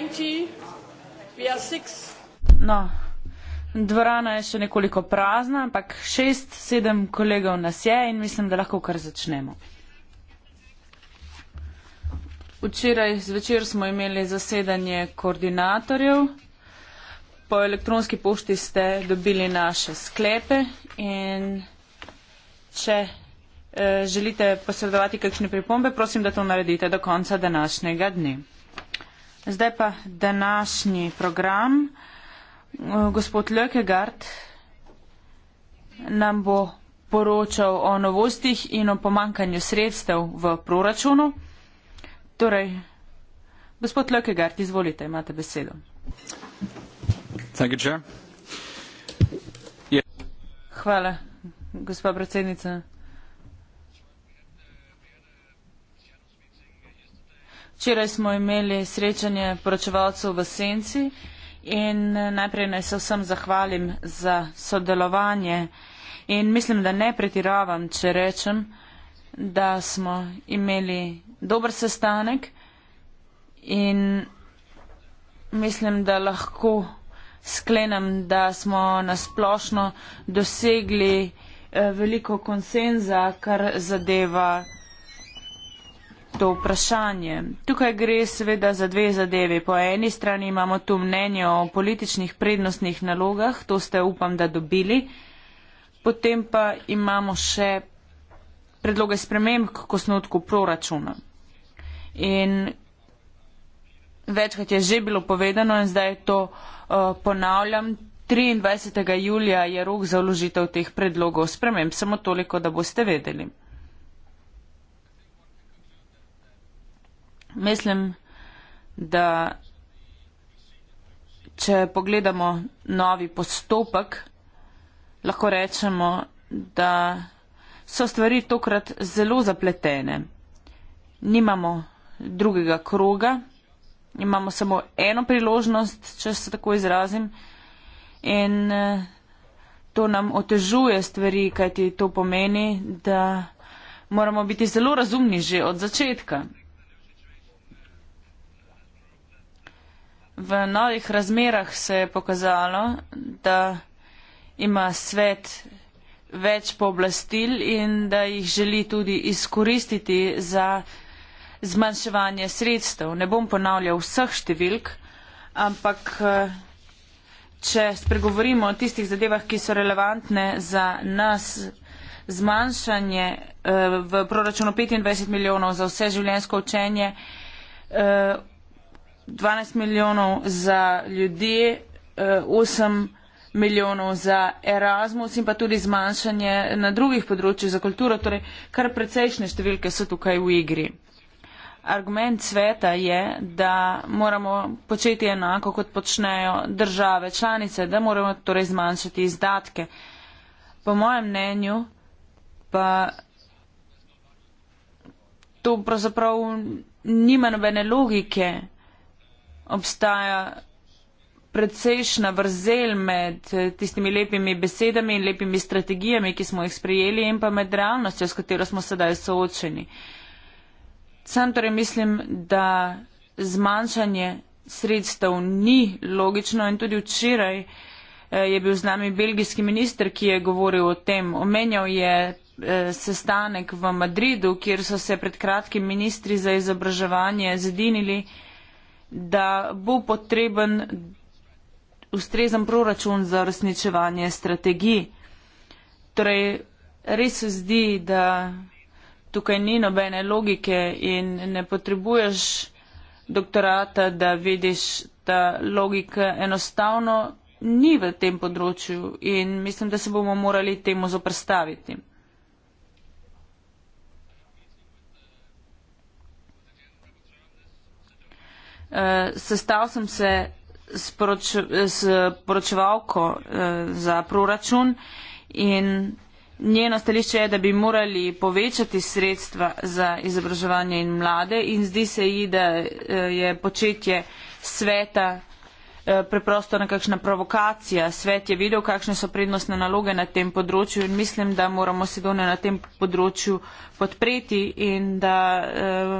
No, dvorana je še nekoliko prazna, ampak šest, sedem kolegov nas je in mislim, da lahko kar začnemo. Včeraj zvečer smo imeli zasedanje koordinatorjev. Po elektronski pošti ste dobili naše sklepe in če eh, želite posredovati kakšne pripombe, prosim, da to naredite do konca današnjega dne. Zdaj pa današnji program. Gospod Lökegard nam bo poročal o novostih in o pomankanju sredstev v proračunu. Torej, gospod Lökegard, izvolite, imate besedo. Hvala, gospa predsednica. Včeraj smo imeli srečanje poročevalcev v Senci in eh, najprej naj se vsem zahvalim za sodelovanje in mislim, da ne pretiravam, če rečem, da smo imeli dober sestanek in mislim, da lahko sklenem, da smo nasplošno dosegli eh, veliko konsenza, kar zadeva to vprašanje. Tukaj gre seveda za dve zadeve. Po eni strani imamo tu mnenje o političnih prednostnih nalogah, to ste upam, da dobili. Potem pa imamo še predloge sprememb k osnutku proračuna. In večkrat je že bilo povedano in zdaj to uh, ponavljam. 23. julija je rok za vložitev teh predlogov sprememb, samo toliko, da boste vedeli. Mislim, da če pogledamo novi postopek, lahko rečemo, da so stvari tokrat zelo zapletene. Nimamo drugega kroga, imamo samo eno priložnost, če se tako izrazim, in eh, to nam otežuje stvari, kajti to pomeni, da moramo biti zelo razumni že od začetka. v novih razmerah se je pokazalo, da ima svet več pooblastil in da jih želi tudi izkoristiti za zmanjševanje sredstev. Ne bom ponavljal vseh številk, ampak eh, če spregovorimo o tistih zadevah, ki so relevantne za nas, zmanjšanje eh, v proračunu 25 milijonov za vse življensko učenje, eh, 12 milijonov za ljudi, 8 eh, milijonov za Erasmus in pa tudi zmanjšanje na drugih področjih za kulturo, torej kar precejšnje številke so tukaj v igri. Argument sveta je, da moramo početi enako, kot počnejo države članice, da moramo torej zmanjšati izdatke. Po mojem mnenju pa to pravzaprav nima nobene logike obstaja precejšna vrzel med eh, tistimi lepimi besedami in lepimi strategijami, ki smo jih sprejeli in pa med realnostjo, s katero smo sedaj soočeni. Sam torej mislim, da zmanjšanje sredstev ni logično in tudi včeraj eh, je bil z nami belgijski minister, ki je govoril o tem. Omenjal je eh, sestanek v Madridu, kjer so se pred kratkim ministri za izobraževanje zedinili da bo potreben ustrezen proračun za resničevanje strategij. Torej, res se zdi, da tukaj ni nobene logike in ne potrebuješ doktorata, da vidiš, da logika enostavno ni v tem področju in mislim, da se bomo morali temu zoprstaviti. Uh, sestal sem se s, proč, s poročevalko uh, za proračun in njeno stališče je, da bi morali povečati sredstva za izobraževanje in mlade in zdi se ji, da uh, je početje sveta Eh, preprosto nekakšna provokacija. Svet je videl, kakšne so prednostne naloge na tem področju in mislim, da moramo Sedone na tem področju podpreti in da eh,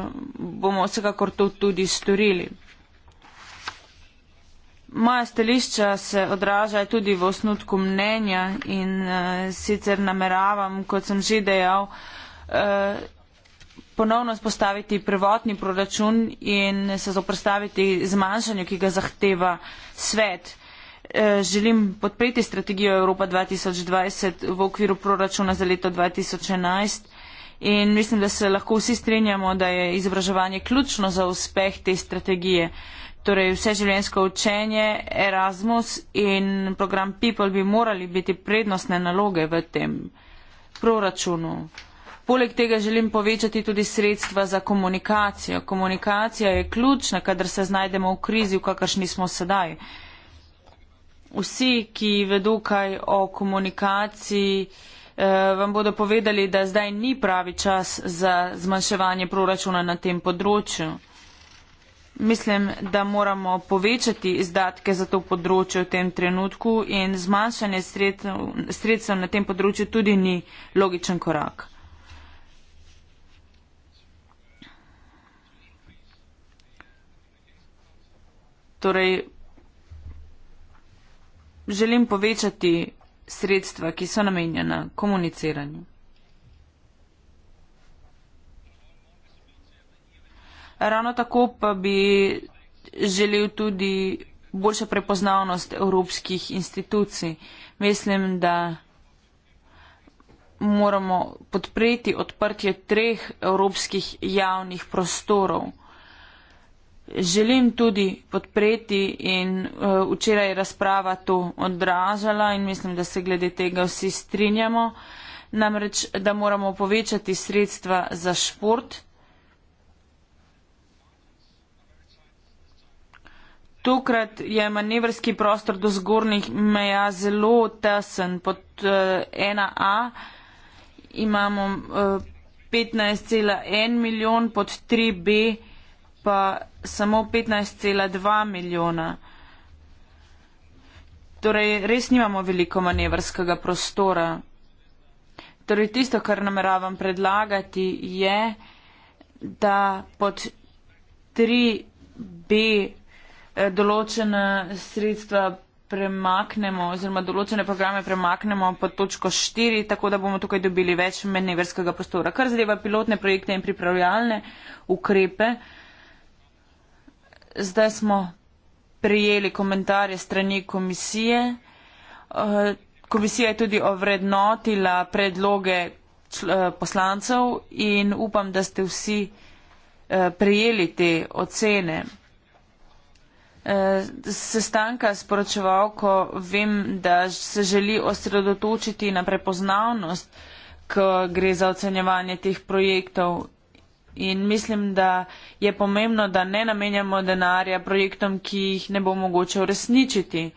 bomo vsekakor to tudi storili. Moja stališča se odražajo tudi v osnutku mnenja in eh, sicer nameravam, kot sem že dejal, ponovno spostaviti prvotni proračun in se zoprstaviti zmanjšanju, ki ga zahteva svet. Eh, želim podpreti strategijo Evropa 2020 v okviru proračuna za leto 2011 in mislim, da se lahko vsi strinjamo, da je izobraževanje ključno za uspeh te strategije. Torej vse življenjsko učenje, Erasmus in program People bi morali biti prednostne naloge v tem proračunu. Poleg tega želim povečati tudi sredstva za komunikacijo. Komunikacija je ključna, kadar se znajdemo v krizi, v kakršni smo sedaj. Vsi, ki vedo kaj o komunikaciji, eh, vam bodo povedali, da zdaj ni pravi čas za zmanjševanje proračuna na tem področju. Mislim, da moramo povečati izdatke za to področje v tem trenutku in zmanjšanje sredstv na tem področju tudi ni logičen korak. Torej, želim povečati sredstva, ki so namenjena komuniciranju. Ravno tako pa bi želel tudi boljšo prepoznavnost evropskih institucij. Mislim, da moramo podpreti odprtje treh evropskih javnih prostorov želim tudi podpreti in uh, včeraj je razprava to odražala in mislim, da se glede tega vsi strinjamo, namreč, da moramo povečati sredstva za šport. Tokrat je manevrski prostor do zgornjih meja zelo tesen. Pod uh, eh, 1A imamo uh, eh, 15,1 milijon, pod 3B pa samo 15,2 milijona. Torej, res nimamo veliko manevrskega prostora. Torej, tisto, kar nameravam predlagati, je, da pod 3b eh, določena sredstva premaknemo oziroma določene programe premaknemo pod točko 4, tako da bomo tukaj dobili več manevrskega prostora. Kar zadeva pilotne projekte in pripravljalne ukrepe, zdaj smo prijeli komentarje strani komisije. Eh, komisija je tudi ovrednotila predloge eh, poslancev in upam, da ste vsi eh, prijeli te ocene. Sestanka s poročevalko vem, da se želi osredotočiti na prepoznavnost, ko gre za ocenjevanje teh projektov in mislim, da je pomembno, da ne namenjamo denarja projektom, ki jih ne bo mogoče uresničiti.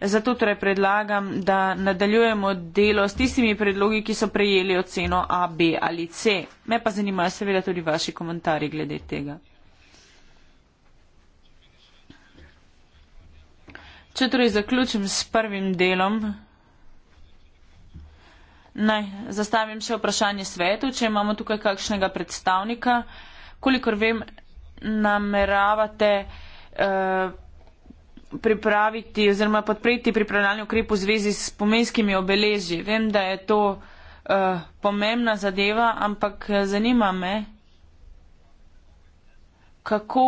Zato torej predlagam, da nadaljujemo delo s tistimi predlogi, ki so prejeli oceno A, B ali C. Me pa zanimajo seveda tudi vaši komentarji glede tega. Če torej zaključim s prvim delom, Naj zastavim še vprašanje svetu, če imamo tukaj kakšnega predstavnika. Kolikor vem, nameravate eh, pripraviti oziroma podpreti pripravljalni ukrep v zvezi s pomenskimi obeleži. Vem, da je to uh, pomembna zadeva, ampak eh, zanima me, kako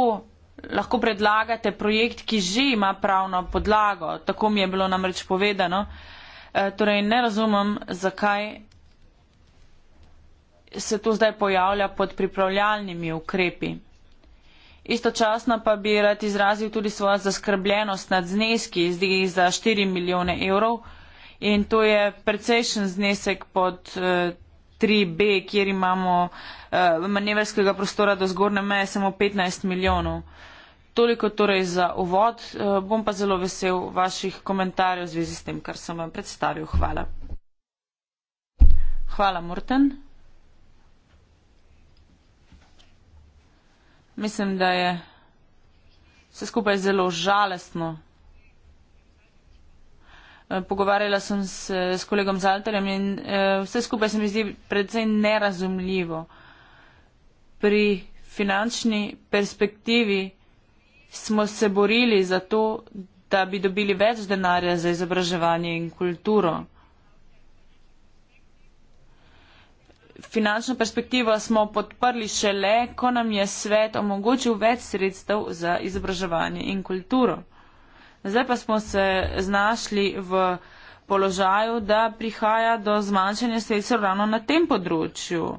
lahko predlagate projekt, ki že ima pravno podlago, tako mi je bilo namreč povedano. Uh, Eh, torej, ne razumem, zakaj se to zdaj pojavlja pod pripravljalnimi ukrepi. Istočasno pa bi rad izrazil tudi svojo zaskrbljenost nad zneski za 4 milijone evrov in to je precejšen znesek pod 3B, eh, kjer imamo eh, manevrskega prostora do zgornje meje samo 15 milijonov. Toliko torej za uvod, eh, bom pa zelo vesel vaših komentarjev v zvezi s tem, kar sem vam predstavil. Hvala. Hvala, Morten. Mislim, da je vse skupaj zelo žalestno. Eh, pogovarjala sem se s kolegom Zalterjem in eh, vse skupaj se mi zdi predvsej nerazumljivo. Pri finančni perspektivi smo se borili za to, da bi dobili več denarja za izobraževanje in kulturo. Finančno perspektivo smo podprli šele, ko nam je svet omogočil več sredstev za izobraževanje in kulturo. Zdaj pa smo se znašli v položaju, da prihaja do zmanjšanja sredstev ravno na tem področju.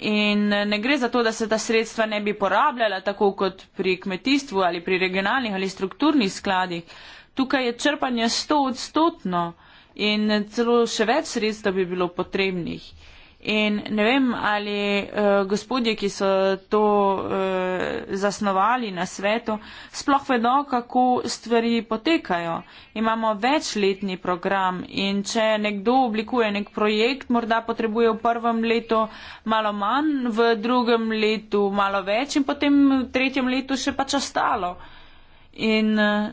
In ne gre za to, da se ta sredstva ne bi porabljala tako kot pri kmetijstvu ali pri regionalnih ali strukturnih skladih. Tukaj je črpanje sto odstotno in celo še več sredstev bi bilo potrebnih. Uh, In ne vem, ali uh, gospodje, ki so to uh, zasnovali na svetu, sploh vedo, kako stvari potekajo. Imamo večletni program in če nekdo oblikuje nek projekt, morda potrebuje v prvem letu malo manj, v drugem letu malo več in potem v tretjem letu še pač ostalo. In uh,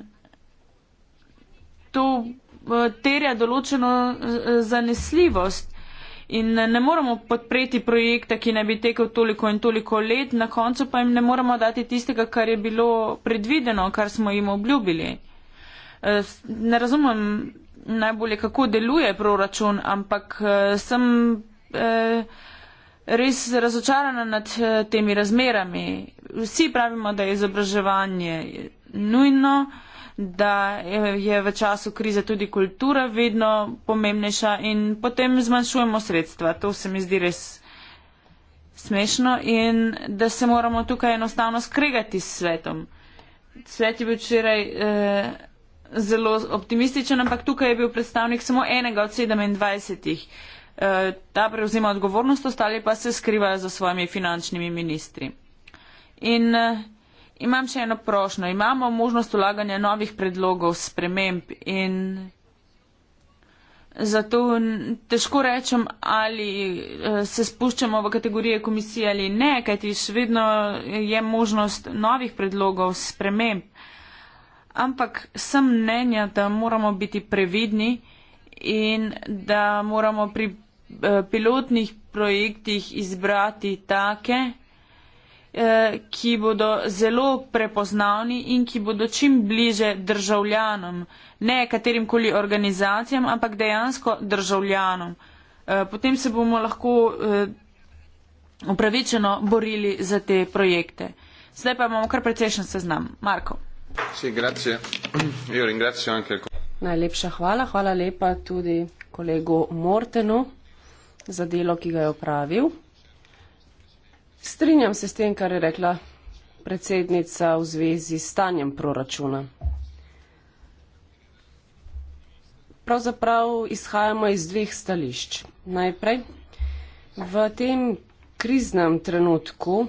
to uh, terja določeno uh, zanesljivost in ne moramo podpreti projekta, ki ne bi tekel toliko in toliko let, na koncu pa jim ne moramo dati tistega, kar je bilo predvideno, kar smo jim obljubili. E, ne razumem najbolje, kako deluje proračun, ampak e, sem e, res razočarana nad temi razmerami. Vsi pravimo, da je izobraževanje nujno da eh, je v času krize tudi kultura vedno pomembnejša in potem zmanjšujemo sredstva. To se mi zdi res smešno in da se moramo tukaj enostavno skregati s svetom. Svet je bil včeraj eh, zelo optimističen, ampak tukaj je bil predstavnik samo enega od 27. Eh, ta prevzema odgovornost, ostali pa se skrivajo za svojimi finančnimi ministri. In eh, Imam še eno prošnjo. Imamo možnost ulaganja novih predlogov, sprememb in zato težko rečem, ali eh, se spuščamo v kategorije komisije ali ne, kajti še vedno je možnost novih predlogov, sprememb. Ampak sem mnenja, da moramo biti previdni in da moramo pri eh, pilotnih projektih izbrati take, Eh, ki bodo zelo prepoznavni in ki bodo čim bliže državljanom, ne katerim koli organizacijam, ampak dejansko državljanom. Eh, potem se bomo lahko eh, upravičeno borili za te projekte. Zdaj pa imamo kar precejšen seznam. Marko. Najlepša hvala. Hvala lepa tudi kolegu Mortenu za delo, ki ga je upravil. Strinjam se s tem, kar je rekla predsednica v zvezi s stanjem proračuna. Pravzaprav izhajamo iz dveh stališč. Najprej, v tem kriznem trenutku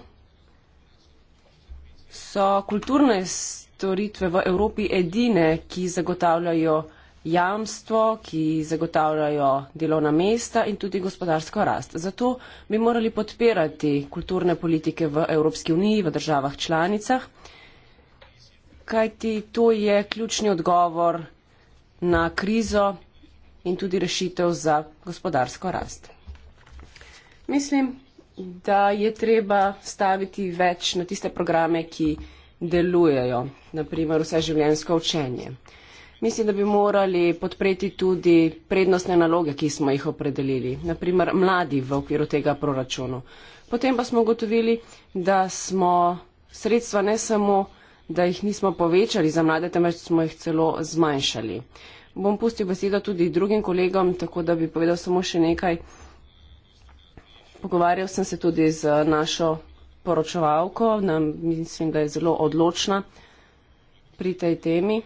so kulturne storitve v Evropi edine, ki zagotavljajo jamstvo, ki zagotavljajo delovna mesta in tudi gospodarsko rast. Zato bi morali podpirati kulturne politike v Evropski uniji, v državah članicah, kajti to je ključni odgovor na krizo in tudi rešitev za gospodarsko rast. Mislim, da je treba staviti več na tiste programe, ki delujejo, naprimer vse življenjsko učenje. Mislim, da bi morali podpreti tudi prednostne naloge, ki smo jih opredelili, naprimer mladi v okviru tega proračuna. Potem pa smo ugotovili, da smo sredstva ne samo, da jih nismo povečali za mlade, temveč smo jih celo zmanjšali. Bom pustil besedo tudi drugim kolegom, tako da bi povedal samo še nekaj. Pogovarjal sem se tudi z našo poročevalko, nam mislim, da je zelo odločna pri tej temi.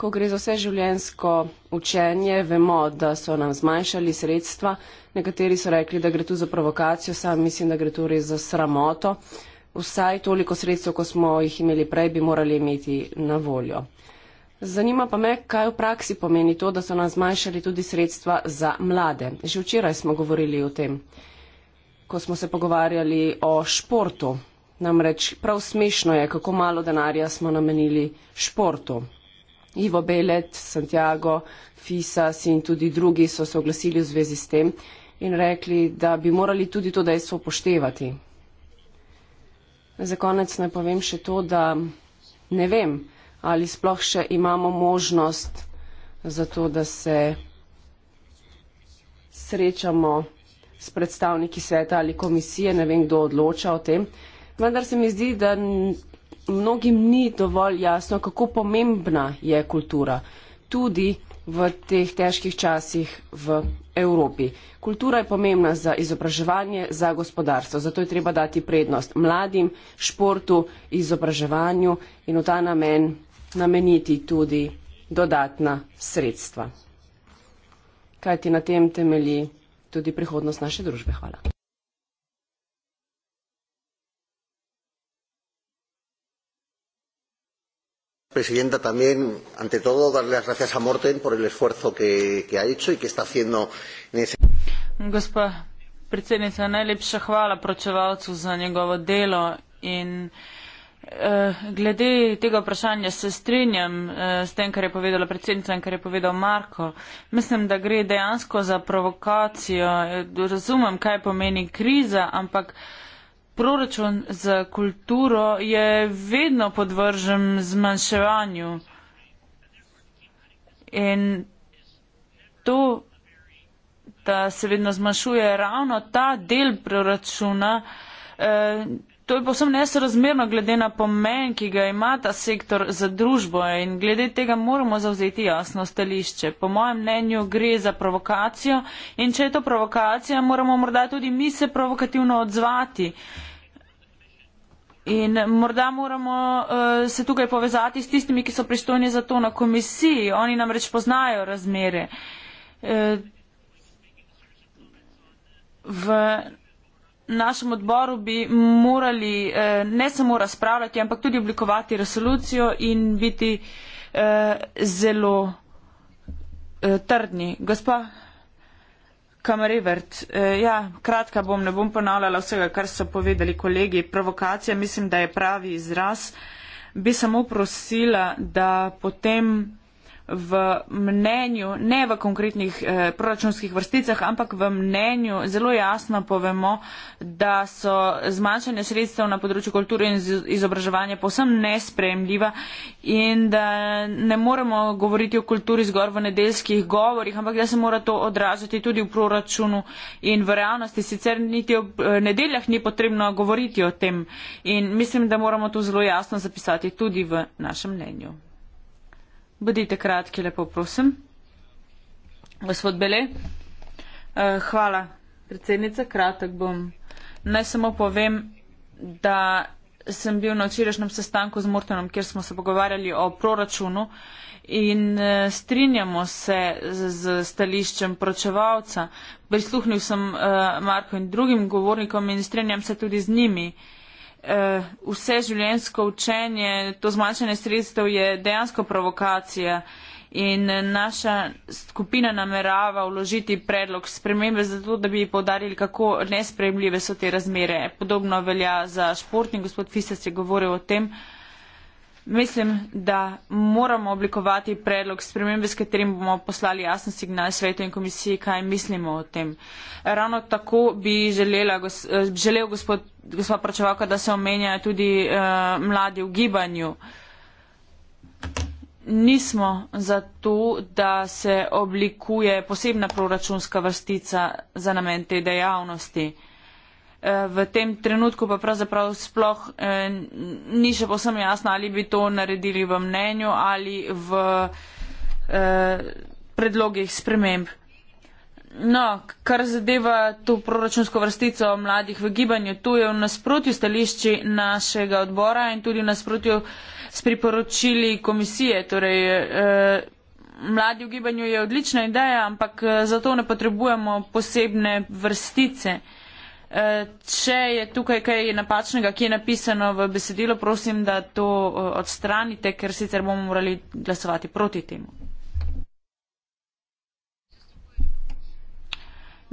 Ko gre za vse življensko učenje, vemo, da so nam zmanjšali sredstva. Nekateri so rekli, da gre tu za provokacijo, sam mislim, da gre tu res za sramoto. Vsaj toliko sredstev, ko smo jih imeli prej, bi morali imeti na voljo. Zanima pa me, kaj v praksi pomeni to, da so nam zmanjšali tudi sredstva za mlade. Že včeraj smo govorili o tem, ko smo se pogovarjali o športu. Namreč prav smešno je, kako malo denarja smo namenili športu. Ivo Belet, Santiago, Fisas in tudi drugi so se oglasili v zvezi s tem in rekli, da bi morali tudi to dejstvo poštevati. Za konec naj povem še to, da ne vem, ali sploh še imamo možnost za to, da se srečamo s predstavniki sveta ali komisije, ne vem, kdo odloča o tem. Vendar se mi zdi, da mnogim ni dovolj jasno, kako pomembna je kultura, tudi v teh težkih časih v Evropi. Kultura je pomembna za izobraževanje, za gospodarstvo, zato je treba dati prednost mladim, športu, izobraževanju in v ta namen nameniti tudi dodatna sredstva. Kaj ti na tem temelji tudi prihodnost naše družbe? Hvala. Presidenta, también, ante todo, darle las gracias a Morten por el esfuerzo que, que ha hecho y que está haciendo en ese. Gospa predsednica, najlepša hvala pročevalcu za njegovo delo in eh, glede tega vprašanja se strinjam eh, s tem, kar je povedala predsednica in kar je povedal Marko. Mislim, da gre dejansko za provokacijo. Eh, razumem, kaj pomeni kriza, ampak eh, Proračun za kulturo je vedno podvržen zmanjševanju in to, da se vedno zmanjšuje ravno ta del proračuna, eh, To je posebno nesorazmerno glede na pomen, ki ga ima ta sektor za družbo in glede tega moramo zavzeti jasno stališče. Po mojem mnenju gre za provokacijo in če je to provokacija, moramo morda tudi mi se provokativno odzvati. In morda moramo uh, se tukaj povezati s tistimi, ki so pristojni za to na komisiji. Oni namreč poznajo razmere. Uh, našem odboru bi morali eh, ne samo razpravljati, ampak tudi oblikovati resolucijo in biti eh, zelo eh, trdni. Gospa Kamarevert, eh, ja, kratka bom, ne bom ponavljala vsega, kar so povedali kolegi. Provokacija mislim, da je pravi izraz. Bi samo prosila, da potem v mnenju, ne v konkretnih eh, proračunskih vrsticah, ampak v mnenju zelo jasno povemo, da so zmanjšanje sredstev na področju kulture in izobraževanja posem nespremljiva in da ne moremo govoriti o kulturi zgor v nedeljskih govorih, ampak da se mora to odražati tudi v proračunu in v realnosti. Sicer niti ob eh, nedeljah ni potrebno govoriti o tem in mislim, da moramo to zelo jasno zapisati tudi v našem mnenju. Bodite kratki, lepo prosim. Gospod Bele, eh, hvala, predsednica, kratek bom. Naj samo povem, da sem bil na včerajšnjem sestanku z Mortonom, kjer smo se pogovarjali o proračunu in eh, strinjamo se z stališčem pročevalca. Prisluhnil sem eh, Marko in drugim govornikom in strinjam se tudi z njimi. Eh, vse življenjsko učenje, to zmanjšanje sredstev je dejansko provokacija in naša skupina namerava vložiti predlog spremembe zato, da bi povdarili, kako nespremljive so te razmere. Podobno velja za šport in gospod Fisas je govoril o tem, uh, Mislim, da moramo oblikovati predlog spremembe, s katerim bomo poslali jasen signal svetu in komisiji, kaj mislimo o tem. Ravno tako bi želela, želel gospod, gospod Pračevalka, da se omenjajo tudi uh, mladi v gibanju. Nismo za to, da se oblikuje posebna proračunska vrstica za namen te dejavnosti. Uh, v tem trenutku pa pravzaprav sploh eh, ni še posem jasno, ali bi to naredili v mnenju ali v eh, predlogih sprememb. No, kar zadeva to proračunsko vrstico mladih v gibanju, tu je v nasprotju stališči našega odbora in tudi v nasprotju s priporočili komisije. Torej, eh, mladi v gibanju je odlična ideja, ampak zato ne potrebujemo posebne vrstice. Če je tukaj kaj napačnega, ki je napisano v besedilo, prosim, da to eh, odstranite, ker sicer bomo morali glasovati proti temu.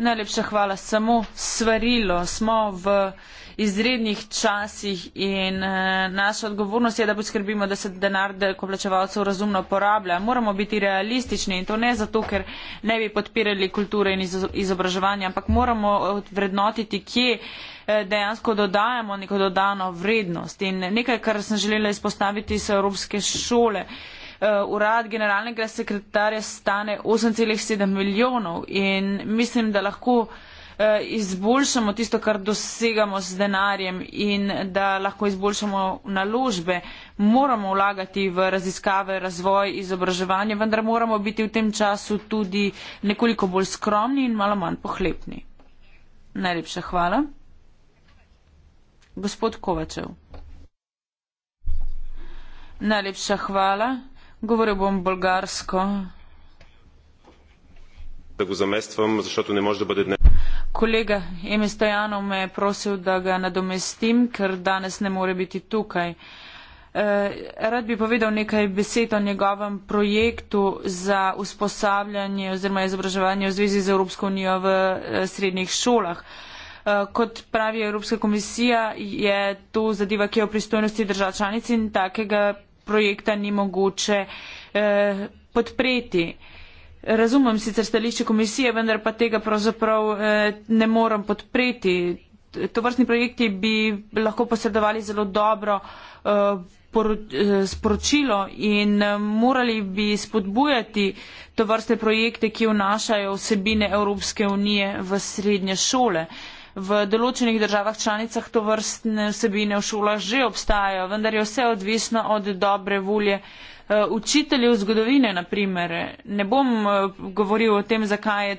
Najlepša hvala. Samo svarilo smo v izrednih časih in eh, naša odgovornost je, da poskrbimo, da se denar dekoplačevalcev razumno porablja. Moramo biti realistični in to ne zato, ker ne bi podpirali kulture in izobraževanja, ampak moramo eh, vrednotiti, kje eh, dejansko dodajamo neko dodano vrednost. In nekaj, kar sem želela izpostaviti, so evropske šole. Urad generalnega sekretarja stane 8,7 milijonov in mislim, da lahko Eh, izboljšamo tisto, kar dosegamo z denarjem in da lahko izboljšamo naložbe, moramo vlagati v raziskave, razvoj, izobraževanje, vendar moramo biti v tem času tudi nekoliko bolj skromni in malo manj pohlepni. Najlepša hvala. Gospod Kovačev. Najlepša hvala. Govoril bom bolgarsko. Da go zamestvam, zašto ne može da bude dne. Kolega Eme Stajanov me je prosil, da ga nadomestim, ker danes ne more biti tukaj. E, rad bi povedal nekaj besed o njegovem projektu za usposabljanje oziroma izobraževanje v zvezi z Evropsko unijo v e, srednjih šolah. E, kot pravi Evropska komisija, je to zadeva, ki je v pristojnosti držav članic in takega projekta ni mogoče eh, podpreti. Eh, Razumem sicer stališče komisije, vendar pa tega pravzaprav eh, ne morem podpreti. To vrstni projekti bi lahko posredovali zelo dobro eh, eh, sporočilo in morali bi spodbujati to vrste projekte, ki vnašajo vsebine Evropske unije v srednje šole. V določenih državah članicah to vrstne vsebine v šolah že obstajajo, vendar je vse odvisno od dobre volje Eh, učitelju zgodovine, naprimer. Ne bom eh, govoril o tem, zakaj je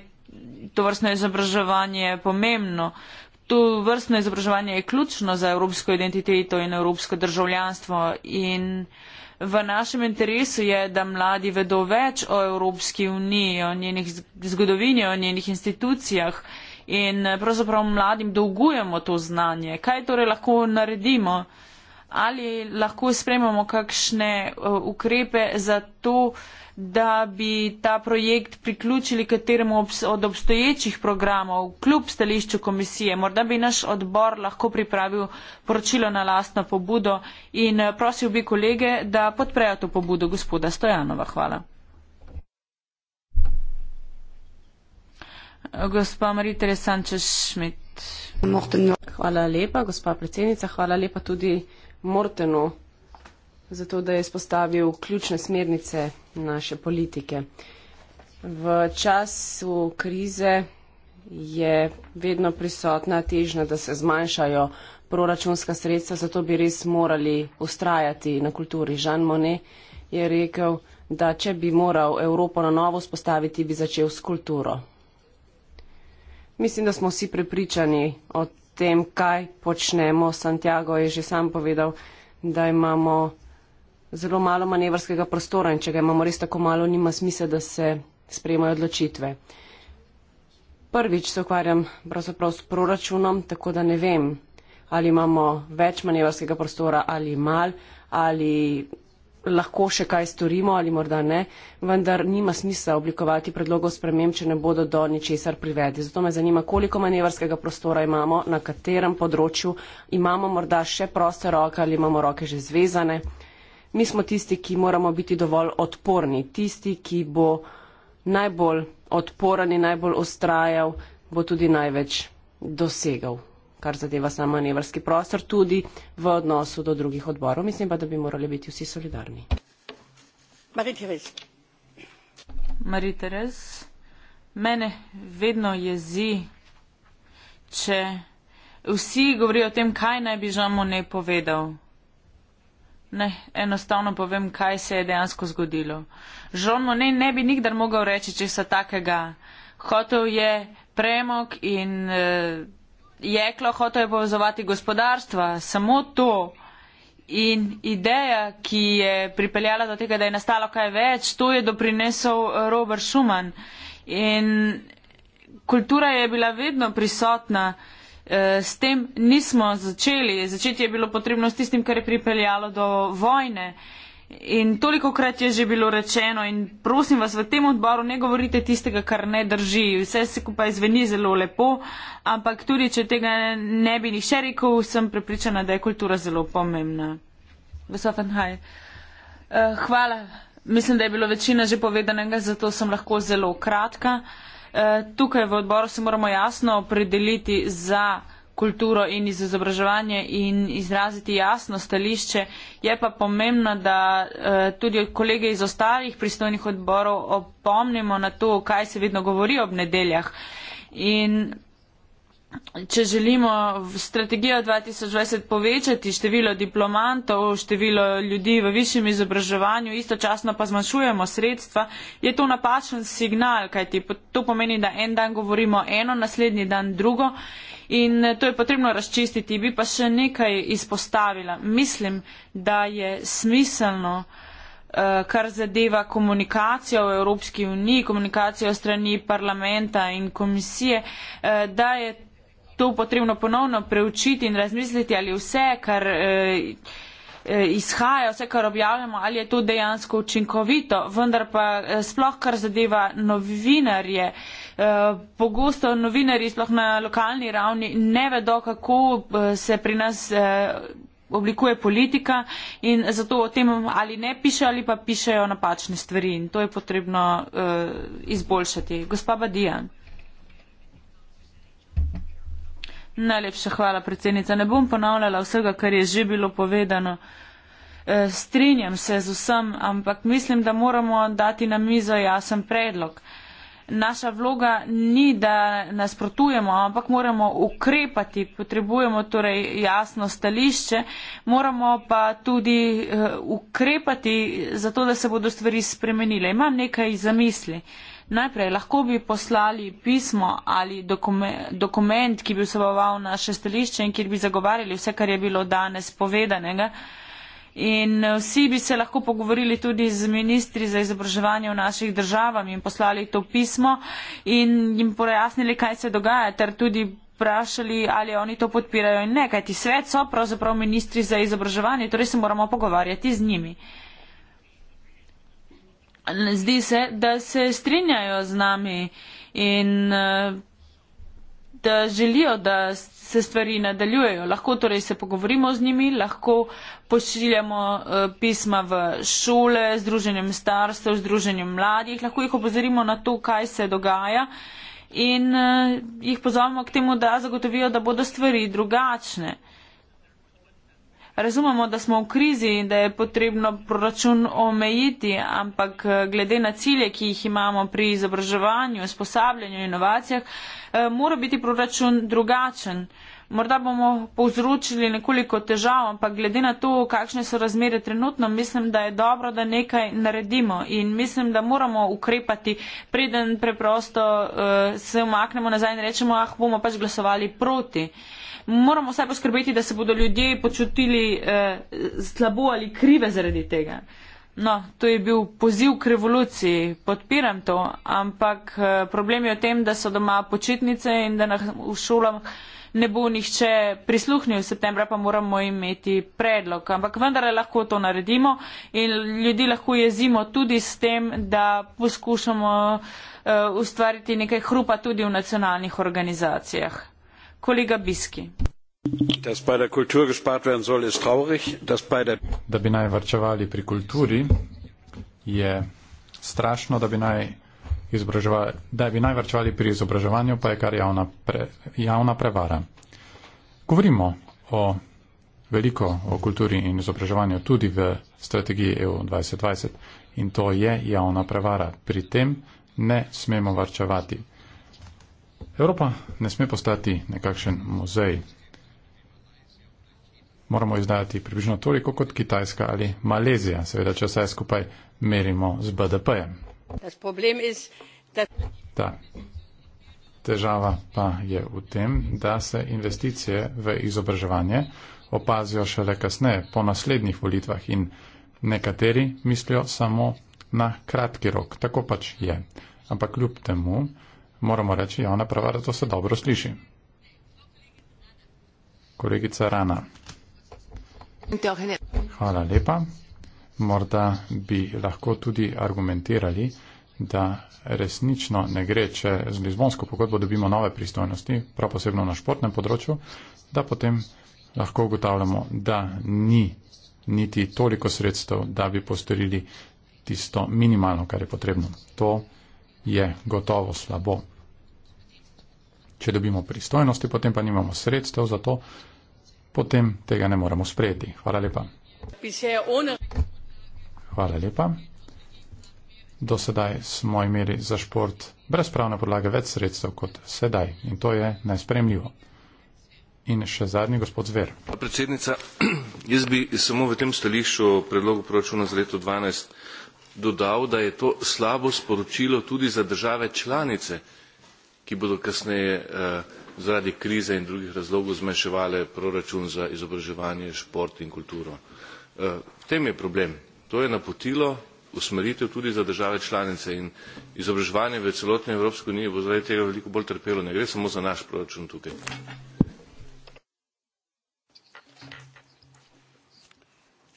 to vrstno izobraževanje pomembno. To vrstno izobraževanje je ključno za evropsko identiteto in evropsko državljanstvo in v našem interesu je, da mladi vedo več o Evropski uniji, o njenih zgodovini, o njenih institucijah in eh, pravzaprav mladim dolgujemo to znanje. Kaj torej lahko naredimo? ali lahko sprejmemo kakšne eh, ukrepe za to, da bi ta projekt priključili kateremu od obstoječih programov kljub stališču komisije. Morda bi naš odbor lahko pripravil poročilo na lastno pobudo in eh, prosil bi kolege, da podprejo to pobudo gospoda Stojanova. Hvala. Gospa Maritere Sančeš-Šmit. Hvala lepa, gospa predsednica. Hvala lepa tudi. Mortenu, zato da je spostavil ključne smernice naše politike. V času krize je vedno prisotna težnja, da se zmanjšajo proračunska sredstva, zato bi res morali ustrajati na kulturi. Žan Monet je rekel, da če bi moral Evropo na novo spostaviti, bi začel s kulturo. Mislim, da smo vsi prepričani o tem, kaj počnemo. Santiago je že sam povedal, da imamo zelo malo manevrskega prostora in če ga imamo res tako malo, nima smisla, da se sprejemajo odločitve. Prvič se ukvarjam pravzaprav s proračunom, tako da ne vem, ali imamo več manevrskega prostora ali mal, ali lahko še kaj storimo ali morda ne, vendar nima smisla oblikovati predlogov sprememb, če ne bodo do ničesar privedli. Zato me zanima, koliko manevrskega prostora imamo, na katerem področju imamo morda še proste roke ali imamo roke že zvezane. Mi smo tisti, ki moramo biti dovolj odporni. Tisti, ki bo najbolj odporan in najbolj ustrajal, bo tudi največ dosegal kar zadeva sam manevrski prostor, tudi v odnosu do drugih odborov. Mislim pa, da bi morali biti vsi solidarni. Marie-Therese. Marie-Therese, mene vedno jezi, če vsi govorijo o tem, kaj naj bi žamo ne povedal. Ne, enostavno povem, kaj se je dejansko zgodilo. Žonmo ne, ne bi nikdar mogel reči česa takega. Hotel je premog in e, jeklo, hotel je povezovati gospodarstva, samo to. In ideja, ki je pripeljala do tega, da je nastalo kaj več, to je doprinesel eh, Robert Schuman. In kultura je bila vedno prisotna, eh, s tem nismo začeli. Začeti je bilo potrebno s tistim, kar je pripeljalo do vojne. In toliko krat je že bilo rečeno in prosim vas v tem odboru ne govorite tistega, kar ne drži. Vse se skupaj zveni zelo lepo, ampak tudi če tega ne bi nišče rekel, sem prepričana, da je kultura zelo pomembna. Uh, hvala. Mislim, da je bilo večina že povedanega, zato sem lahko zelo kratka. Uh, tukaj v odboru se moramo jasno opredeliti za kulturo in iz izobraževanja in izraziti jasno stališče. Je pa pomembno, da eh, tudi kolege iz ostalih pristojnih odborov opomnimo na to, kaj se vedno govori ob nedeljah. In Če želimo v strategijo 2020 povečati število diplomantov, število ljudi v višjem izobraževanju, istočasno pa zmanjšujemo sredstva, je to napačen signal, kajti to pomeni, da en dan govorimo eno, naslednji dan drugo in eh, to je potrebno razčistiti. Bi pa še nekaj izpostavila. Mislim, da je smiselno, eh, kar zadeva komunikacijo v Evropski uniji, komunikacijo strani parlamenta in komisije, eh, da je to potrebno ponovno preučiti in razmisliti, ali vse, kar Eh, izhaja, vse kar objavljamo, ali je to dejansko učinkovito. Vendar pa eh, sploh kar zadeva novinarje. Eh, pogosto novinari sploh na lokalni ravni ne vedo, kako se pri nas oblikuje politika in zato o tem ali ne piše ali pa pišejo napačne stvari in to je potrebno izboljšati. Gospa Badijan. Najlepša hvala, predsednica. Ne bom ponavljala vsega, kar je že bilo povedano. E, strinjam se z vsem, ampak mislim, da moramo dati na mizo jasen predlog. Naša vloga ni, da nasprotujemo, ampak moramo ukrepati, potrebujemo torej jasno stališče, moramo pa tudi uh, ukrepati, zato da se bodo stvari spremenile. Imam nekaj zamisli. Uh, Najprej lahko bi poslali pismo ali dokument, dokument ki bi vseboval naše stališče in kjer bi zagovarjali vse, kar je bilo danes povedanega. In vsi bi se lahko pogovorili tudi z ministri za izobraževanje v naših državah in poslali to pismo in jim pojasnili, kaj se dogaja, ter tudi vprašali, ali oni to podpirajo in ne, kajti svet so pravzaprav ministri za izobraževanje, torej se moramo pogovarjati z njimi zdi se, da se strinjajo z nami in eh, da želijo, da se stvari nadaljujejo. Lahko torej se pogovorimo z njimi, lahko pošiljamo eh, pisma v šole, združenjem starstev, združenjem mladih, lahko jih opozorimo na to, kaj se dogaja in eh, jih pozovemo k temu, da zagotovijo, da bodo stvari drugačne razumemo, da smo v krizi in da je potrebno proračun omejiti, ampak eh, glede na cilje, ki jih imamo pri izobraževanju, sposabljanju in inovacijah, eh, mora biti proračun drugačen. Morda bomo povzročili nekoliko težav, ampak glede na to, kakšne so razmere trenutno, mislim, da je dobro, da nekaj naredimo in mislim, da moramo ukrepati, preden preprosto uh, se umaknemo nazaj in rečemo, ah, bomo pač glasovali proti. Uh, moramo vsaj poskrbeti, da se bodo ljudje počutili eh, slabo ali krive zaradi tega. No, to je bil poziv k revoluciji, podpiram to, ampak eh, problem je v tem, da so doma počitnice in da nam v šolah ne bo nihče prisluhnil, septembra pa moramo imeti predlog. Ampak vendar lahko to naredimo in ljudi lahko jezimo tudi s tem, da poskušamo uh, ustvariti nekaj hrupa tudi v nacionalnih organizacijah. Kolega Biski. Da bi naj varčevali pri kulturi, je strašno, da bi naj, da bi naj varčevali pri izobraževanju, pa je kar javna, pre, javna prevara. Govorimo o veliko o kulturi in izobraževanju tudi v strategiji EU 2020 in to je javna prevara. Pri tem ne smemo varčevati. Evropa ne sme postati nekakšen muzej. Moramo izdajati približno toliko kot Kitajska ali Malezija, seveda, če vse skupaj merimo z BDP-jem. Ta težava pa je v tem, da se investicije v izobraževanje opazijo šele kasneje, po naslednjih volitvah in nekateri mislijo samo na kratki rok. Tako pač je. Ampak kljub temu, Moramo reči, Jona Pravara, to se dobro sliši. Kolegica Rana. Hvala lepa. Morda bi lahko tudi argumentirali, da resnično ne gre, če z Lizbonsko pogodbo dobimo nove pristojnosti, prav posebno na športnem področju, da potem lahko ugotavljamo, da ni niti toliko sredstev, da bi postorili tisto minimalno, kar je potrebno. To je gotovo slabo. Če dobimo pristojnosti, potem pa nimamo sredstev za to, potem tega ne moremo sprejeti. Hvala lepa. Hvala lepa. Do sedaj smo imeli za šport brez pravne podlage več sredstev kot sedaj in to je nespremljivo. In še zadnji gospod Zver. Predsednica, jaz bi samo v tem stališču predlogu proračuna za leto 2012 dodal, da je to slabo sporočilo tudi za države članice ki bodo kasneje eh, zaradi krize in drugih razlogov zmanjševale proračun za izobraževanje, šport in kulturo. Eh, v tem je problem. To je napotilo usmeritev tudi za države članice in izobraževanje v celotni Evropski uniji bo zaradi tega veliko bolj trpelo. Ne gre samo za naš proračun tukaj.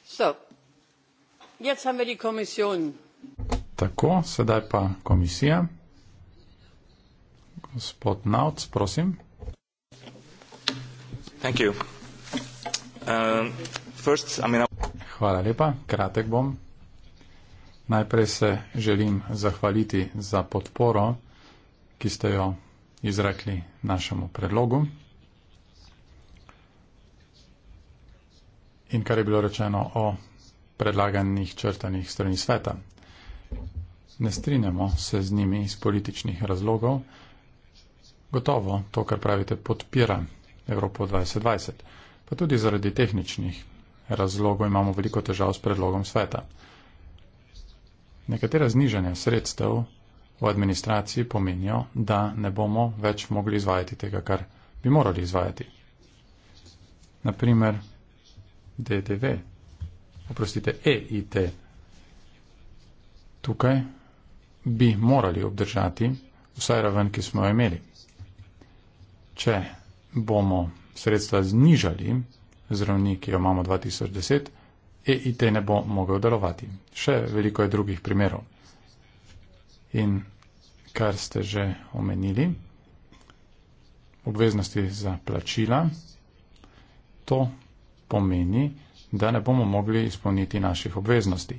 So. Jetzt haben wir die Kommission. Tako, sedaj pa komisija. Gospod Nauc, prosim. Thank you. Uh, first, I mean, I... Hvala lepa, kratek bom. Najprej se želim zahvaliti za podporo, ki ste jo izrekli našemu predlogu. In kar je bilo rečeno o predlaganih črtanih strani sveta. Ne strinjamo se z njimi iz političnih razlogov. Gotovo to, kar pravite, podpira Evropo 2020, pa tudi zaradi tehničnih razlogov imamo veliko težav s predlogom sveta. Nekatera znižanja sredstev v administraciji pomenijo, da ne bomo več mogli izvajati tega, kar bi morali izvajati. Naprimer DDV, oprostite EIT. Tukaj bi morali obdržati vsaj raven, ki smo jo imeli če bomo sredstva znižali, zravni, ki jo imamo 2010, EIT ne bo mogel delovati. Še veliko je drugih primerov. In kar ste že omenili, obveznosti za plačila, to pomeni, da ne bomo mogli izpolniti naših obveznosti.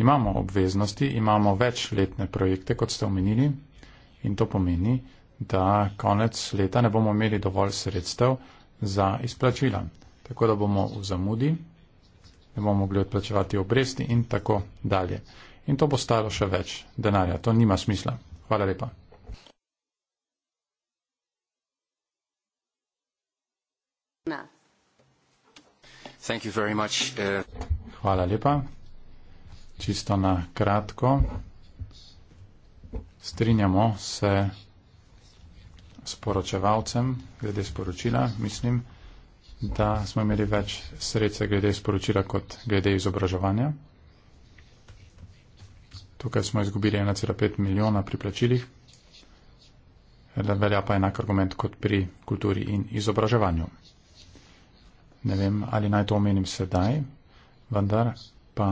Imamo obveznosti, imamo večletne projekte, kot ste omenili, in to pomeni, da konec leta ne bomo imeli dovolj sredstev za izplačila. Tako da bomo v zamudi, ne bomo mogli odplačevati obresti in tako dalje. In to bo stalo še več denarja. To nima smisla. Hvala lepa. Thank you very much, uh... Hvala lepa. Čisto na kratko. Strinjamo se sporočevalcem, glede sporočila, mislim, da smo imeli več sredstev glede sporočila kot glede izobraževanja. Tukaj smo izgubili 1,5 milijona pri plačilih, da velja pa enak argument kot pri kulturi in izobraževanju. Ne vem, ali naj to omenim sedaj, vendar pa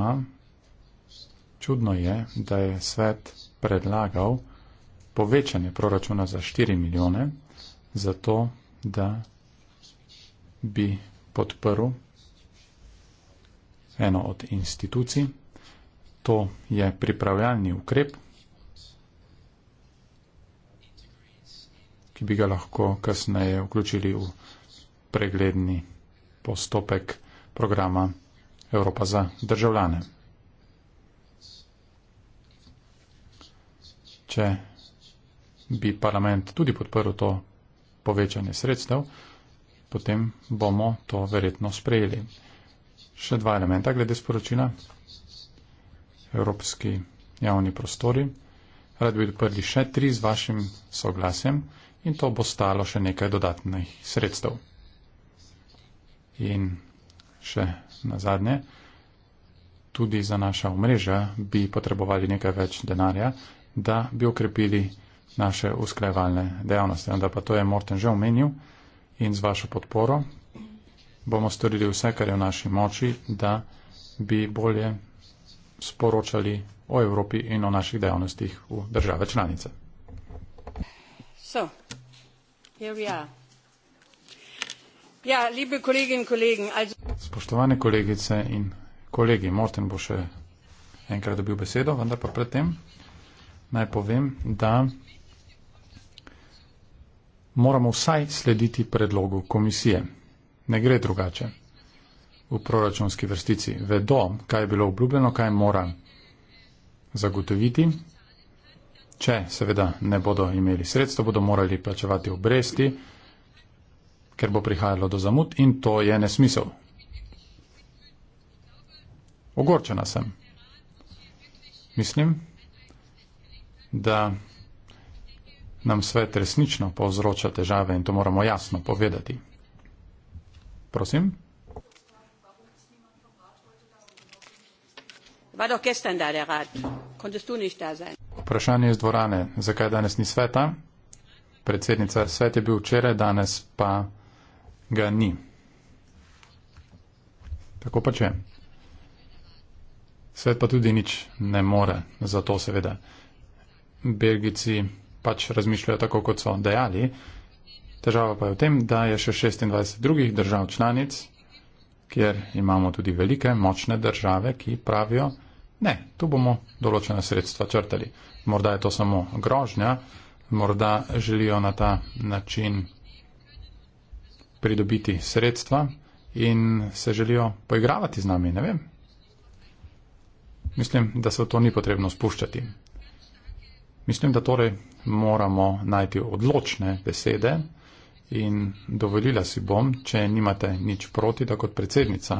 čudno je, da je svet predlagal, povečanje proračuna za 4 milijone, zato da bi podprl eno od institucij. To je pripravljalni ukrep, ki bi ga lahko kasneje vključili v pregledni postopek programa Evropa za državljane. Če bi parlament tudi podprl to povečanje sredstev, potem bomo to verjetno sprejeli. Še dva elementa glede sporočila. Evropski javni prostori. Rad bi odprli še tri z vašim soglasjem in to bo stalo še nekaj dodatnih sredstev. In še na zadnje, tudi za naša omrežja bi potrebovali nekaj več denarja, da bi okrepili naše usklajevalne dejavnosti. Vendar pa to je Morten že omenil in z vašo podporo bomo storili vse, kar je v naši moči, da bi bolje sporočali o Evropi in o naših dejavnostih v države članice. So, ja, in kolegen, also... Spoštovane kolegice in kolegi, Morten bo še enkrat dobil besedo, vendar pa predtem naj povem, da moramo vsaj slediti predlogu komisije. Ne gre drugače. V proračunski vrstici vedo, kaj je bilo obljubljeno, kaj mora zagotoviti. Če seveda ne bodo imeli sredstva, bodo morali plačevati obresti, ker bo prihajalo do zamud in to je nesmisel. Ogorčena sem. Mislim, da nam svet resnično povzroča težave in to moramo jasno povedati. Prosim. Vprašanje iz dvorane. Zakaj danes ni sveta? Predsednica, svet je bil včeraj, danes pa ga ni. Tako pa če. Svet pa tudi nič ne more, zato seveda. Belgici pač razmišljajo tako, kot so dejali. Težava pa je v tem, da je še 26 drugih držav članic, kjer imamo tudi velike, močne države, ki pravijo, ne, tu bomo določena sredstva črtali. Morda je to samo grožnja, morda želijo na ta način pridobiti sredstva in se želijo poigravati z nami, ne vem. Mislim, da se v to ni potrebno spuščati. Mislim, da torej moramo najti odločne besede in dovolila si bom, če nimate nič proti, da kot predsednica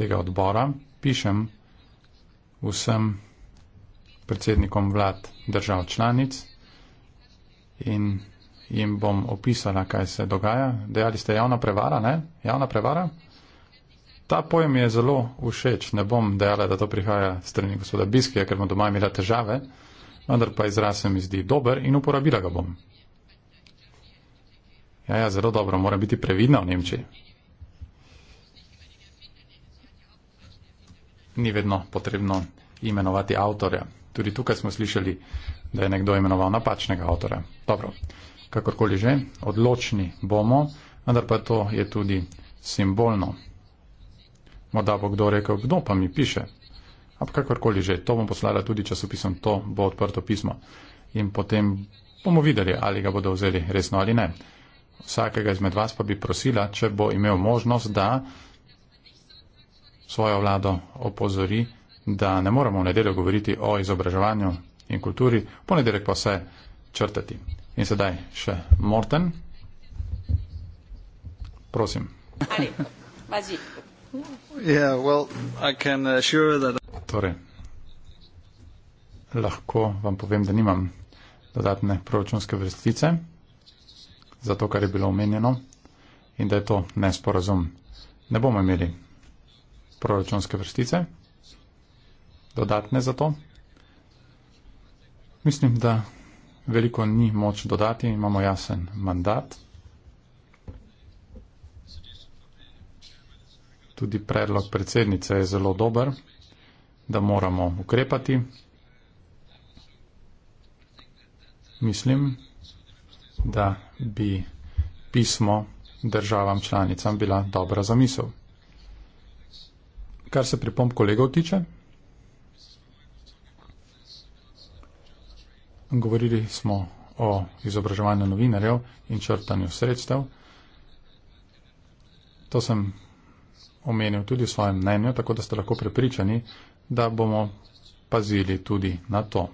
tega odbora pišem vsem predsednikom vlad držav članic in jim bom opisala, kaj se dogaja. Dejali ste javna prevara, ne? Javna prevara? Ta pojem je zelo všeč. Ne bom dejala, da to prihaja strani gospoda Biskija, ker bom doma imela težave vendar pa izraz se mi zdi dober in uporabila ga bom. Ja, ja, zelo dobro, mora biti previdna v Nemčiji. Ni vedno potrebno imenovati avtorja. Tudi tukaj smo slišali, da je nekdo imenoval napačnega avtorja. Dobro, kakorkoli že, odločni bomo, vendar pa to je tudi simbolno. Morda bo kdo rekel, kdo pa mi piše, ampak kakorkoli že, to bom poslala tudi časopisom, to bo odprto pismo. In potem bomo videli, ali ga bodo vzeli resno ali ne. Vsakega izmed vas pa bi prosila, če bo imel možnost, da svojo vlado opozori, da ne moramo v nedeljo govoriti o izobraževanju in kulturi, ponedeljek pa vse črtati. In sedaj še Morten. Prosim. Ali, yeah, well, I can assure that Torej, lahko vam povem, da nimam dodatne proračunske vrstice za to, kar je bilo omenjeno in da je to nesporazum. Ne bomo imeli proračunske vrstice dodatne za to. Mislim, da veliko ni moč dodati, imamo jasen mandat. Tudi predlog predsednice je zelo dober da moramo ukrepati. Mislim, da bi pismo državam članicam bila dobra zamisel. Kar se pripomb kolegov tiče, govorili smo o izobraževanju novinarjev in črtanju sredstev. To sem omenil tudi v svojem mnenju, tako da ste lahko prepričani, da bomo pazili tudi na to.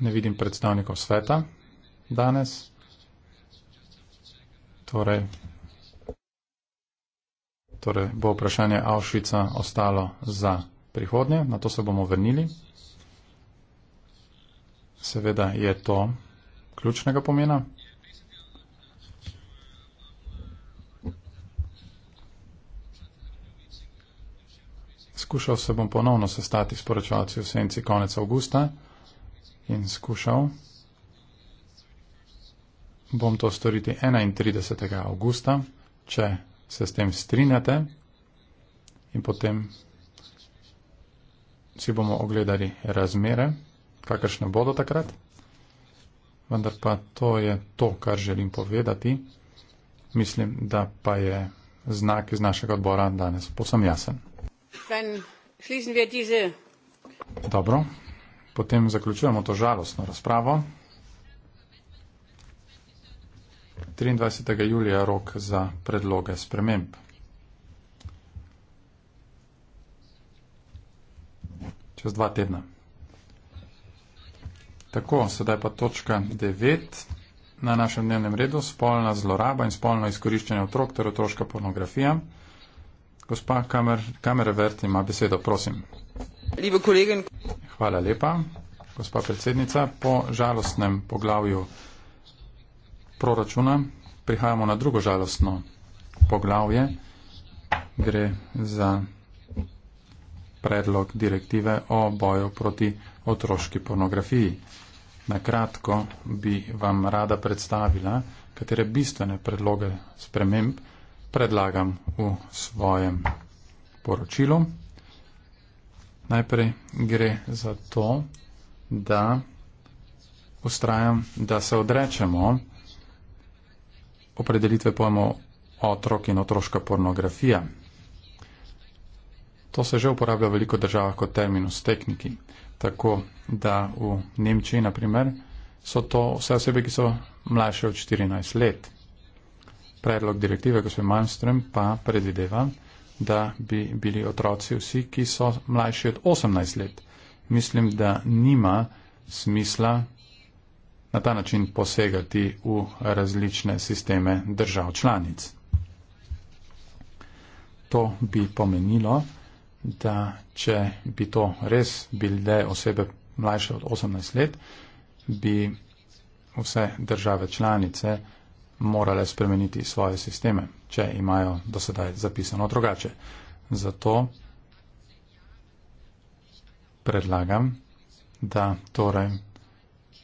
Ne vidim predstavnikov sveta danes. Torej, torej bo vprašanje Avšvica ostalo za prihodnje, na to se bomo vrnili. Seveda je to ključnega pomena. Skušal se bom ponovno sestati s poročevalci v senci konec avgusta in skušal bom to storiti 31. avgusta, če se s tem strinjate in potem si bomo ogledali razmere, kakršne bodo takrat. Vendar pa to je to, kar želim povedati. Mislim, da pa je znak iz našega odbora danes posem jasen. Diese... Dobro, potem zaključujemo to žalostno razpravo. 23. julija rok za predloge sprememb. Čez dva tedna. Tako, sedaj pa točka 9 na našem dnevnem redu, spolna zloraba in spolno izkoriščanje otrok ter otroška pornografija. Gospa kamer, kamera Vert ima besedo, prosim. Lepo kolegen. Hvala lepa. Gospa predsednica, po žalostnem poglavju proračuna prihajamo na drugo žalostno poglavje. Gre za predlog direktive o boju proti otroški pornografiji. Na kratko bi vam rada predstavila, katere bistvene predloge sprememb predlagam v svojem poročilu. Najprej gre za to, da ustrajam, da se odrečemo opredelitve pojmov otrok in otroška pornografija. To se že uporablja v veliko državah kot terminus tehniki. Tako da v Nemčiji, na primer, so to vse osebe, ki so mlajše od 14 let predlog direktive, ko se je Malmström, pa predvideva, da bi bili otroci vsi, ki so mlajši od 18 let. Mislim, da nima smisla na ta način posegati v različne sisteme držav članic. To bi pomenilo, da če bi to res bile osebe mlajše od 18 let, bi vse države članice morale spremeniti svoje sisteme, če imajo do sedaj zapisano drugače. Zato predlagam, da torej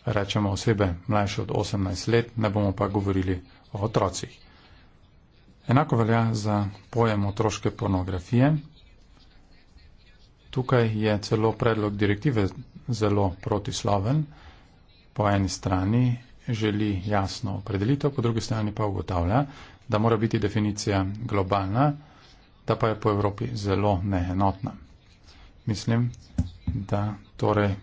rečemo osebe mlajše od 18 let, ne bomo pa govorili o otrocih. Enako velja za pojem otroške pornografije. Tukaj je celo predlog direktive zelo protisloven. Po eni strani želi jasno opredelitev, po drugi strani pa ugotavlja, da mora biti definicija globalna, da pa je po Evropi zelo neenotna. Mislim, da torej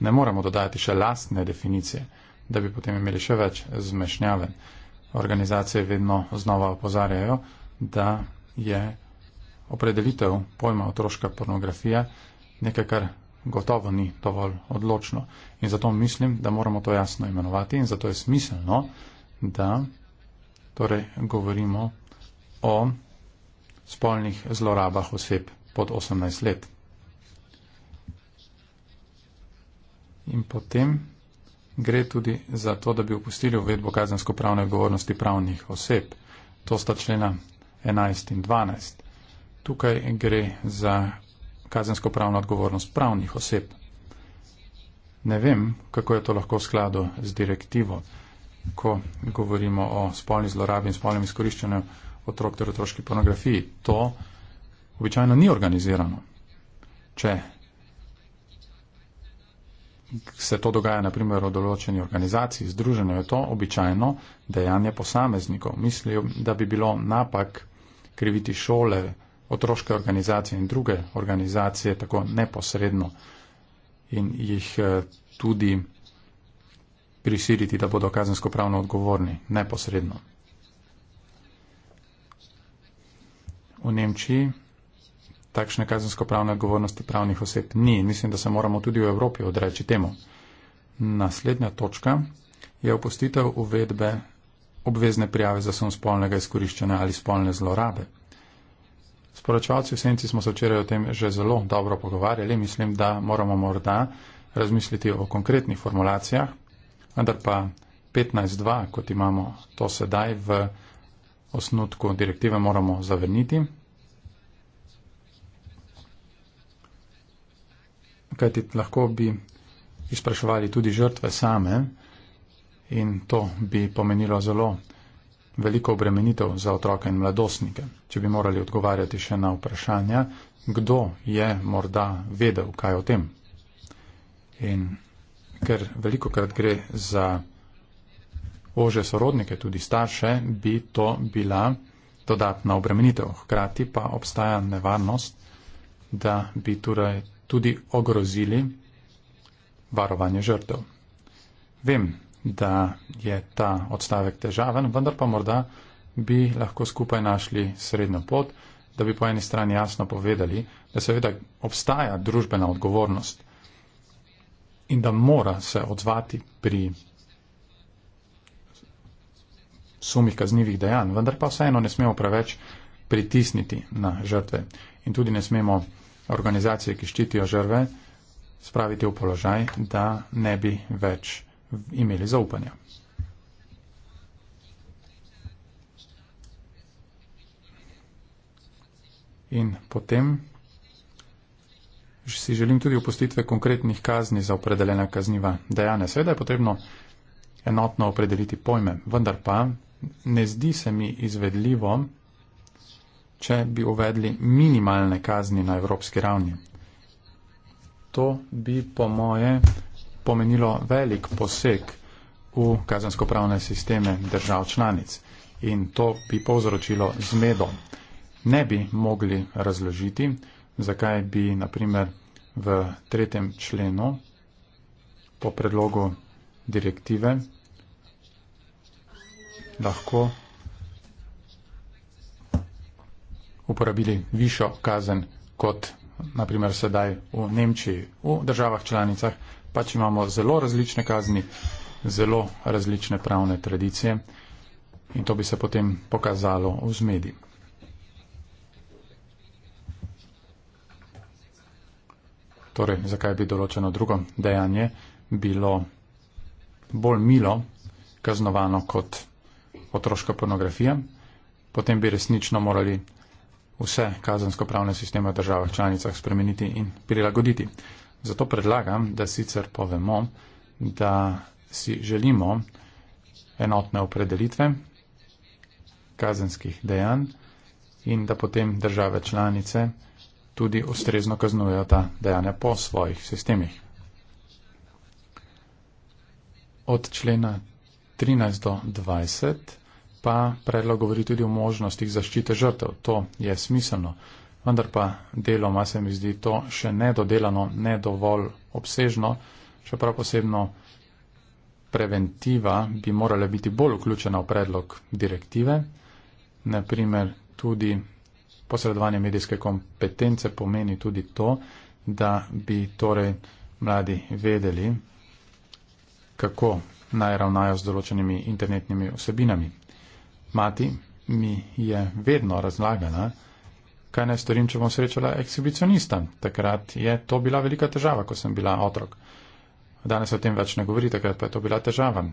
ne moremo dodajati še lastne definicije, da bi potem imeli še več zmešnjave. Organizacije vedno znova opozarjajo, da je opredelitev pojma otroška pornografija nekaj, kar gotovo ni dovolj odločno. In zato mislim, da moramo to jasno imenovati in zato je smiselno, da torej, govorimo o spolnih zlorabah oseb pod 18 let. In potem gre tudi za to, da bi upustili uvedbo kazensko-pravne odgovornosti pravnih oseb. To sta člena 11 in 12. Tukaj gre za kazensko pravno odgovornost pravnih oseb. Ne vem, kako je to lahko v skladu z direktivo, ko govorimo o spolni zlorabi in spolnem izkoriščanju otrok ter otroški pornografiji. To običajno ni organizirano. Če se to dogaja naprimer v določeni organizaciji, združeno je to običajno dejanje posameznikov. Mislim, da bi bilo napak kriviti šole, otroške organizacije in druge organizacije tako neposredno in jih eh, tudi prisiliti, da bodo kazensko pravno odgovorni neposredno. V Nemčiji takšne kazensko pravne odgovornosti pravnih oseb ni. Mislim, da se moramo tudi v Evropi odreči temu. Naslednja točka je opustitev uvedbe obvezne prijave za sum spolnega izkoriščanja ali spolne zlorabe. Sporočevalci v senci smo se včeraj o tem že zelo dobro pogovarjali. Mislim, da moramo morda razmisliti o konkretnih formulacijah, vendar pa 15.2, kot imamo to sedaj v osnutku direktive, moramo zavrniti. Kajti lahko bi izpraševali tudi žrtve same in to bi pomenilo zelo veliko obremenitev za otroke in mladostnike. Če bi morali odgovarjati še na vprašanja, kdo je morda vedel, kaj o tem. In ker veliko krat gre za ože sorodnike, tudi starše, bi to bila dodatna obremenitev. Hkrati pa obstaja nevarnost, da bi torej tudi ogrozili varovanje žrtev. Vem, da je ta odstavek težaven, vendar pa morda bi lahko skupaj našli srednjo pot, da bi po eni strani jasno povedali, da seveda obstaja družbena odgovornost in da mora se odzvati pri sumih kaznjivih dejanj, vendar pa vseeno ne smemo preveč pritisniti na žrtve in tudi ne smemo organizacije, ki ščitijo žrtve, spraviti v položaj, da ne bi več imeli zaupanja. In potem si želim tudi upostitve konkretnih kazni za opredeljena kazniva dejanja. Seveda je potrebno enotno opredeliti pojme, vendar pa ne zdi se mi izvedljivo, če bi uvedli minimalne kazni na evropski ravni. To bi po moje pomenilo velik poseg v kazensko-pravne sisteme držav članic in to bi povzročilo zmedo. Ne bi mogli razložiti, zakaj bi naprimer v tretjem členu po predlogu direktive lahko uporabili višjo kazen kot naprimer sedaj v Nemčiji, v državah članicah, pač imamo zelo različne kazni, zelo različne pravne tradicije in to bi se potem pokazalo v zmedi. Torej, zakaj bi določeno drugo dejanje bilo bolj milo kaznovano kot otroška pornografija, potem bi resnično morali vse kazensko-pravne sisteme v državah članicah spremeniti in prilagoditi. Zato predlagam, da sicer povemo, da si želimo enotne opredelitve kazenskih dejanj in da potem države članice tudi ustrezno kaznujejo ta dejanja po svojih sistemih. Od člena 13 do 20 pa predlog govori tudi o možnostih zaščite žrtev. To je smiselno vendar pa deloma se mi zdi to še nedodelano, ne dovolj obsežno, čeprav posebno preventiva bi morala biti bolj vključena v predlog direktive, naprimer tudi posredovanje medijske kompetence pomeni tudi to, da bi torej mladi vedeli, kako naj ravnajo z določenimi internetnimi vsebinami. Mati mi je vedno razlagala, kaj naj storim, če bom srečala ekshibicionista. Takrat je to bila velika težava, ko sem bila otrok. Danes o tem več ne govori, takrat pa je to bila težava.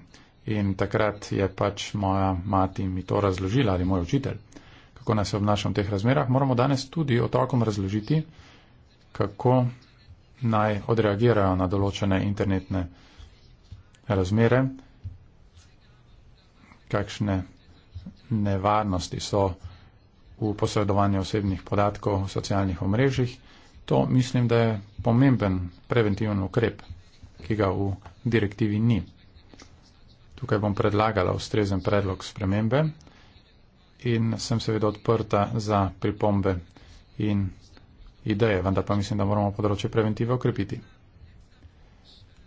In takrat je pač moja mati mi to razložila ali moj učitelj, kako naj se obnašam v teh razmerah. Moramo danes tudi otrokom razložiti, kako naj odreagirajo na določene internetne razmere, kakšne nevarnosti so v posredovanje osebnih podatkov v socialnih omrežjih. To mislim, da je pomemben preventivni ukrep, ki ga v direktivi ni. Tukaj bom predlagala ustrezen predlog spremembe in sem seveda odprta za pripombe in ideje, vendar pa mislim, da moramo področje preventive okrepiti.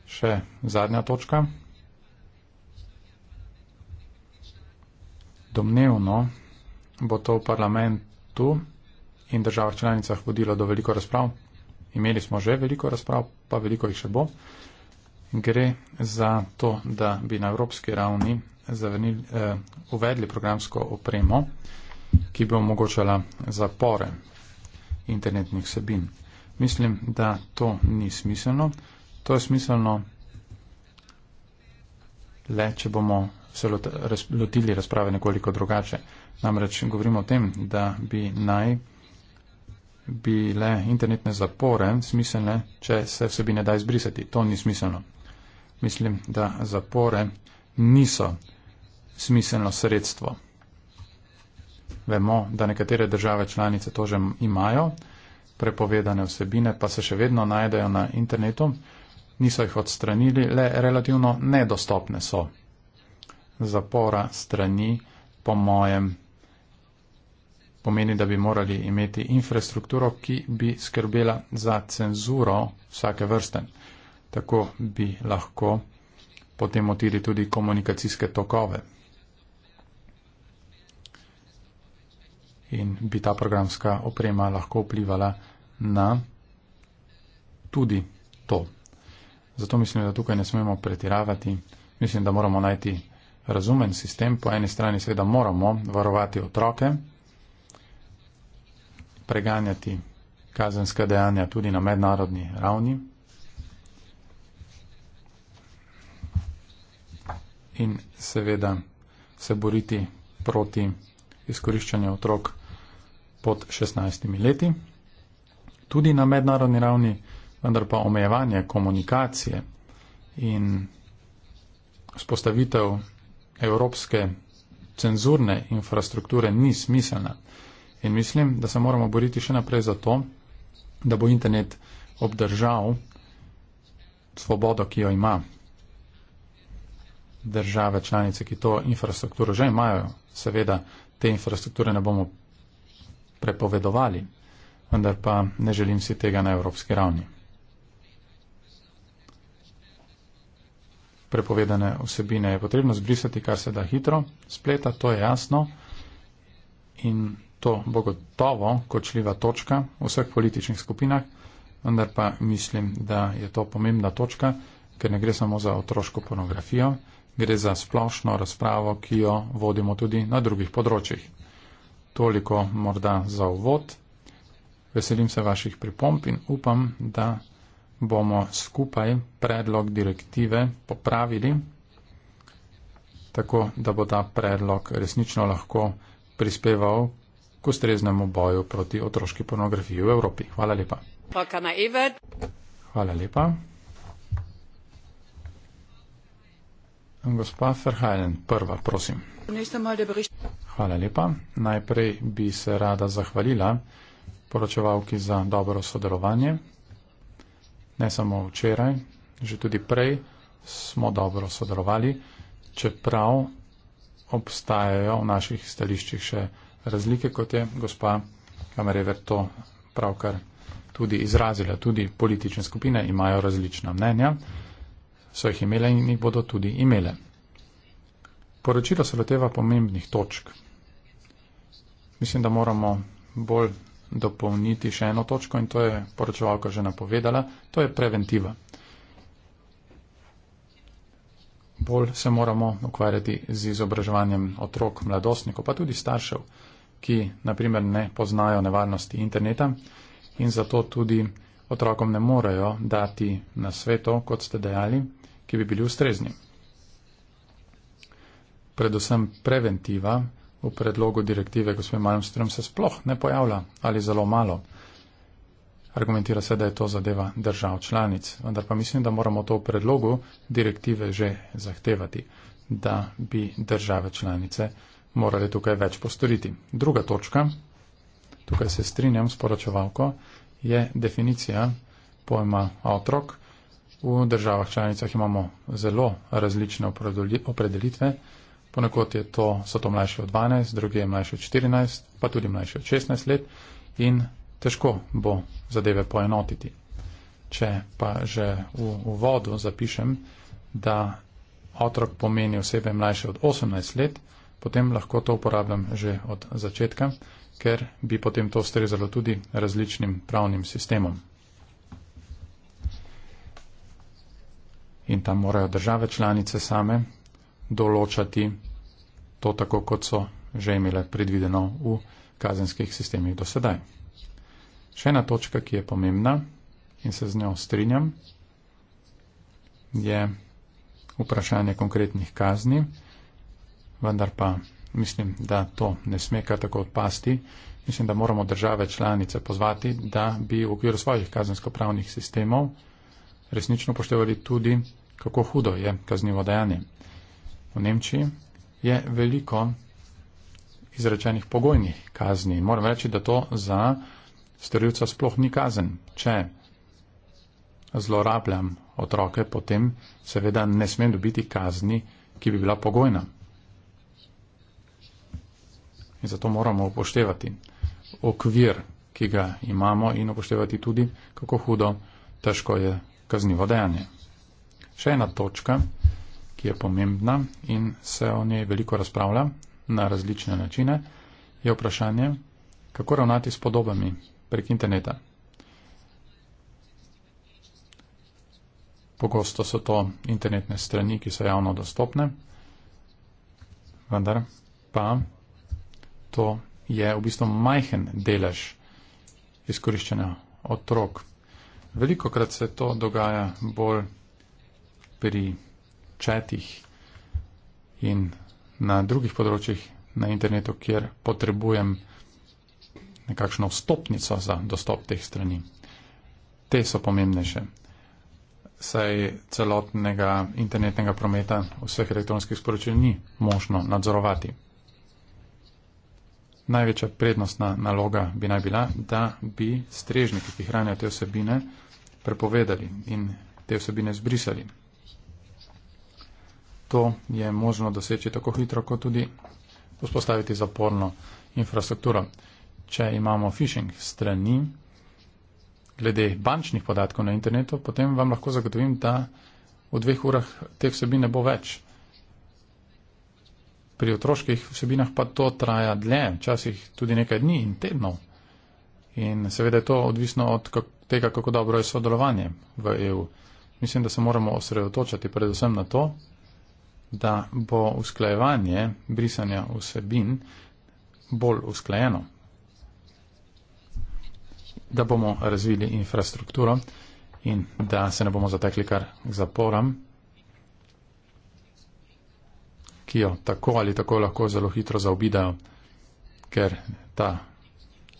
Še zadnja točka. Domnevno bo to v parlamentu in državah članicah vodilo do veliko razprav. Imeli smo že veliko razprav, pa veliko jih še bo. Gre za to, da bi na evropski ravni zavrnili, eh, uvedli programsko opremo, ki bi omogočala zapore internetnih sebin. Mislim, da to ni smiselno. To je smiselno le, če bomo se lotili razprave nekoliko drugače. Namreč govorimo o tem, da bi naj bile internetne zapore smiselne, če se vsebi ne da izbrisati. To ni smiselno. Mislim, da zapore niso smiselno sredstvo. Vemo, da nekatere države članice to že imajo, prepovedane vsebine pa se še vedno najdejo na internetu, niso jih odstranili, le relativno nedostopne so zapora strani, po mojem, pomeni, da bi morali imeti infrastrukturo, ki bi skrbela za cenzuro vsake vrste. Tako bi lahko potem otili tudi komunikacijske tokove. In bi ta programska oprema lahko vplivala na tudi to. Zato mislim, da tukaj ne smemo pretiravati. Mislim, da moramo najti razumen sistem. Po eni strani seveda moramo varovati otroke, preganjati kazenska dejanja tudi na mednarodni ravni in seveda se boriti proti izkoriščanju otrok pod 16 leti, tudi na mednarodni ravni, vendar pa omejevanje komunikacije in spostavitev evropske cenzurne infrastrukture ni smiselna. In mislim, da se moramo boriti še naprej za to, da bo internet obdržal svobodo, ki jo ima. Države članice, ki to infrastrukturo že imajo, seveda te infrastrukture ne bomo prepovedovali, vendar pa ne želim si tega na evropski ravni. prepovedane osebine je potrebno zbrisati, kar se da hitro, spleta, to je jasno. In to bo gotovo kočljiva točka v vseh političnih skupinah, vendar pa mislim, da je to pomembna točka, ker ne gre samo za otroško pornografijo, gre za splošno razpravo, ki jo vodimo tudi na drugih področjih. Toliko morda za uvod. Veselim se vaših pripomp in upam, da bomo skupaj predlog direktive popravili, tako da bo ta predlog resnično lahko prispeval k ustreznemu boju proti otroški pornografiji v Evropi. Hvala lepa. Hvala lepa. Gospa Ferhajen, prva, prosim. Hvala lepa. Najprej bi se rada zahvalila poročevalki za dobro sodelovanje ne samo včeraj, že tudi prej smo dobro sodelovali, čeprav obstajajo v naših stališčih še razlike, kot je gospa Kamerever to pravkar tudi izrazila. Tudi politične skupine imajo različna mnenja, so jih imele in jih bodo tudi imele. Poročilo se loteva pomembnih točk. Mislim, da moramo bolj dopolniti še eno točko in to je poročevalka že napovedala, to je preventiva. Bolj se moramo ukvarjati z izobraževanjem otrok, mladostnikov, pa tudi staršev, ki naprimer ne poznajo nevarnosti interneta in zato tudi otrokom ne morejo dati na sveto, kot ste dejali, ki bi bili ustrezni. Predvsem preventiva v predlogu direktive gospe Malmström se sploh ne pojavlja ali zelo malo. Argumentira se, da je to zadeva držav članic, vendar pa mislim, da moramo to v predlogu direktive že zahtevati, da bi države članice morali tukaj več postoriti. Druga točka, tukaj se strinjam s poročevalko, je definicija pojma otrok. V državah članicah imamo zelo različne opredelitve. opredelitve Ponekod je to, so to mlajši od 12, drugi je mlajši od 14, pa tudi mlajši od 16 let in težko bo zadeve poenotiti. Če pa že v uvodu zapišem, da otrok pomeni osebe mlajše od 18 let, potem lahko to uporabljam že od začetka, ker bi potem to strezalo tudi različnim pravnim sistemom. In tam morajo države članice same določati to tako, kot so že imele predvideno v kazenskih sistemih do sedaj. Še ena točka, ki je pomembna in se z njo strinjam, je vprašanje konkretnih kazni, vendar pa mislim, da to ne sme kar tako odpasti. Mislim, da moramo države članice pozvati, da bi v okviru svojih kazensko-pravnih sistemov resnično poštevali tudi, kako hudo je kaznivo dejanje v Nemčiji, je veliko izrečenih pogojnih kazni. Moram reči, da to za storilca sploh ni kazen. Če zlorabljam otroke, potem seveda ne smem dobiti kazni, ki bi bila pogojna. In zato moramo upoštevati okvir, ki ga imamo in upoštevati tudi, kako hudo težko je kaznivo dejanje. Še ena točka, ki je pomembna in se o njej veliko razpravlja na različne načine, je vprašanje, kako ravnati s podobami prek interneta. Pogosto so to internetne strani, ki so javno dostopne, vendar pa to je v bistvu majhen delež izkoriščanja otrok. Veliko krat se to dogaja bolj pri četih in na drugih področjih na internetu, kjer potrebujem nekakšno vstopnico za dostop teh strani. Te so pomembnejše. Saj celotnega internetnega prometa vseh elektronskih sporočil ni možno nadzorovati. Največja prednostna naloga bi naj bila, da bi strežniki, ki hranijo te osebine, prepovedali in te osebine zbrisali. To je možno doseči tako hitro, kot tudi vzpostaviti zaporno infrastrukturo. Če imamo phishing strani, glede bančnih podatkov na internetu, potem vam lahko zagotovim, da v dveh urah teh vsebin ne bo več. Pri otroških vsebinah pa to traja dlje, včasih tudi nekaj dni in tednov. In seveda je to odvisno od tega, kako dobro je sodelovanje v EU. Mislim, da se moramo osredotočati predvsem na to, da bo usklajevanje brisanja vsebin bolj usklajeno, da bomo razvili infrastrukturo in da se ne bomo zatekli kar k zaporam, ki jo tako ali tako lahko zelo hitro zaobidajo, ker ta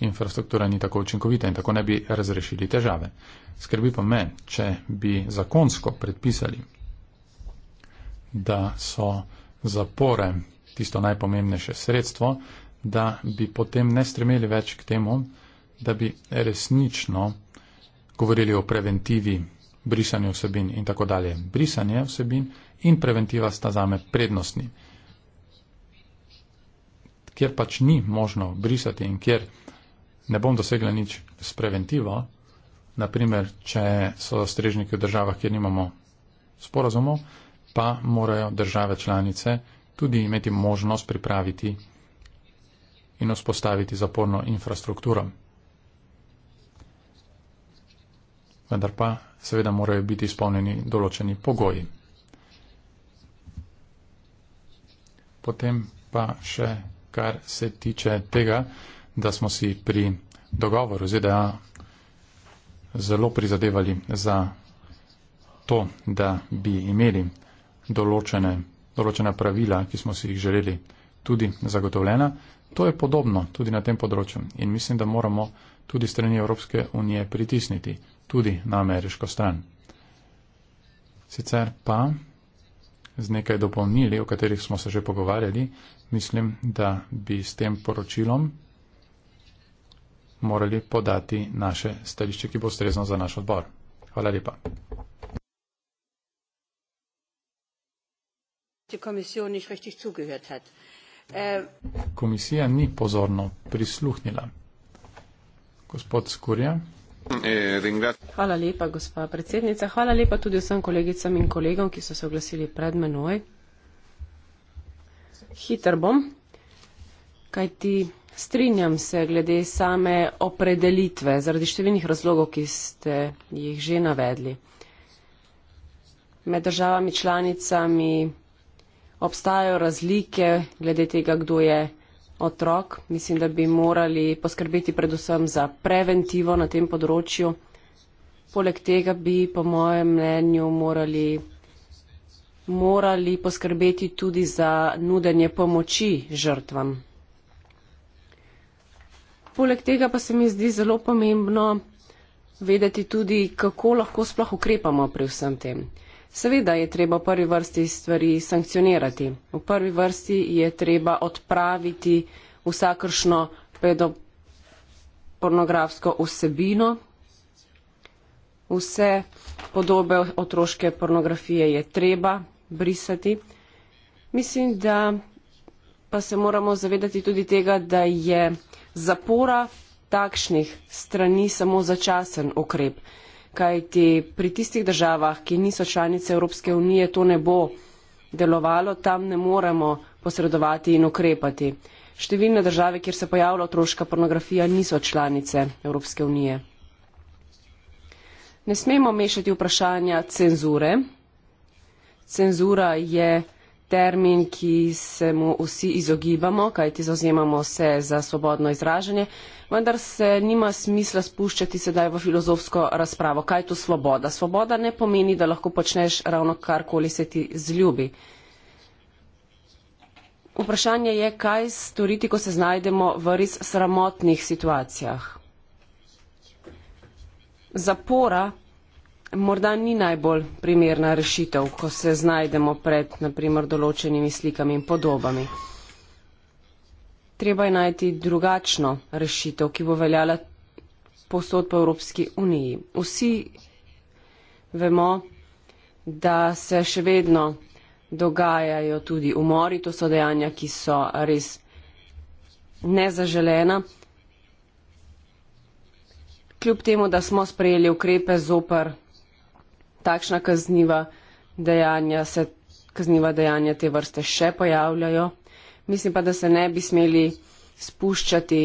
infrastruktura ni tako učinkovita in tako ne bi razrešili težave. Skrbi pa me, če bi zakonsko predpisali da so zapore tisto najpomembnejše sredstvo, da bi potem ne stremeli več k temu, da bi resnično govorili o preventivi, brisanju vsebin in tako dalje. Brisanje vsebin in preventiva sta zame prednostni. Ker pač ni možno brisati in ker ne bom dosegla nič s preventivo, naprimer, če so strežniki v državah, kjer nimamo sporazumov, pa morajo države članice tudi imeti možnost pripraviti in vzpostaviti zaporno infrastrukturo. Vendar pa seveda morajo biti izpolneni določeni pogoji. Potem pa še kar se tiče tega, da smo si pri dogovoru ZDA zelo prizadevali za to, da bi imeli določene, določena pravila, ki smo si jih želeli, tudi zagotovljena. To je podobno tudi na tem področju in mislim, da moramo tudi strani Evropske unije pritisniti, tudi na ameriško stran. Sicer pa z nekaj dopolnili, o katerih smo se že pogovarjali, mislim, da bi s tem poročilom morali podati naše stališče, ki bo ustrezno za naš odbor. Hvala lepa. Äh, Komisija ni pozorno prisluhnila. Gospod Skurja. Eh, Hvala lepa, gospa predsednica. Hvala lepa tudi vsem kolegicam in kolegom, ki so se oglasili pred menoj. Hiter bom, kajti strinjam se glede same opredelitve zaradi številnih razlogov, ki ste jih že navedli. Med državami članicami obstajajo razlike glede tega, kdo je otrok. Mislim, da bi morali poskrbeti predvsem za preventivo na tem področju. Poleg tega bi, po mojem mnenju, morali, morali poskrbeti tudi za nudenje pomoči žrtvam. Poleg tega pa se mi zdi zelo pomembno vedeti tudi, kako lahko sploh ukrepamo pri vsem tem. Seveda je treba v prvi vrsti stvari sankcionirati. V prvi vrsti je treba odpraviti vsakršno pedopornografsko vsebino. Vse podobe otroške pornografije je treba brisati. Mislim, da pa se moramo zavedati tudi tega, da je zapora takšnih strani samo začasen ukrep kajti pri tistih državah, ki niso članice Evropske unije, to ne bo delovalo, tam ne moremo posredovati in ukrepati. Številne države, kjer se pojavlja otroška pornografija, niso članice Evropske unije. Ne smemo mešati vprašanja cenzure. Cenzura je termin, ki se mu vsi izogibamo, kajti zauzemamo se za svobodno izražanje, vendar se nima smisla spuščati sedaj v filozofsko razpravo. Kaj je to svoboda? Svoboda ne pomeni, da lahko počneš ravno karkoli se ti zljubi. Vprašanje je, kaj storiti, ko se znajdemo v res sramotnih situacijah. Zapora morda ni najbolj primerna rešitev, ko se znajdemo pred naprimer določenimi slikami in podobami. Treba je najti drugačno rešitev, ki bo veljala posod po Evropski uniji. Vsi vemo, da se še vedno dogajajo tudi umori, to so dejanja, ki so res nezaželena. Kljub temu, da smo sprejeli ukrepe zopr takšna kazniva dejanja, se kazniva dejanja te vrste še pojavljajo. Mislim pa, da se ne bi smeli spuščati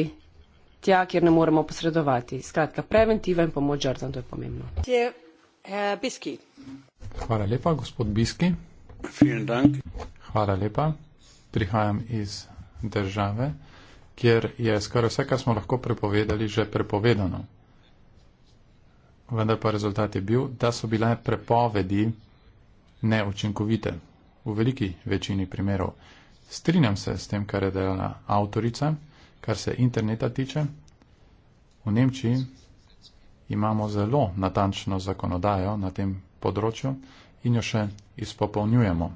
tja, kjer ne moremo posredovati. Skratka, preventiva in pomoč žrtvam, to je pomembno. Je, uh, biski. Hvala lepa, gospod Biski. Hvala lepa. Prihajam iz države, kjer je skoraj vse, kar smo lahko prepovedali, že prepovedano vendar pa rezultat je bil, da so bile prepovedi neučinkovite v veliki večini primerov. Strinjam se s tem, kar je delala avtorica, kar se interneta tiče. V Nemčiji imamo zelo natančno zakonodajo na tem področju in jo še izpopolnjujemo.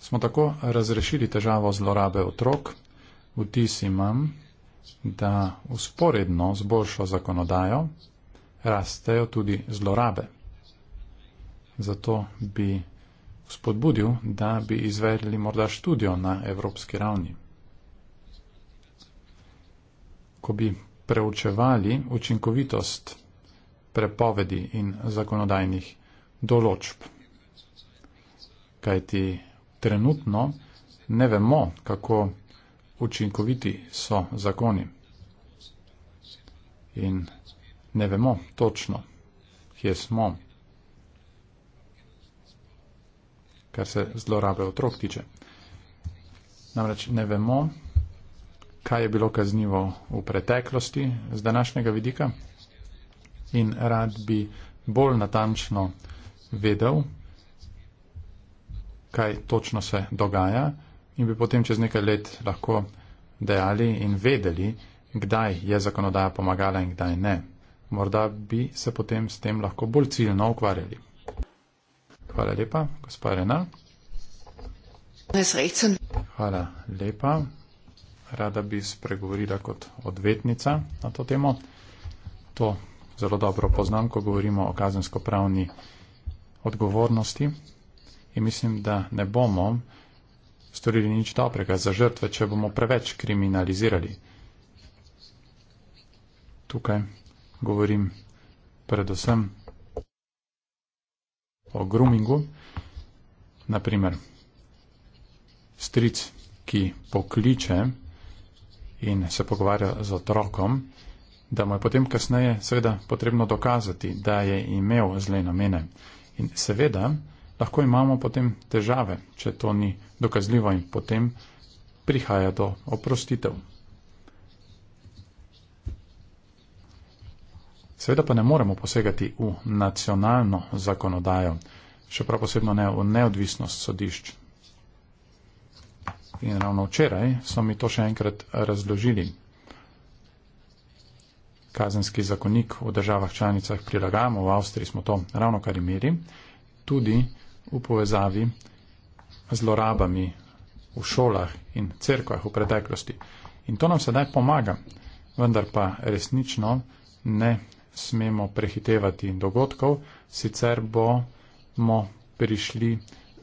Smo tako razrešili težavo zlorabe otrok. Vtis imam, da usporedno z boljšo zakonodajo rastejo tudi zlorabe. Zato bi spodbudil, da bi izvedli morda študijo na evropski ravni. Ko bi preučevali učinkovitost prepovedi in zakonodajnih določb, kajti trenutno ne vemo, kako učinkoviti so zakoni. In ne vemo točno, kje smo, kar se zlorabe otrok tiče. Namreč ne vemo, kaj je bilo kaznivo v preteklosti z današnjega vidika in rad bi bolj natančno vedel, kaj točno se dogaja in bi potem čez nekaj let lahko dejali in vedeli, kdaj je zakonodaja pomagala in kdaj ne. Morda bi se potem s tem lahko bolj ciljno ukvarjali. Hvala lepa, gospa Rena. Hvala lepa. Rada bi spregovorila kot odvetnica na to temo. To zelo dobro poznam, ko govorimo o kazensko-pravni odgovornosti. In mislim, da ne bomo storili nič dobrega za žrtve, če bomo preveč kriminalizirali. Tukaj govorim predvsem o groomingu. Naprimer, stric, ki pokliče in se pogovarja z otrokom, da mu je potem kasneje seveda potrebno dokazati, da je imel zle namene. In seveda lahko imamo potem težave, če to ni dokazljivo in potem prihaja do oprostitev. Seveda pa ne moremo posegati v nacionalno zakonodajo, še prav posebno ne v neodvisnost sodišč. In ravno včeraj so mi to še enkrat razložili. Kazenski zakonik v državah članicah prilagajamo, v Avstriji smo to ravno kar imeli, tudi v povezavi zlorabami v šolah in crkvah v preteklosti. In to nam sedaj pomaga, vendar pa resnično ne smemo prehitevati dogodkov, sicer bomo prišli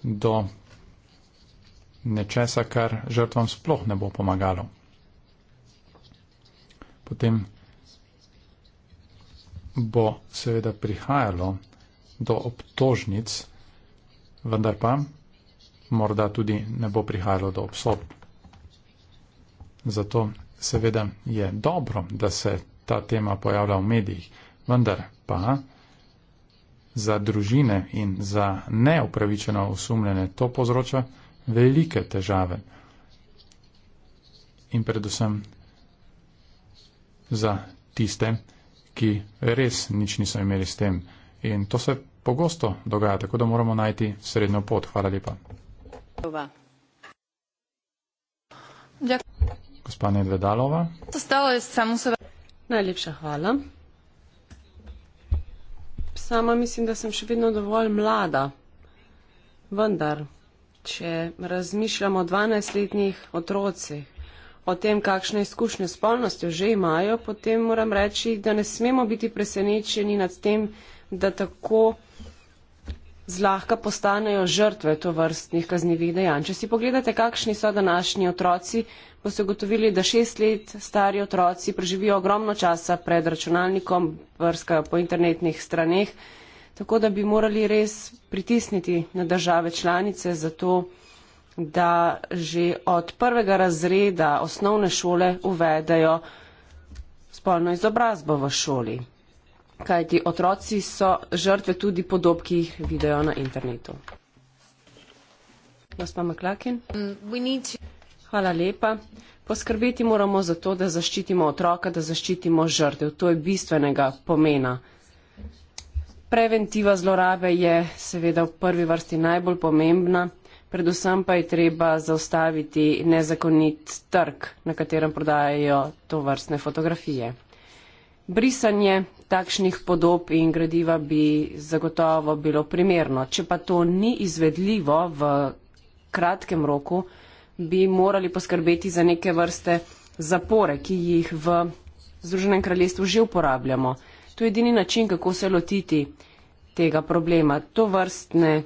do nečesa, kar žrtvam sploh ne bo pomagalo. Potem bo seveda prihajalo do obtožnic, vendar pa morda tudi ne bo prihajalo do obsob. Zato seveda je dobro, da se ta tema pojavlja v medijih, vendar pa za družine in za neupravičeno osumljene to povzroča velike težave. In predvsem za tiste, ki res nič niso imeli s tem. In to se pogosto dogaja, tako da moramo najti srednjo pot. Hvala lepa. Gospa Nedvedalova. Najlepša hvala. Sama mislim, da sem še vedno dovolj mlada. Vendar, če razmišljamo o 12-letnih otrocih, o tem, kakšne izkušnje spolnosti že imajo, potem moram reči, da ne smemo biti presenečeni nad tem, da tako zlahka postanejo žrtve to vrstnih kaznjivih dejanj. Če si pogledate, kakšni so današnji otroci, boste ugotovili, da šest let stari otroci preživijo ogromno časa pred računalnikom, vrskajo po internetnih straneh, tako da bi morali res pritisniti na države članice za to, da že od prvega razreda osnovne šole uvedajo spolno izobrazbo v šoli kajti otroci so žrtve tudi podob, ki jih vidijo na internetu. Gospa Maklakin. Mm, Hvala lepa. Poskrbeti moramo za to, da zaščitimo otroka, da zaščitimo žrtev. To je bistvenega pomena. Preventiva zlorabe je seveda v prvi vrsti najbolj pomembna, predvsem pa je treba zaustaviti nezakonit trg, na katerem prodajajo to vrstne fotografije brisanje takšnih podob in gradiva bi zagotovo bilo primerno. Če pa to ni izvedljivo v kratkem roku, bi morali poskrbeti za neke vrste zapore, ki jih v Združenem kraljestvu že uporabljamo. To je edini način, kako se lotiti tega problema. To vrstne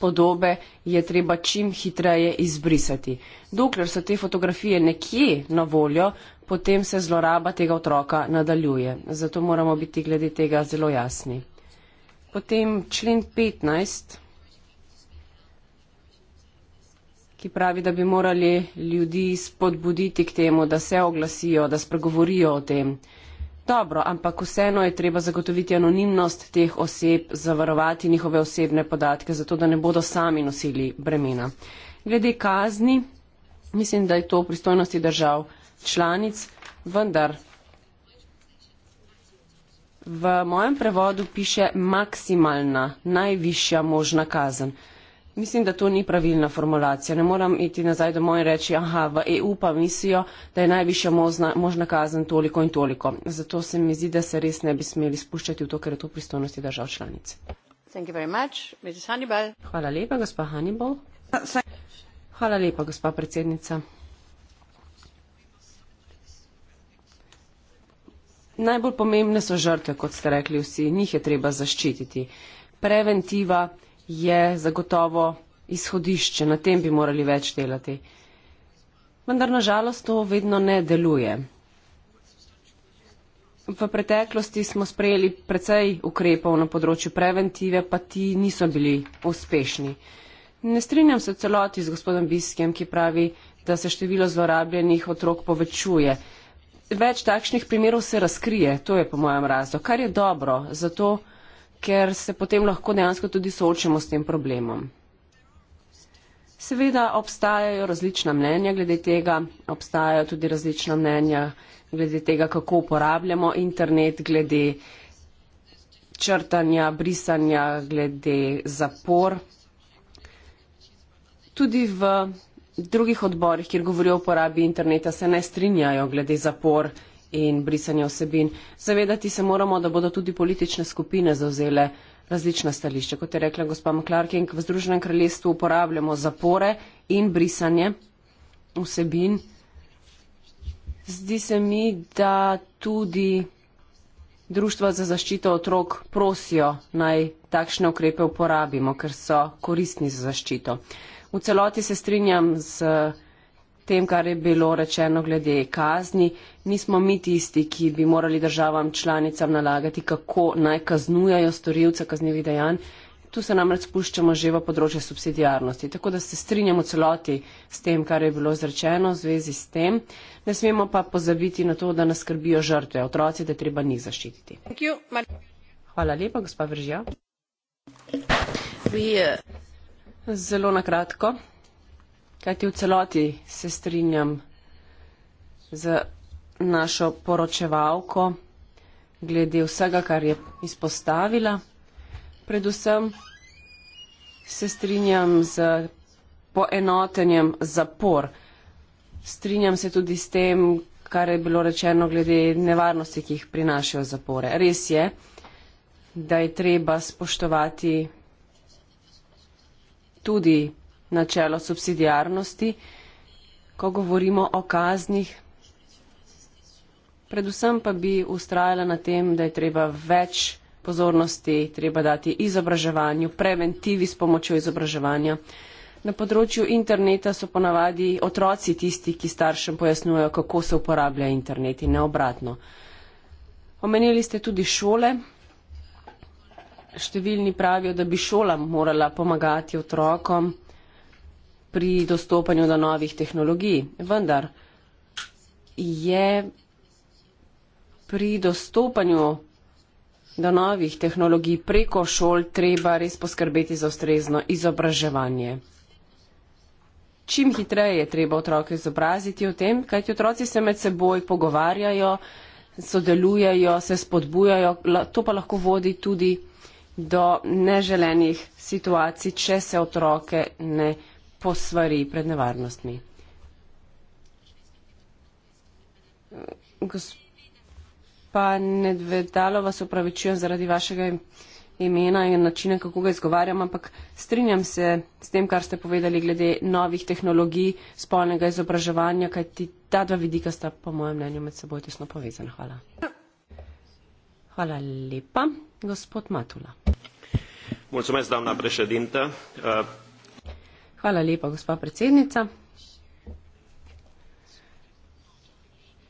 podobe je treba čim hitreje izbrisati. Dokler so te fotografije nekje na voljo, potem se zloraba tega otroka nadaljuje. Zato moramo biti glede tega zelo jasni. Potem člen 15, ki pravi, da bi morali ljudi spodbuditi k temu, da se oglasijo, da spregovorijo o tem. Dobro, ampak vseeno je treba zagotoviti anonimnost teh oseb, zavarovati njihove osebne podatke, zato da ne bodo sami nosili bremena. Glede kazni, mislim, da je to v pristojnosti držav članic, vendar v mojem prevodu piše maksimalna, najvišja možna kazen. Mislim, da to ni pravilna formulacija. Ne moram iti nazaj domov in reči, aha, v EU pa mislijo, da je najvišja možna, možna kazen toliko in toliko. Zato se mi zdi, da se res ne bi smeli spuščati v to, ker je to pristojnosti držav članic. Hvala lepa, gospa Hannibal. Hvala lepa, gospa predsednica. najbolj pomembne so žrtve, kot ste rekli vsi, njih je treba zaščititi. Preventiva je zagotovo izhodišče, na tem bi morali več delati. Vendar nažalost to vedno ne deluje. V preteklosti smo sprejeli precej ukrepov na področju preventive, pa ti niso bili uspešni. Ne strinjam se celoti z gospodom Biskem, ki pravi, da se število zlorabljenih otrok povečuje več takšnih primerov se razkrije, to je po mojem razlogu, kar je dobro, zato ker se potem lahko dejansko tudi soočamo s tem problemom. Seveda obstajajo različna mnenja glede tega, obstajajo tudi različna mnenja glede tega, kako uporabljamo internet, glede črtanja, brisanja, glede zapor. Tudi v drugih odborih, kjer govorijo o porabi interneta, se ne strinjajo glede zapor in brisanja osebin. Zavedati se moramo, da bodo tudi politične skupine zauzele različna stališča. Kot je rekla gospa McClarking, v Združenem kraljestvu uporabljamo zapore in brisanje osebin. Zdi se mi, da tudi Društva za zaščito otrok prosijo naj takšne ukrepe uporabimo, ker so koristni za zaščito. V celoti se strinjam z eh, tem, kar je bilo rečeno glede kazni. Nismo mi tisti, ki bi morali državam članicam nalagati, kako naj kaznujajo storilce kaznjivih dejanj. Tu se namreč spuščamo že v področje subsidijarnosti. Tako da se strinjamo celoti s tem, kar je bilo izrečeno v zvezi s tem. Ne smemo pa pozabiti na to, da nas skrbijo žrtve, otroci, da je treba njih zaščititi. Hvala lepa, gospa Vržja. We, uh... Zelo na kratko, kajti v celoti se strinjam z našo poročevalko glede vsega, kar je izpostavila. Predvsem se strinjam z poenotenjem zapor. Strinjam se tudi s tem, kar je bilo rečeno glede nevarnosti, ki jih prinašajo zapore. Res je, da je treba spoštovati tudi načelo subsidijarnosti, ko govorimo o kaznih. Predvsem pa bi ustrajala na tem, da je treba več pozornosti, treba dati izobraževanju, preventivi s pomočjo izobraževanja. Na področju interneta so ponavadi otroci tisti, ki staršem pojasnjujejo, kako se uporablja internet in ne obratno. Omenili ste tudi šole, številni pravijo, da bi šola morala pomagati otrokom pri dostopanju do novih tehnologij. Vendar je pri dostopanju do novih tehnologij preko šol treba res poskrbeti za ustrezno izobraževanje. Čim hitreje je treba otroke izobraziti o tem, kajti otroci se med seboj pogovarjajo, sodelujejo, se spodbujajo, to pa lahko vodi tudi do neželenih situacij, če se otroke ne posvari pred nevarnostmi. Gospa Nedvedalo vas upravičujem zaradi vašega imena in načina, kako ga izgovarjam, ampak strinjam se s tem, kar ste povedali glede novih tehnologij spolnega izobraževanja, kajti ta dva vidika sta po mojem mnenju med seboj tesno povezana. Hvala. Hvala lepa. Hvala lepa, gospa predsednica.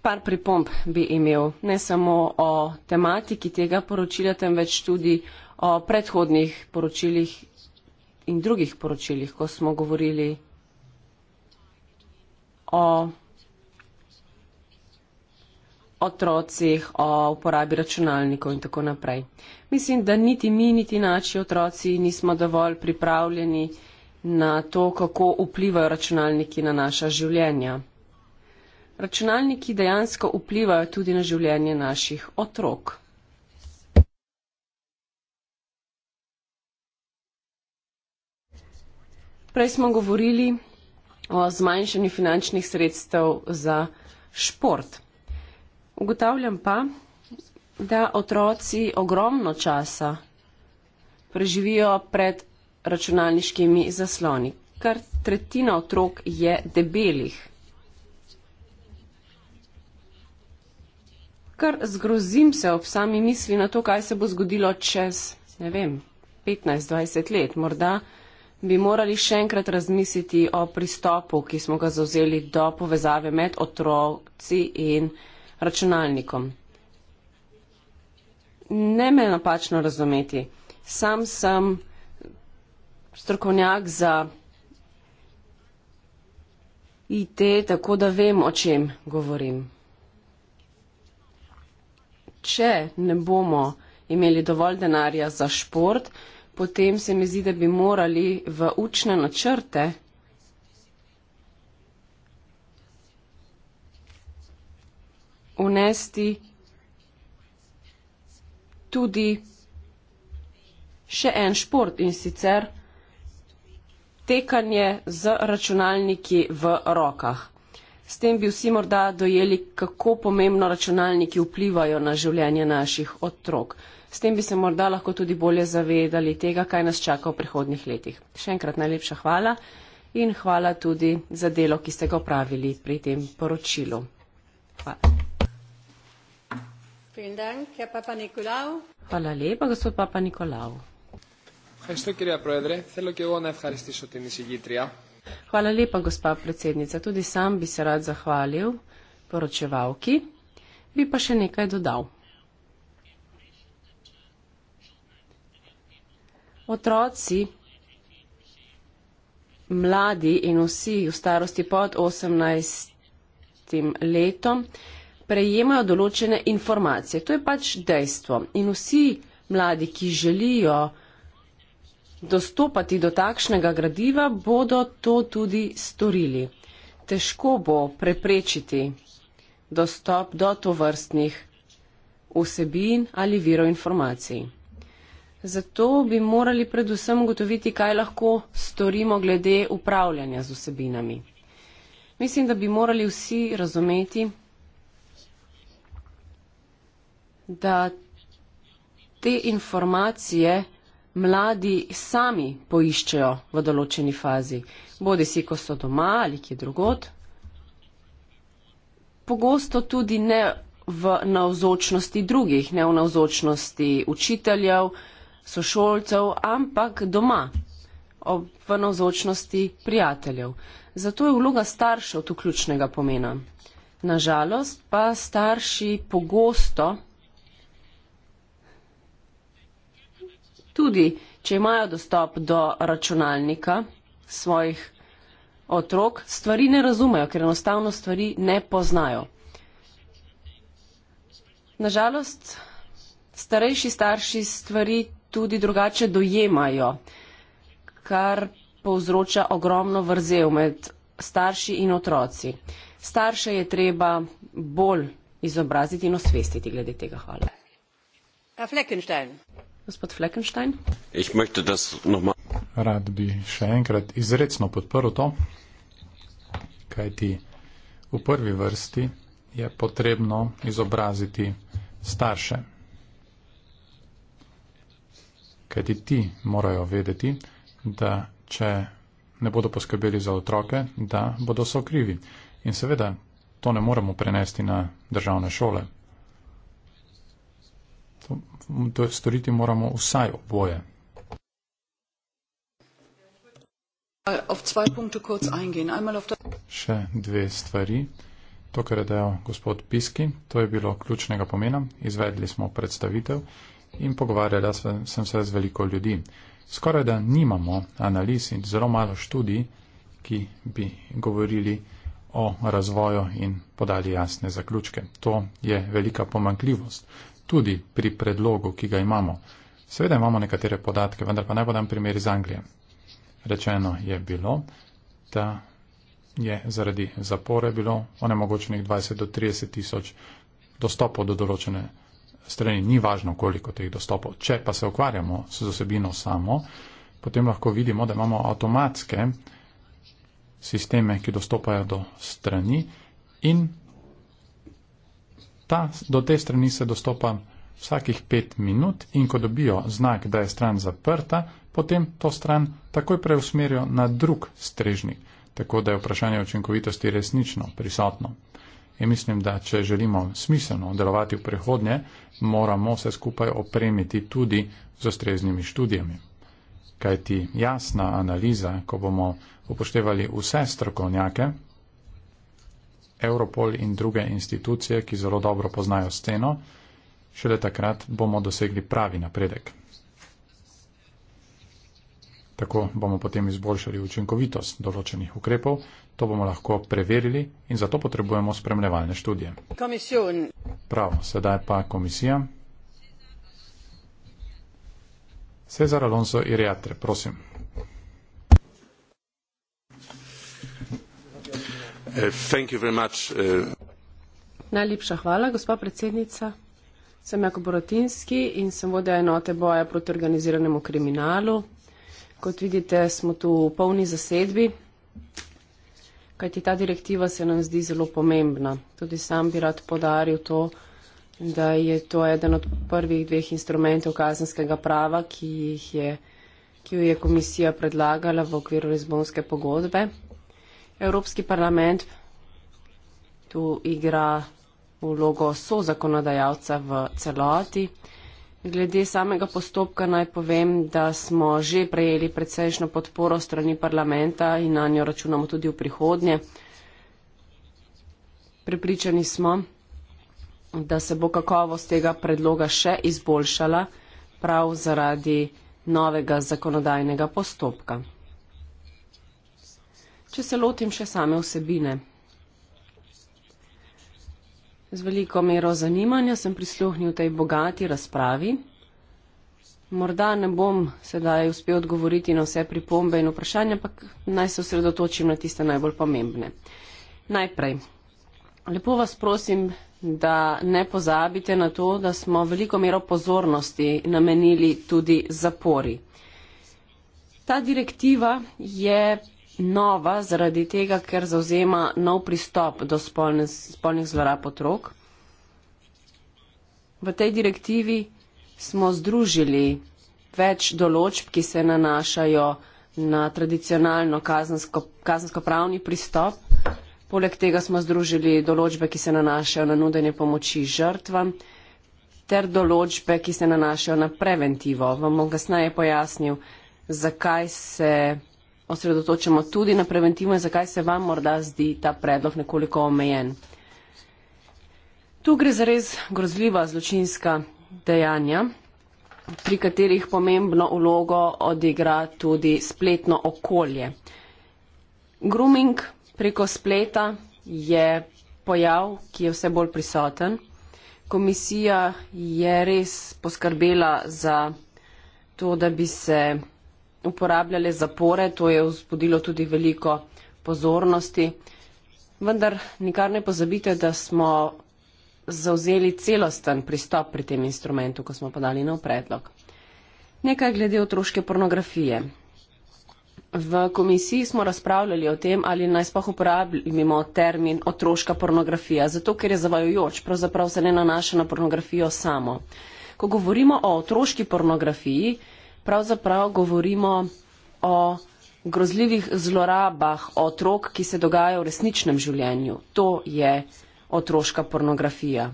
Par pripomb bi imel, ne samo o tematiki tega poročila, temveč tudi o predhodnih poročilih in drugih poročilih, ko smo govorili o otrocih, o uporabi računalnikov in tako naprej. Mislim, da niti mi, niti naši otroci nismo dovolj pripravljeni na to, kako vplivajo računalniki na naša življenja. Računalniki dejansko vplivajo tudi na življenje naših otrok. Prej smo govorili o zmanjšanju finančnih sredstev za šport. Ugotavljam pa, da otroci ogromno časa preživijo pred računalniškimi zasloni. Kar tretjina otrok je debelih. Kar zgrozim se ob sami misli na to, kaj se bo zgodilo čez, ne vem, 15-20 let. Morda bi morali še enkrat razmisliti o pristopu, ki smo ga zauzeli do povezave med otroci in otroci računalnikom. Ne me napačno razumeti. Sam sem strokovnjak za IT, tako da vem, o čem govorim. Če ne bomo imeli dovolj denarja za šport, potem se mi zdi, da bi morali v učne načrte unesti tudi še en šport in sicer tekanje z računalniki v rokah. S tem bi vsi morda dojeli, kako pomembno računalniki vplivajo na življenje naših otrok. S tem bi se morda lahko tudi bolje zavedali tega, kaj nas čaka v prihodnih letih. Še enkrat najlepša hvala in hvala tudi za delo, ki ste ga opravili pri tem poročilu. Hvala. Hvala lepa, gospod Papa Nikolau. Hvala lepa, gospa predsednica. Tudi sam bi se rad zahvalil poročevalki, bi pa še nekaj dodal. Otroci, mladi in vsi v starosti pod 18 letom prejemajo določene informacije. To je pač dejstvo. In vsi mladi, ki želijo dostopati do takšnega gradiva, bodo to tudi storili. Težko bo preprečiti dostop do tovrstnih vsebin ali virov informacij. Zato bi morali predvsem ugotoviti, kaj lahko storimo glede upravljanja z vsebinami. Mislim, da bi morali vsi razumeti, da te informacije mladi sami poiščejo v določeni fazi, bodi si, ko so doma ali kje drugod. Pogosto tudi ne v navzočnosti drugih, ne v navzočnosti učiteljev, sošolcev, ampak doma, v navzočnosti prijateljev. Zato je vloga staršev tu ključnega pomena. Nažalost pa starši pogosto tudi če imajo dostop do računalnika svojih otrok, stvari ne razumejo, ker enostavno stvari ne poznajo. Nažalost, starejši starši stvari tudi drugače dojemajo, kar povzroča ogromno vrzel med starši in otroci. Starše je treba bolj izobraziti in osvestiti glede tega. Hvala. Herr Fleckenstein. Gospod Fleckenstein. Ich möchte das nochmal. Rad bi še enkrat izredno podprl to, kaj ti v prvi vrsti je potrebno izobraziti starše. Kaj ti ti morajo vedeti, da če ne bodo poskrbeli za otroke, da bodo so krivi. In seveda, to ne moremo prenesti na državne šole to je, storiti moramo vsaj oboje. Še dve stvari. To, kar je dejal gospod Piski, to je bilo ključnega pomena. Izvedli smo predstavitev in pogovarjali sem se z veliko ljudi. Skoraj da nimamo analiz in zelo malo študij, ki bi govorili o razvoju in podali jasne zaključke. To je velika pomankljivost tudi pri predlogu, ki ga imamo. Seveda imamo nekatere podatke, vendar pa naj podam primer iz Anglije. Rečeno je bilo, da je zaradi zapore bilo onemogočenih 20 do 30 tisoč dostopov do določene strani. Ni važno, koliko teh dostopov. Če pa se ukvarjamo s osebino samo, potem lahko vidimo, da imamo avtomatske sisteme, ki dostopajo do strani in ta, do te strani se dostopa vsakih pet minut in ko dobijo znak, da je stran zaprta, potem to stran takoj preusmerijo na drug strežnik, tako da je vprašanje učinkovitosti resnično prisotno. In mislim, da če želimo smiselno delovati v prihodnje, moramo se skupaj opremiti tudi z ustreznimi študijami. Kajti jasna analiza, ko bomo upoštevali vse strokovnjake, Europol in druge institucije, ki zelo dobro poznajo sceno, šele takrat bomo dosegli pravi napredek. Tako bomo potem izboljšali učinkovitost določenih ukrepov, to bomo lahko preverili in zato potrebujemo spremljevalne študije. Prav, sedaj pa komisija. Cezar Alonso Iriatre, prosim. Uh, uh, Najlepša hvala, gospa predsednica. Sem Jako Boratinski in sem vodja enote boja proti organiziranemu kriminalu. Kot vidite, smo tu v polni zasedbi, kajti ta direktiva se nam zdi zelo pomembna. Tudi sam bi rad podaril to, da je to eden od prvih dveh instrumentov kazenskega prava, ki, je, ki jo je komisija predlagala v okviru Lizbonske pogodbe. Evropski parlament tu igra vlogo sozakonodajalca v celoti. Glede samega postopka naj povem, da smo že prejeli precejšno podporo strani parlamenta in na njo računamo tudi v prihodnje. Pripričani smo, da se bo kakovost tega predloga še izboljšala prav zaradi novega zakonodajnega postopka. Če se lotim še same vsebine. Z veliko mero zanimanja sem prisluhnil tej bogati razpravi. Morda ne bom sedaj uspel odgovoriti na vse pripombe in vprašanja, ampak naj se osredotočim na tiste najbolj pomembne. Najprej, lepo vas prosim, da ne pozabite na to, da smo veliko mero pozornosti namenili tudi zapori. Ta direktiva je nova zaradi tega, ker zauzema nov pristop do spolne, spolnih zlorab otrok. V tej direktivi smo združili več določb, ki se nanašajo na tradicionalno kazensko-pravni kazensko pristop. Poleg tega smo združili določbe, ki se nanašajo na nudenje pomoči žrtvam ter določbe, ki se nanašajo na preventivo. Vam bom kasneje pojasnil, zakaj se osredotočamo tudi na preventivo in zakaj se vam morda zdi ta predlog nekoliko omejen. Tu gre za res grozljiva zločinska dejanja, pri katerih pomembno ulogo odigra tudi spletno okolje. Grooming preko spleta je pojav, ki je vse bolj prisoten. Komisija je res poskrbela za to, da bi se uporabljale zapore, to je vzbudilo tudi veliko pozornosti. Vendar nikar ne pozabite, da smo zauzeli celosten pristop pri tem instrumentu, ko smo podali nov predlog. Nekaj glede otroške pornografije. V komisiji smo razpravljali o tem, ali naj spoh uporabljimo termin otroška pornografija, zato ker je zavajojoč, pravzaprav se ne nanaša na pornografijo samo. Ko govorimo o otroški pornografiji, pravzaprav govorimo o grozljivih zlorabah otrok, ki se dogajajo v resničnem življenju. To je otroška pornografija.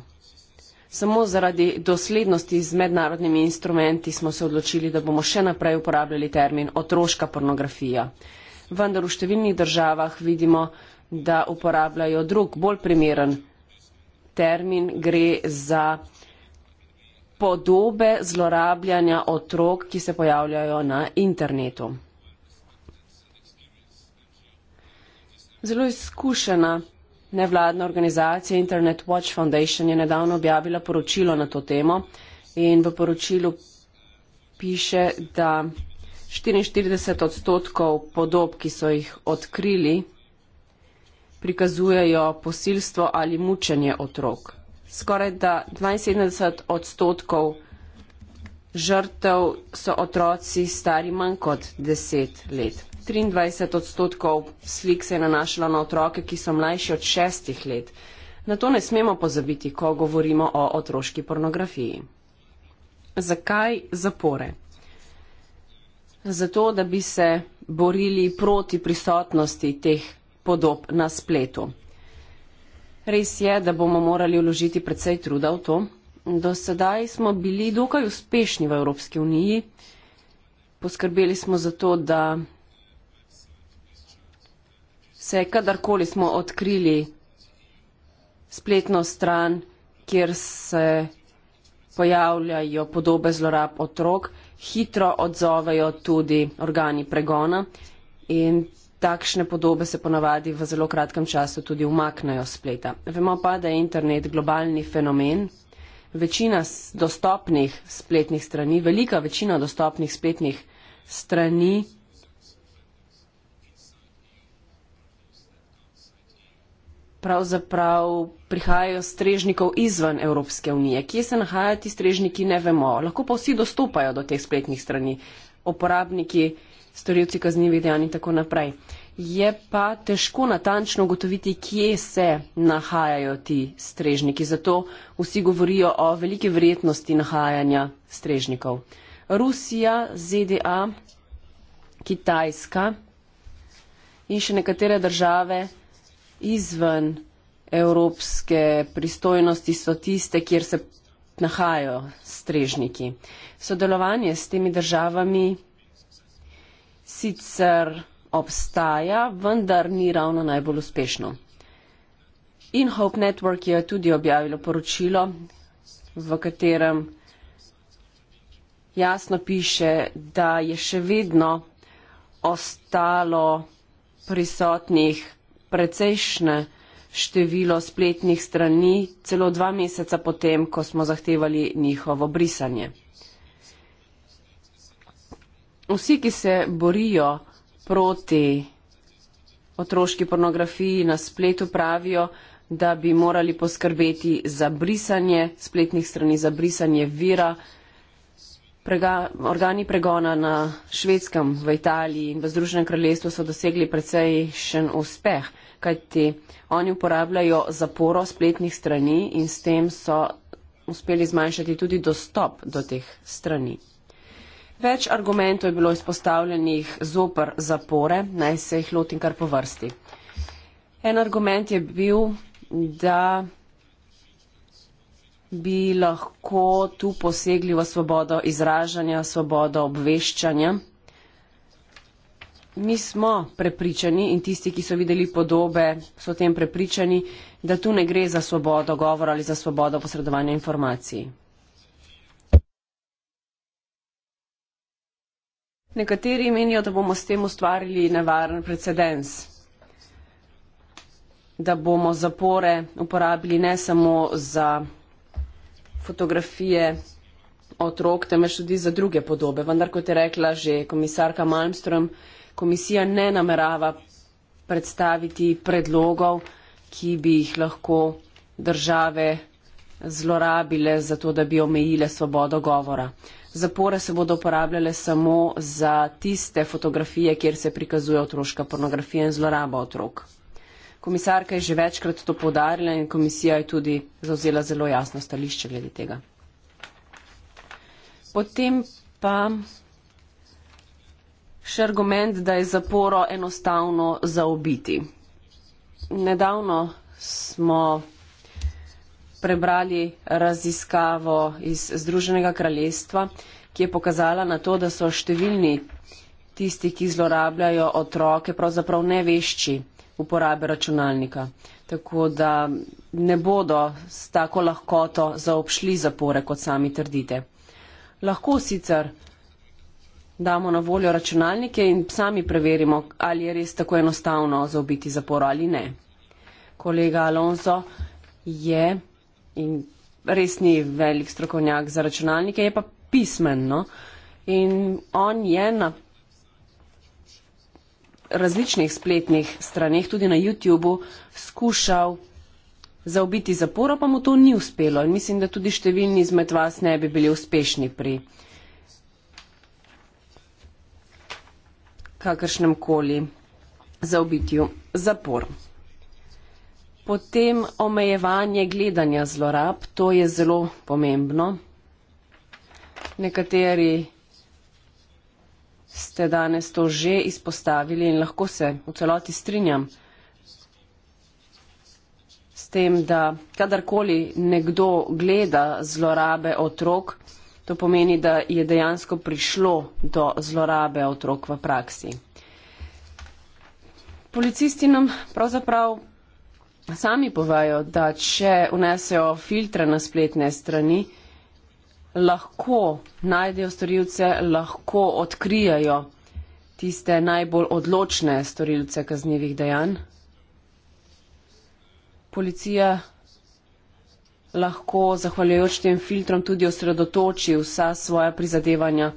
Samo zaradi doslednosti z mednarodnimi instrumenti smo se odločili, da bomo še naprej uporabljali termin otroška pornografija. Vendar v številnih državah vidimo, da uporabljajo drug, bolj primeren termin, gre za uh, podobe zlorabljanja otrok, ki se pojavljajo na internetu. Zelo izkušena nevladna organizacija Internet Watch Foundation je nedavno objavila poročilo na to temo in v poročilu piše, da 44 odstotkov podob, ki so jih odkrili, prikazujejo posilstvo ali mučenje otrok skoraj da 72 odstotkov žrtev so otroci stari manj kot 10 let. 23 odstotkov slik se je nanašalo na otroke, ki so mlajši od 6 let. Na to ne smemo pozabiti, ko govorimo o otroški pornografiji. Zakaj zapore? Zato, da bi se borili proti prisotnosti teh podob na spletu. Res je, da bomo morali vložiti predvsej truda v to. Do sedaj smo bili dokaj uspešni v Evropski uniji. Poskrbeli smo za to, da se kadarkoli smo odkrili spletno stran, kjer se pojavljajo podobe zlorab otrok, hitro odzovejo tudi organi pregona in takšne podobe se ponavadi v zelo kratkem času tudi umaknejo s spleta. Vemo pa, da je internet globalni fenomen. Večina dostopnih spletnih strani, velika večina dostopnih spletnih strani pravzaprav prihajajo strežnikov izven Evropske unije. Kje se nahajajo ti strežniki, ne vemo. Lahko pa vsi dostopajo do teh spletnih strani. Uporabniki storilci kaznjivih dejanj in tako naprej. Je pa težko natančno ugotoviti, kje se nahajajo ti strežniki. Zato vsi govorijo o velike vrednosti nahajanja strežnikov. Rusija, ZDA, Kitajska in še nekatere države izven evropske pristojnosti so tiste, kjer se nahajajo strežniki. Sodelovanje s temi državami sicer obstaja, vendar ni ravno najbolj uspešno. In Hope Network je tudi objavilo poročilo, v katerem jasno piše, da je še vedno ostalo prisotnih precejšnje število spletnih strani celo dva meseca potem, ko smo zahtevali njihovo brisanje vsi, ki se borijo proti otroški pornografiji na spletu, pravijo, da bi morali poskrbeti za brisanje spletnih strani, za brisanje vira. Prega, organi pregona na švedskem, v Italiji in v Združenem kraljestvu so dosegli precejšen uspeh, kajti oni uporabljajo zaporo spletnih strani in s tem so uspeli zmanjšati tudi dostop do teh strani. Več argumentov je bilo izpostavljenih zoper zapore, naj se jih lotim kar po vrsti. En argument je bil, da bi lahko tu posegli v svobodo izražanja, svobodo obveščanja. Mi smo prepričani in tisti, ki so videli podobe, so tem prepričani, da tu ne gre za svobodo govora ali za svobodo posredovanja informacij. Nekateri menijo, da bomo s tem ustvarili nevaren precedens, da bomo zapore uporabili ne samo za fotografije otrok, temveč tudi za druge podobe. Vendar, kot je rekla že komisarka Malmström, komisija ne namerava predstaviti predlogov, ki bi jih lahko države zlorabile za to, da bi omejile svobodo govora zapore se bodo uporabljale samo za tiste fotografije, kjer se prikazuje otroška pornografija in zloraba otrok. Komisarka je že večkrat to podarila in komisija je tudi zauzela zelo jasno stališče glede tega. Potem pa še argument, da je zaporo enostavno zaobiti. Nedavno smo prebrali raziskavo iz Združenega kraljestva, ki je pokazala na to, da so številni tisti, ki zlorabljajo otroke, pravzaprav nevešči uporabe računalnika. Tako da ne bodo s tako lahkoto zaobšli zapore, kot sami trdite. Lahko sicer damo na voljo računalnike in sami preverimo, ali je res tako enostavno zaobiti zaporo ali ne. Kolega Alonso je in res ni velik strokovnjak za računalnike, je pa pismen. No? In on je na različnih spletnih straneh, tudi na YouTubu, skušal zaobiti zaporo, pa mu to ni uspelo. In mislim, da tudi številni izmed vas ne bi bili uspešni pri kakršnem koli zaobitju zapor. Potem omejevanje gledanja zlorab, to je zelo pomembno. Nekateri ste danes to že izpostavili in lahko se v celoti strinjam s tem, da kadarkoli nekdo gleda zlorabe otrok, to pomeni, da je dejansko prišlo do zlorabe otrok v praksi. Policisti nam pravzaprav sami povajo, da če unesejo filtre na spletne strani, lahko najdejo storilce, lahko odkrijajo tiste najbolj odločne storilce kaznjivih dejanj. Policija lahko zahvaljujoč tem filtrom tudi osredotoči vsa svoja prizadevanja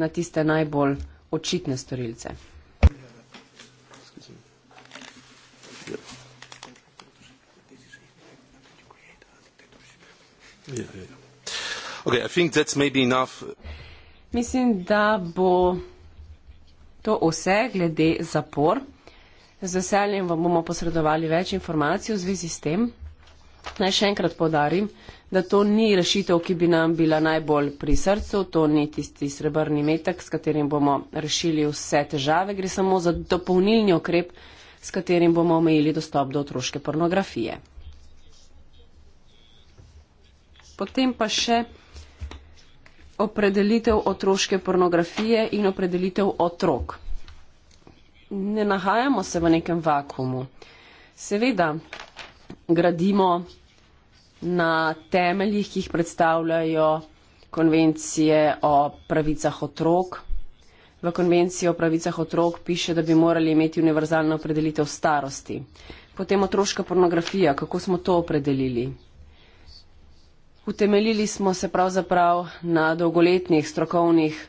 na tiste najbolj očitne storilce. Ja, ja. Okay, Mislim, da bo to vse glede zapor. Z veseljem vam bomo posredovali več informacij v zvezi s tem. Naj še enkrat podarim, da to ni rešitev, ki bi nam bila najbolj pri srcu, to ni tisti srebrni metak, s katerim bomo rešili vse težave, gre samo za dopolnilni okrep, s katerim bomo omejili dostop do otroške pornografije. Potem pa še opredelitev otroške pornografije in opredelitev otrok. Ne nahajamo se v nekem vakumu. Seveda gradimo na temeljih, ki jih predstavljajo konvencije o pravicah otrok. V konvenciji o pravicah otrok piše, da bi morali imeti univerzalno opredelitev starosti. Potem otroška pornografija, kako smo to opredelili? Utemeljili smo se pravzaprav na dolgoletnih strokovnih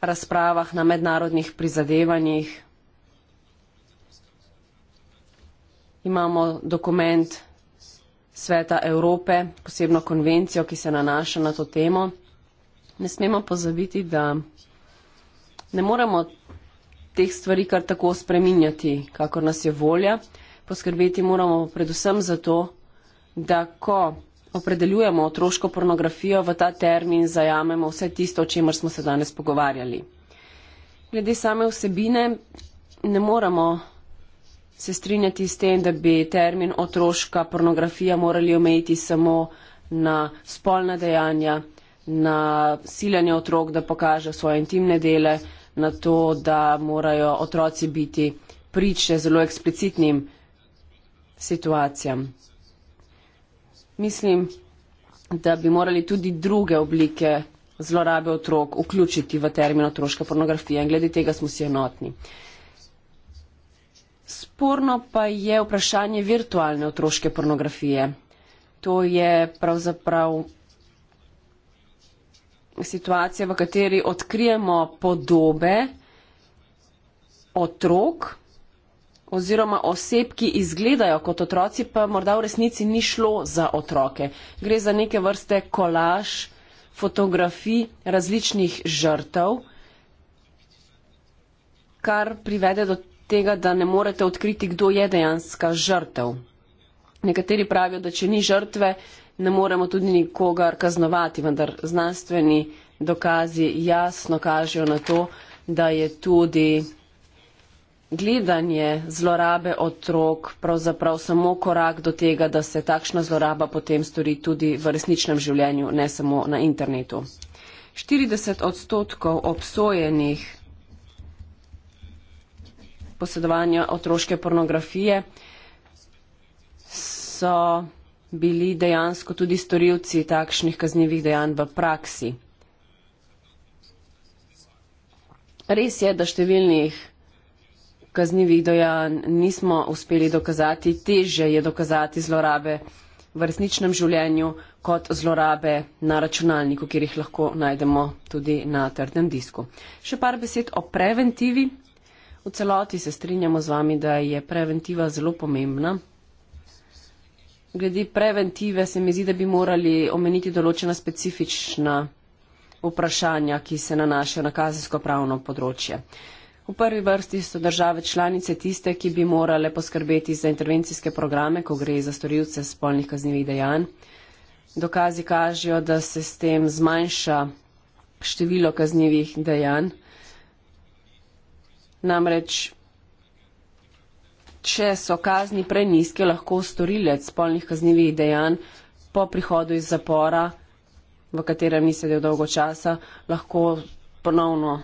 razpravah, na mednarodnih prizadevanjih. Imamo dokument Sveta Evrope, posebno konvencijo, ki se nanaša na to temo. Ne smemo pozabiti, da ne moremo teh stvari kar tako spreminjati, kakor nas je volja. Poskrbeti moramo predvsem za to, da ko opredeljujemo otroško pornografijo, v ta termin zajamemo vse tisto, o čemer smo se danes pogovarjali. Glede same vsebine ne moramo se strinjati s tem, da bi termin otroška pornografija morali omejiti samo na spolna dejanja, na siljanje otrok, da pokaže svoje intimne dele, na to, da morajo otroci biti priče zelo eksplicitnim situacijam mislim, da bi morali tudi druge oblike zlorabe otrok vključiti v termin otroška pornografija in glede tega smo si enotni. Sporno pa je vprašanje virtualne otroške pornografije. To je pravzaprav situacija, v kateri odkrijemo podobe otrok, oziroma oseb, ki izgledajo kot otroci, pa morda v resnici ni šlo za otroke. Gre za neke vrste kolaž fotografij različnih žrtev, kar privede do tega, da ne morete odkriti, kdo je dejanska žrtev. Nekateri pravijo, da če ni žrtve, ne moremo tudi nikogar kaznovati, vendar znanstveni dokazi jasno kažejo na to, da je tudi gledanje zlorabe otrok pravzaprav samo korak do tega, da se takšna zloraba potem stori tudi v resničnem življenju, ne samo na internetu. 40 odstotkov obsojenih posedovanja otroške pornografije so bili dejansko tudi storilci takšnih kaznjivih dejanj v praksi. Res je, da številnih kaznjivih dejanj nismo uspeli dokazati, teže je dokazati zlorabe v resničnem življenju kot zlorabe na računalniku, kjer jih lahko najdemo tudi na trdem disku. Še par besed o preventivi. V celoti se strinjamo z vami, da je preventiva zelo pomembna. Glede preventive se mi zdi, da bi morali omeniti določena specifična vprašanja, ki se nanašajo na kazensko pravno področje. Uh, V prvi vrsti so države članice tiste, ki bi morale poskrbeti za intervencijske programe, ko gre za storilce spolnih kaznjivih dejanj. Dokazi kažejo, da se s tem zmanjša število kaznjivih dejanj. Namreč, če so kazni preniske, lahko storilec spolnih kaznjivih dejanj po prihodu iz zapora, v katerem ni sedel dolgo časa, lahko ponovno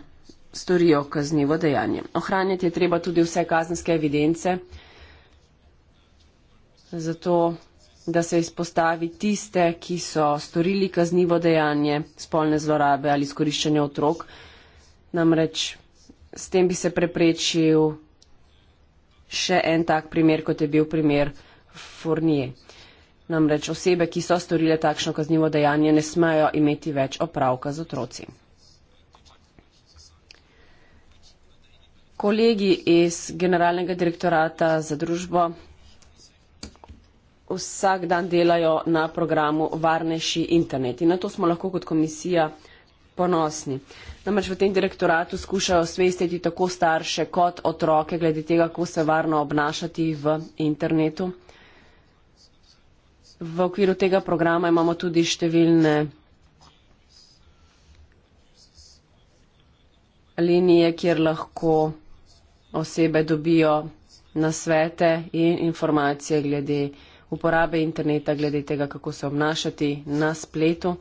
storijo kaznivo dejanje. Ohranjati je treba tudi vse kazenske evidence, zato da se izpostavi tiste, ki so storili kaznivo dejanje, spolne zlorabe ali skoriščenje otrok. Namreč s tem bi se preprečil še en tak primer, kot je bil primer Fornije. Namreč osebe, ki so storile takšno kaznivo dejanje, ne smejo imeti več opravka z otroci. kolegi iz Generalnega direktorata za družbo vsak dan delajo na programu Varnejši internet. In na to smo lahko kot komisija ponosni. Namreč v tem direktoratu skušajo svestiti tako starše kot otroke glede tega, kako se varno obnašati v internetu. V okviru tega programa imamo tudi številne linije, kjer lahko osebe dobijo nasvete in informacije glede uporabe interneta, glede tega, kako se obnašati na spletu.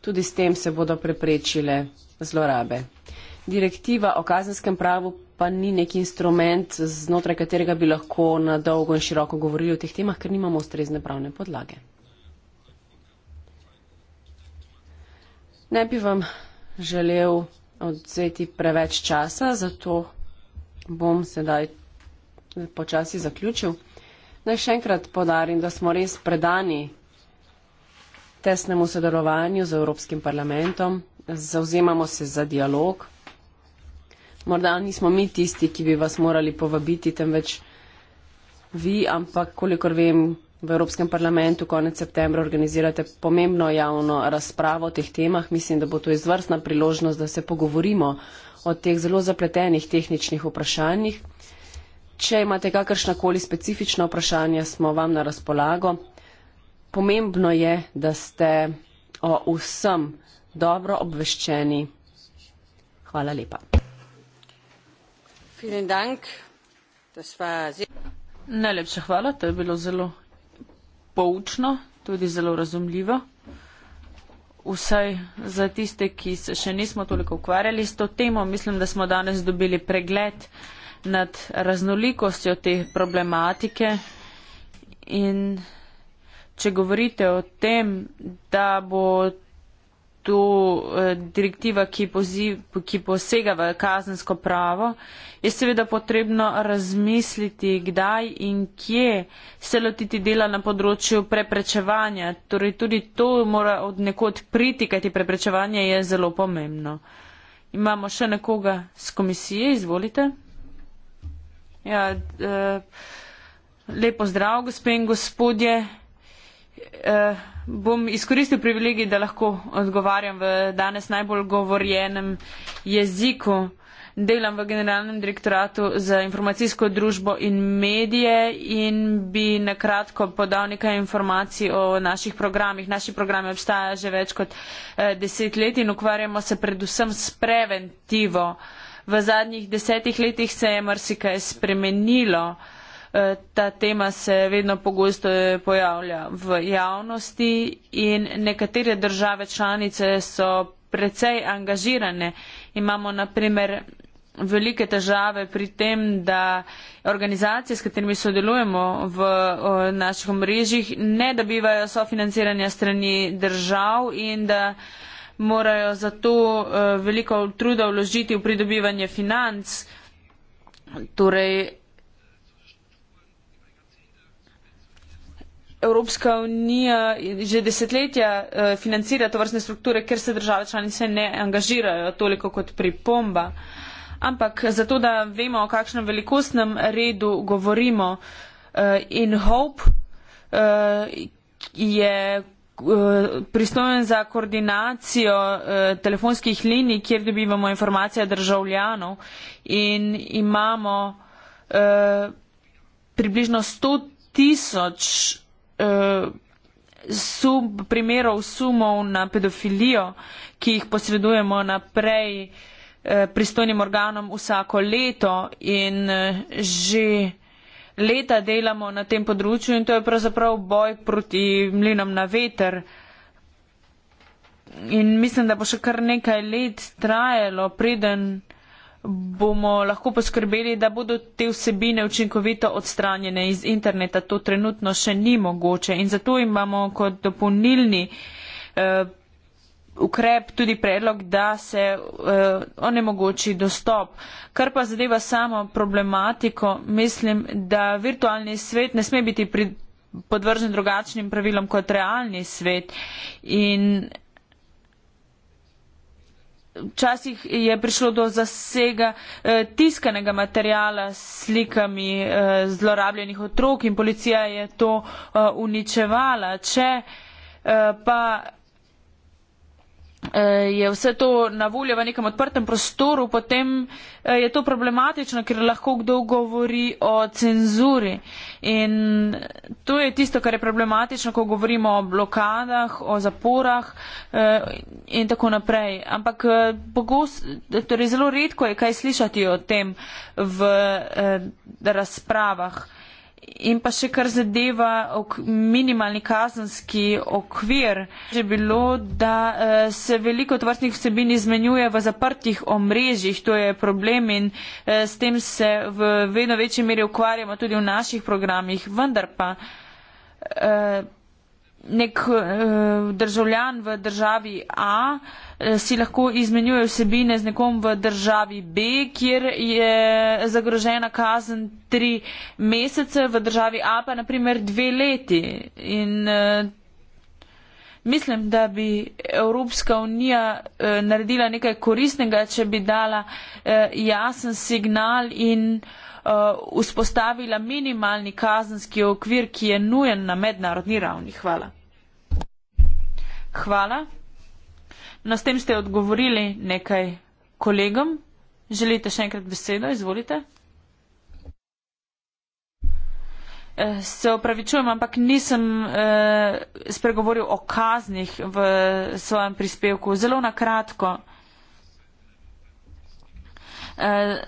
Tudi s tem se bodo preprečile zlorabe. Direktiva o kazenskem pravu pa ni nek instrument, znotraj katerega bi lahko na dolgo in široko govorili o teh temah, ker nimamo ustrezne pravne podlage. Ne bi vam želel odzeti preveč časa, zato bom sedaj počasi zaključil. Naj še enkrat podarim, da smo res predani tesnemu sodelovanju z Evropskim parlamentom, zauzemamo se za dialog. Morda nismo mi tisti, ki bi vas morali povabiti, temveč vi, ampak kolikor vem, v Evropskem parlamentu konec septembra organizirate pomembno javno razpravo o teh temah. Mislim, da bo to izvrstna priložnost, da se pogovorimo o teh zelo zapletenih tehničnih vprašanjih. Če imate kakršnakoli specifična vprašanja, smo vam na razpolago. Pomembno je, da ste o vsem dobro obveščeni. Hvala lepa. Najlepša hvala, to je bilo zelo poučno, tudi zelo razumljivo vsaj za tiste, ki se še nismo toliko ukvarjali s to temo. Mislim, da smo danes dobili pregled nad raznolikostjo te problematike. In če govorite o tem, da bo to eh, direktiva, ki, poziv, ki posega v kazensko pravo, je seveda potrebno razmisliti, kdaj in kje se lotiti dela na področju preprečevanja. Torej tudi to mora od nekod priti, kajti preprečevanje je zelo pomembno. Imamo še nekoga z komisije, izvolite. Ja, eh, lepo zdrav, gospe in gospodje. Eh, bom izkoristil privilegij, da lahko odgovarjam v danes najbolj govorjenem jeziku. Delam v generalnem direktoratu za informacijsko družbo in medije in bi nakratko podal nekaj informacij o naših programih. Naši programi obstajajo že več kot eh, deset let in ukvarjamo se predvsem s preventivo. V zadnjih desetih letih se je marsikaj spremenilo ta tema se vedno pogosto pojavlja v javnosti in nekatere države članice so precej angažirane. Imamo na primer velike težave pri tem, da organizacije, s katerimi sodelujemo v naših omrežjih, ne dobivajo sofinanciranja strani držav in da morajo zato e, veliko truda vložiti v pridobivanje financ. Torej, Evropska unija že desetletja uh, financira to vrstne strukture, ker se države članice ne angažirajo toliko kot pripomba. Ampak zato, da vemo, o kakšnem velikostnem redu govorimo, uh, in Hope uh, je pristojen za koordinacijo eh, telefonskih linij, kjer dobivamo informacije državljanov in imamo eh, približno 100 tisoč uh, sum, primerov sumov na pedofilijo, ki jih posredujemo naprej uh, pristojnim organom vsako leto in uh, že leta delamo na tem področju in to je pravzaprav boj proti mlinom na veter. In mislim, da bo še kar nekaj let trajalo, preden bomo lahko poskrbeli, da bodo te vsebine učinkovito odstranjene iz interneta. To trenutno še ni mogoče in zato imamo kot dopolnilni eh, ukrep tudi predlog, da se eh, onemogoči dostop. Kar pa zadeva samo problematiko, mislim, da virtualni svet ne sme biti pri podvržen drugačnim pravilom kot realni svet. In Včasih je prišlo do zasega eh, tiskanega materijala s slikami eh, zlorabljenih otrok in policija je to eh, uničevala. Če eh, pa Eh, je vse to na voljo v nekem odprtem prostoru, potem eh, je to problematično, ker lahko kdo govori o cenzuri. In to je tisto, kar je problematično, ko govorimo o blokadah, o zaporah eh, in tako naprej. Ampak bogos, torej zelo redko je kaj slišati o tem v razpravah. In pa še kar zadeva ok, minimalni kazanski okvir, je bilo, da eh, se veliko tvrstnih vsebin izmenjuje v zaprtih omrežjih. To je problem in eh, s tem se v vedno večji meri ukvarjamo tudi v naših programih. Vendar pa. Eh, nek uh, državljan v državi A eh, si lahko izmenjuje vsebine z nekom v državi B, kjer je zagrožena kazen tri mesece, v državi A pa naprimer dve leti. In uh, mislim, da bi Evropska unija uh, naredila nekaj koristnega, če bi dala uh, jasen signal in uh, Uh, vzpostavila minimalni kazenski okvir, ki je nujen na mednarodni ravni. Hvala. Hvala. Na no, s tem ste odgovorili nekaj kolegom. Želite še enkrat besedo? Izvolite. Eh, se opravičujem, ampak nisem eh, spregovoril o kaznih v svojem prispevku. Zelo na kratko. Eh,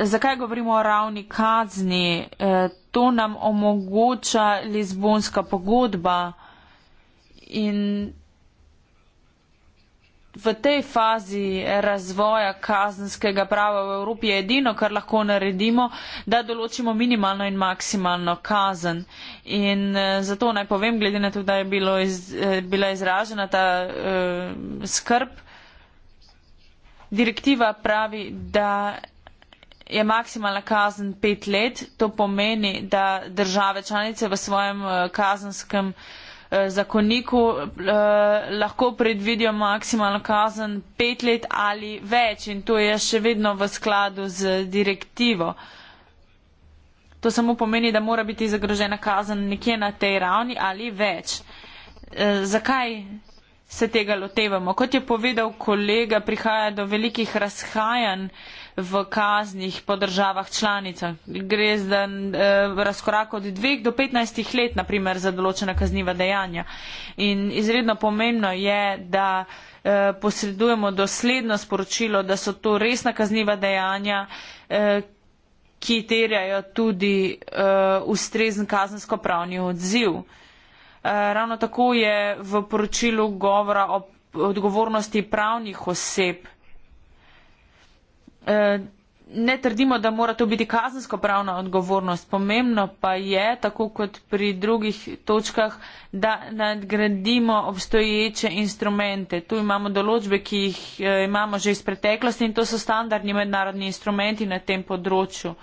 zakaj govorimo o ravni kazni? E, to nam omogoča Lizbonska pogodba in v tej fazi razvoja kazenskega prava v Evropi je edino, kar lahko naredimo, da določimo minimalno in maksimalno kazen. In e, zato naj povem, glede na to, da je bilo iz, e, bila izražena ta eh, skrb, direktiva pravi, da je maksimalna kazen pet let. To pomeni, da države članice v svojem eh, kazenskem eh, zakoniku eh, lahko predvidijo maksimalno kazen pet let ali več in to je še vedno v skladu z direktivo. To samo pomeni, da mora biti zagrožena kazen nekje na tej ravni ali več. Zakaj se tega lotevamo? Kot je povedal kolega, prihaja do velikih razhajanj v kaznih po državah članicah. Gre za eh, razkorak od 2 do 15 let, naprimer, za določena kazniva dejanja. In izredno pomembno je, da eh, posredujemo dosledno sporočilo, da so to resna kazniva dejanja, eh, ki terjajo tudi ustrezen kazensko-pravni odziv. Ravno tako je v poročilu govora o odgovornosti pravnih oseb Eh, ne trdimo, da mora to biti kazensko pravna odgovornost. Pomembno pa je, tako kot pri drugih točkah, da nadgradimo obstoječe instrumente. Tu imamo določbe, ki jih eh, imamo že iz preteklosti in to so standardni mednarodni instrumenti na tem področju.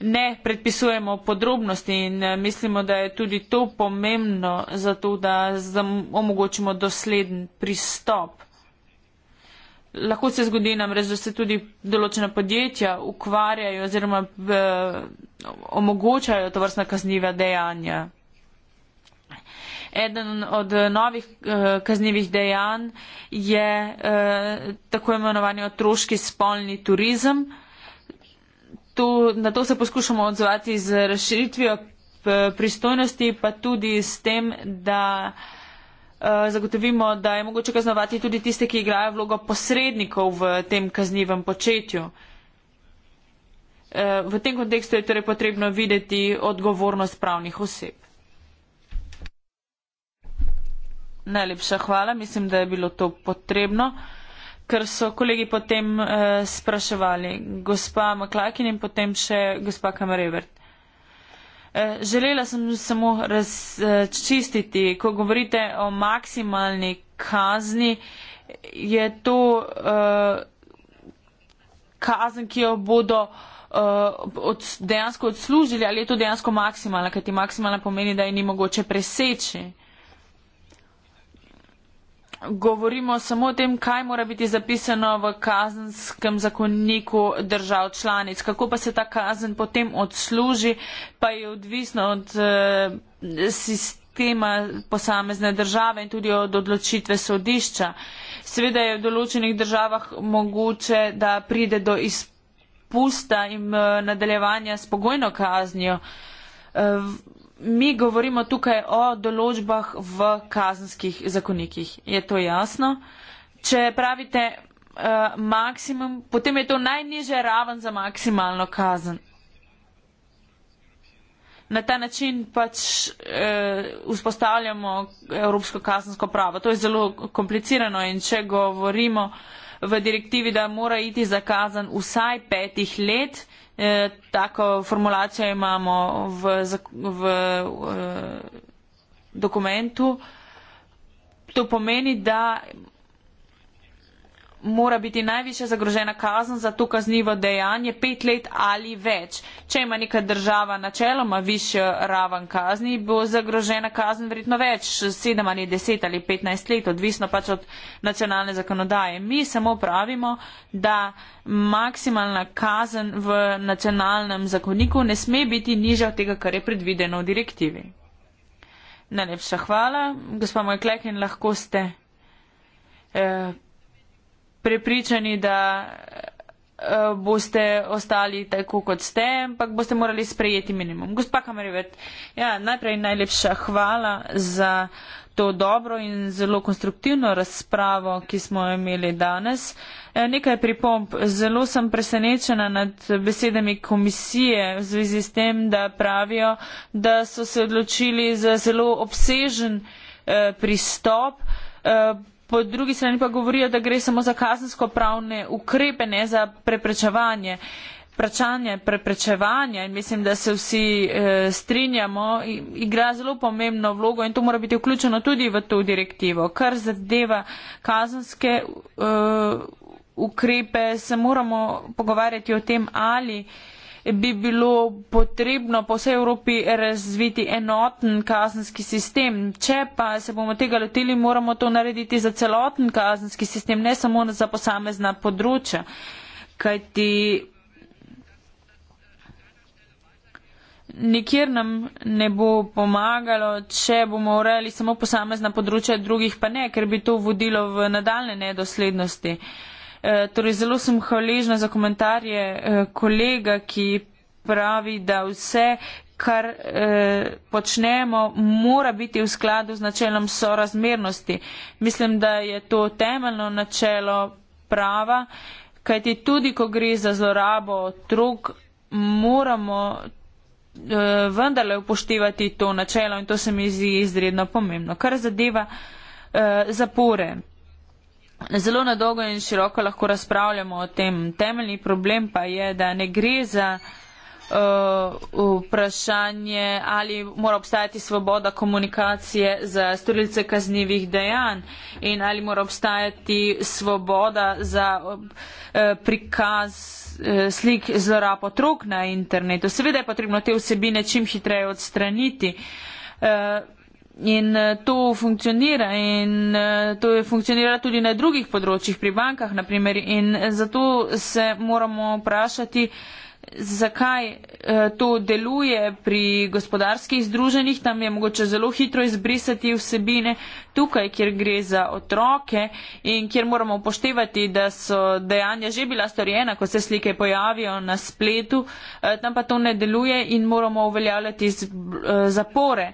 Ne predpisujemo podrobnosti in eh, mislimo, da je tudi to pomembno za to, da omogočimo dosleden pristop lahko se zgodi namreč, da se tudi določena podjetja ukvarjajo oziroma eh, omogočajo to vrstna kaznjiva dejanja. Eden od novih eh, kaznjivih dejanj je eh, tako imenovani otroški spolni turizem. To, na to se poskušamo odzvati z razširitvijo pristojnosti, pa tudi s tem, da. Eh, zagotovimo, da je mogoče kaznovati tudi tiste, ki igrajo vlogo posrednikov v tem kaznivem početju. Eh, v tem kontekstu je torej potrebno videti odgovornost pravnih oseb. Najlepša hvala, mislim, da je bilo to potrebno, ker so kolegi potem eh, spraševali gospa Maklakin in potem še gospa Kamerevert. Eh, želela sem samo razčistiti, ko govorite o maksimalni kazni, je to uh, kazen, ki jo bodo uh, od, dejansko odslužili ali je to dejansko maksimalna, kajti maksimalna pomeni, da je ni mogoče preseči. Uh, govorimo samo o tem, kaj mora biti zapisano v kazenskem zakonniku držav članic. Kako pa se ta kazen potem odsluži, pa je odvisno od eh, sistema posamezne države in tudi od odločitve sodišča. Sveda je v določenih državah mogoče, da pride do izpusta in eh, nadaljevanja s pogojno kaznjo. Eh, mi govorimo tukaj o določbah v kazenskih zakonikih. Je to jasno? Če pravite uh, maksimum, potem je to najniže raven za maksimalno kazen. Na ta način pač eh, vzpostavljamo evropsko kazansko pravo. To je zelo komplicirano in če govorimo v direktivi, da mora iti za kazan vsaj petih let, Eh, tako formulacijo imamo v, v, v eh, dokumentu. To pomeni, da mora biti najviše zagrožena kazen za to kaznivo dejanje pet let ali več. Če ima neka država načeloma višjo raven kazni, bo zagrožena kazen verjetno več, sedem ali deset ali petnajst let, odvisno pač od nacionalne zakonodaje. Mi samo pravimo, da maksimalna kazen v nacionalnem zakoniku ne sme biti nižja od tega, kar je predvideno v direktivi. Najlepša hvala. Gospa Mojklekin, lahko ste. Eh, prepričani, da eh, boste ostali tako, kot ste, ampak boste morali sprejeti minimum. Gospa Kamerivet, ja, najprej najlepša hvala za to dobro in zelo konstruktivno razpravo, ki smo imeli danes. Eh, nekaj pripomp. Zelo sem presenečena nad besedami komisije v zvezi s tem, da pravijo, da so se odločili za zelo obsežen eh, pristop. Eh, po drugi strani pa govorijo, da gre samo za kazensko pravne ukrepe, ne za preprečevanje. Prečanje preprečevanja in mislim, da se vsi e, strinjamo, igra zelo pomembno vlogo in to mora biti vključeno tudi v to direktivo. Kar zadeva kazenske e, ukrepe, se moramo pogovarjati o tem, ali bi bilo potrebno po vsej Evropi razviti enoten kazenski sistem. Če pa se bomo tega letili, moramo to narediti za celoten kazenski sistem, ne samo za posamezna področja. Kajti nikjer nam ne bo pomagalo, če bomo urejali samo posamezna področja, drugih pa ne, ker bi to vodilo v nadaljne nedoslednosti. Uh, Eh, torej, zelo sem hvaležna za komentarje eh, kolega, ki pravi, da vse, kar eh, počnemo, mora biti v skladu z načelom sorazmernosti. Mislim, da je to temeljno načelo prava, kajti tudi, ko gre za zlorabo otrok, moramo vendarle upoštevati to načelo in to se mi zdi izredno pomembno. Kar zadeva eh, zapore. Zelo na dolgo in široko lahko razpravljamo o tem. Temeljni problem pa je, da ne gre za uh, vprašanje, ali mora obstajati svoboda komunikacije za storilce kaznjivih dejanj in ali mora obstajati svoboda za uh, prikaz uh, slik zlorab otrok na internetu. Seveda je potrebno te vsebine čim hitreje odstraniti. Uh, In eh, to funkcionira in eh, to je funkcioniralo tudi na drugih področjih, pri bankah naprimer. In eh, zato se moramo vprašati, zakaj to deluje pri gospodarskih združenjih, tam je mogoče zelo hitro izbrisati vsebine, tukaj, kjer gre za otroke in kjer moramo upoštevati, da so dejanja že bila storjena, ko se slike pojavijo na spletu, tam pa to ne deluje in moramo uveljavljati zapore.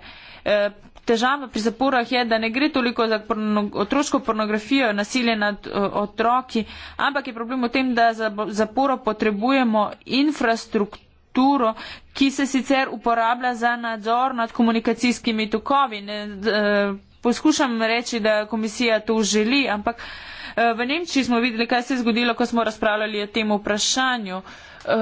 Težava pri zaporah je, da ne gre toliko za porno, otroško pornografijo, nasilje nad uh, otroki, ampak je problem v tem, da za zaporo potrebujemo infrastrukturo ki se sicer uporablja za nadzor nad komunikacijskimi tokovi. Ne, e, poskušam reči, da komisija to želi, ampak e, v Nemčiji smo videli, kaj se je zgodilo, ko smo razpravljali o tem vprašanju. E,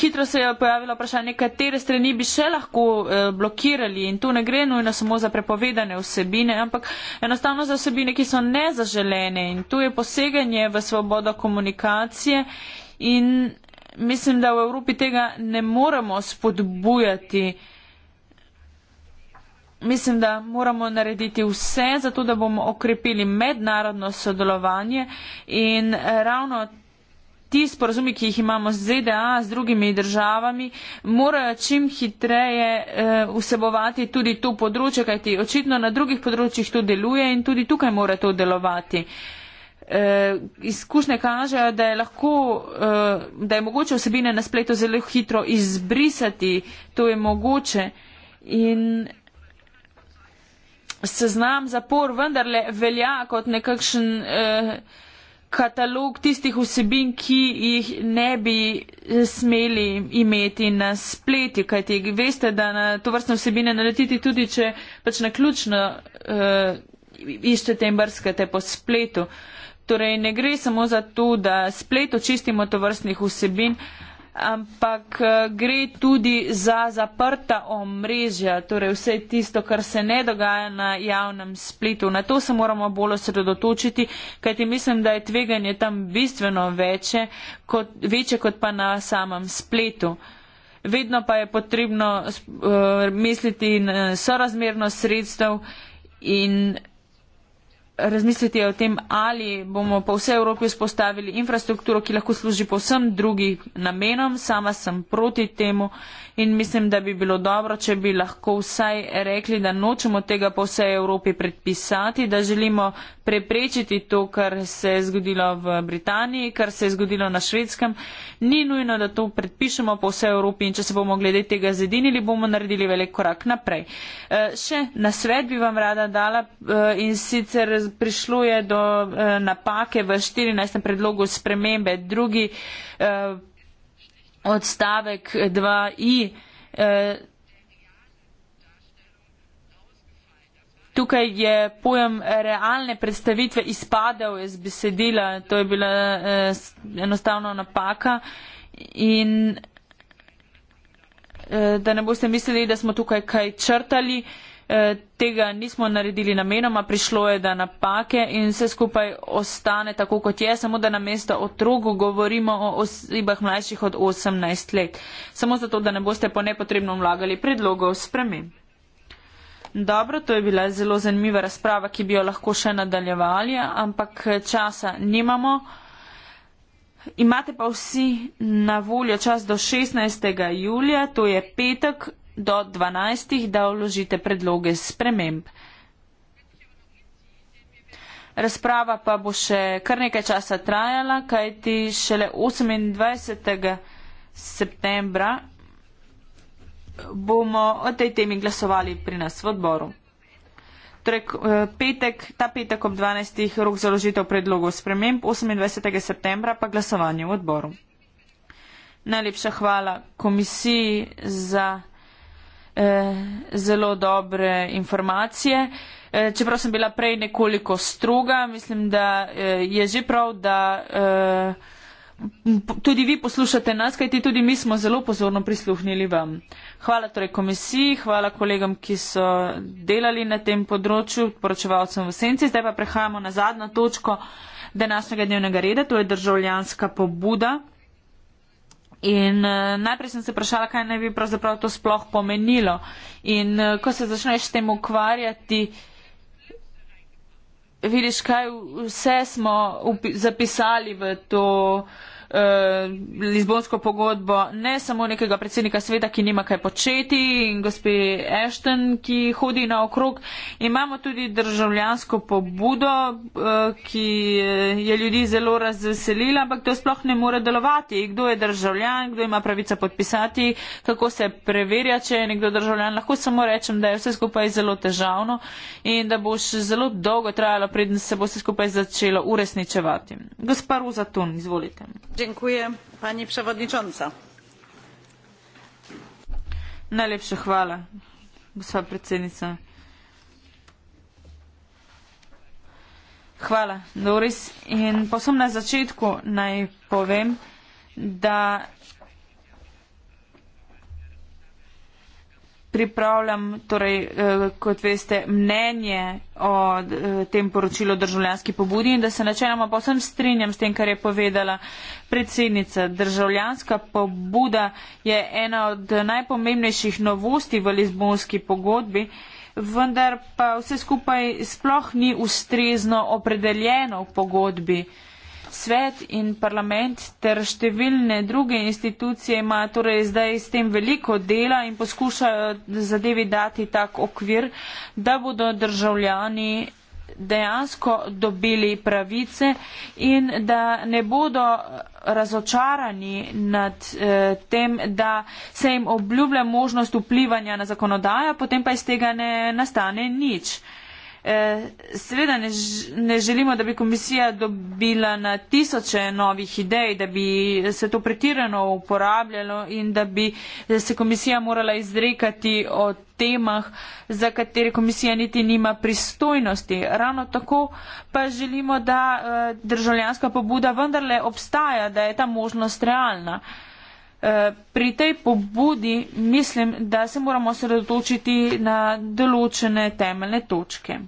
Hitro se je pojavilo vprašanje, katere strani bi še lahko eh, blokirali in tu ne gre nujno samo za prepovedane vsebine, ampak enostavno za vsebine, ki so nezaželene in tu je poseganje v svobodo komunikacije in mislim, da v Evropi tega ne moramo spodbujati. Mislim, da moramo narediti vse, zato da bomo okrepili mednarodno sodelovanje in ravno ti sporazumi, ki jih imamo z ZDA, z drugimi državami, morajo čim hitreje eh, vsebovati tudi to področje, kajti očitno na drugih področjih to deluje in tudi tukaj mora to delovati. Eh, izkušnje kažejo, da je, lahko, eh, da je mogoče osebine na spletu zelo hitro izbrisati, to je mogoče. In seznam zapor vendarle velja kot nekakšen. Eh, katalog tistih vsebin, ki jih ne bi smeli imeti na spleti, kajti veste, da na to vrstne vsebine naletiti tudi, če pač na ključno uh, iščete in brskate po spletu. Torej, ne gre samo za to, da spleto čistimo to vrstnih vsebin, ampak eh, gre tudi za zaprta omrežja, torej vse tisto, kar se ne dogaja na javnem spletu. Na to se moramo bolj osredotočiti, kajti mislim, da je tveganje tam bistveno večje kot, večje kot pa na samem spletu. Vedno pa je potrebno uh, misliti na sorazmernost sredstev in razmisliti o tem, ali bomo po vsej Evropi vzpostavili infrastrukturo, ki lahko služi povsem drugim namenom. Sama sem proti temu in mislim, da bi bilo dobro, če bi lahko vsaj rekli, da nočemo tega po vsej Evropi predpisati, da želimo preprečiti to, kar se je zgodilo v Britaniji, kar se je zgodilo na Švedskem. Ni nujno, da to predpišemo po vsej Evropi in če se bomo glede tega zedinili, bomo naredili velik korak naprej. Eh, še na svet bi vam rada dala eh, in sicer prišlo je do eh, napake v 14. predlogu spremembe. Drugi eh, odstavek 2i. Eh, tukaj je pojem realne predstavitve izpadel iz besedila. To je bila enostavno napaka. In da ne boste mislili, da smo tukaj kaj črtali. Eh, tega nismo naredili namenoma, prišlo je da napake in vse skupaj ostane tako, kot je, samo da na mesto otrogu govorimo o osebah mlajših od 18 let. Samo zato, da ne boste po nepotrebno vlagali predlogov spremi. Dobro, to je bila zelo zanimiva razprava, ki bi jo lahko še nadaljevali, ampak časa nimamo. Imate pa vsi na voljo čas do 16. julija, to je petek, do 12, da vložite predloge sprememb. Razprava pa bo še kar nekaj časa trajala, kajti šele 28. septembra bomo o tej temi glasovali pri nas v odboru. Torej, eh, petek, ta petek ob 12. rok založitev predlogov sprememb, 28. septembra pa glasovanje v odboru. Najlepša hvala komisiji za. Eh, zelo dobre informacije. Eh, čeprav sem bila prej nekoliko struga, mislim, da eh, je že prav, da tudi vi poslušate nas, kajti tudi mi smo zelo pozorno prisluhnili vam. Hvala torej komisiji, hvala kolegom, ki so delali na tem področju, poročevalcem v senci. Zdaj pa prehajamo na zadnjo točko današnjega dnevnega reda, to je državljanska pobuda. In uh, najprej sem se vprašala, kaj naj bi pravzaprav to sploh pomenilo. In uh, ko se začneš tem ukvarjati, vidiš, kaj vse smo zapisali v to. Eh, Lizbonsko pogodbo ne samo nekega predsednika sveta, ki nima kaj početi in gospe Ashton, ki hodi naokrog. Imamo tudi državljansko pobudo, eh, ki eh, je ljudi zelo razveselila, ampak to sploh ne more delovati. Kdo je državljan, kdo ima pravica podpisati, kako se preverja, če je nekdo državljan. Lahko samo rečem, da je vse skupaj zelo težavno in da bo še zelo dolgo trajalo, predn se bo vse skupaj začelo uresničevati. Gospa Ruza Tun, izvolite pani przewodnicząca! najlepsze chwale gospa predsednica. hvala doris in povsem na začetku naj povem da pripravljam, torej, eh, kot veste, mnenje o eh, tem poročilu državljanski pobudi in da se načeloma posem strinjam s tem, kar je povedala predsednica. Državljanska pobuda je ena od najpomembnejših novosti v Lizbonski pogodbi. Vendar pa vse skupaj sploh ni ustrezno opredeljeno v pogodbi. Uh, svet in parlament ter številne druge institucije imajo torej zdaj s tem veliko dela in poskušajo zadevi dati tak okvir, da bodo državljani dejansko dobili pravice in da ne bodo razočarani nad eh, tem, da se jim obljublja možnost vplivanja na zakonodajo, potem pa iz tega ne nastane nič. Eh, Eh, seveda ne, ne želimo, da bi komisija dobila na tisoče novih idej, da bi se to pretirano uporabljalo in da bi se komisija morala izrekati o temah, za katere komisija niti nima pristojnosti. Ravno tako pa želimo, da eh, državljanska pobuda vendarle obstaja, da je ta možnost realna. Pri tej pobudi mislim, da se moramo sredotočiti na določene temeljne točke.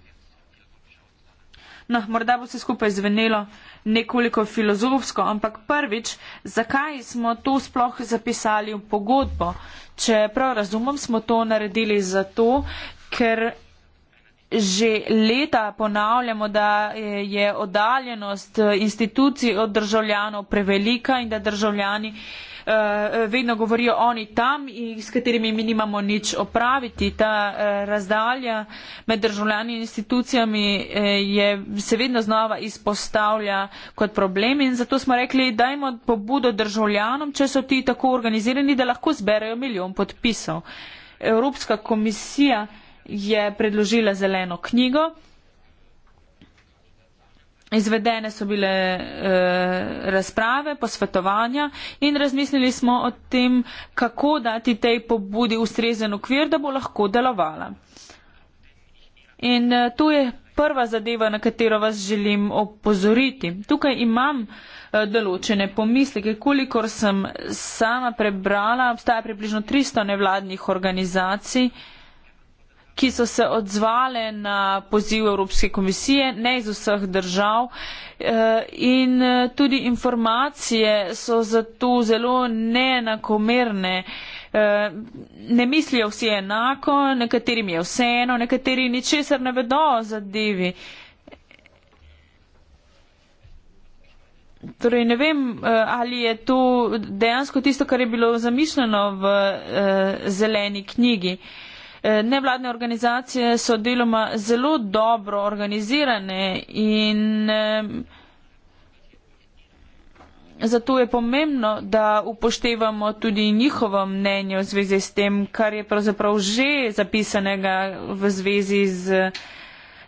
No, morda bo se skupaj zvenelo nekoliko filozofsko, ampak prvič, zakaj smo to sploh zapisali v pogodbo? Če prav razumem, smo to naredili zato, ker že leta ponavljamo, da eh, je oddaljenost eh, institucij od državljanov prevelika in da državljani eh, vedno govorijo oni tam, s katerimi mi nimamo nič opraviti. Ta razdalja med državljani in institucijami je, se vedno znova izpostavlja kot problem in zato smo rekli, dajmo pobudo državljanom, če so ti tako organizirani, da lahko zberajo milijon podpisov. Evropska komisija je predložila zeleno knjigo. Izvedene so bile eh, razprave, posvetovanja in razmislili smo o tem, kako dati tej pobudi ustrezen okvir, da bo lahko delovala. In eh, tu je prva zadeva, na katero vas želim opozoriti. Tukaj imam eh, določene pomisleke. Kolikor sem sama prebrala, obstaja približno 300 nevladnih organizacij, eh, ki so se odzvale na poziv Evropske komisije, ne iz vseh držav. Eh, in eh, tudi informacije so zato zelo neenakomerne. Eh, ne mislijo vsi enako, nekaterim je vseeno, nekateri ničesar ne vedo o zadevi. Torej, ne vem, ali je to dejansko tisto, kar je bilo zamišljeno v zeleni knjigi. Eh, nevladne organizacije so deloma zelo dobro organizirane in eh, zato je pomembno, da upoštevamo tudi njihovo mnenje v zvezi s tem, kar je pravzaprav že zapisanega v zvezi z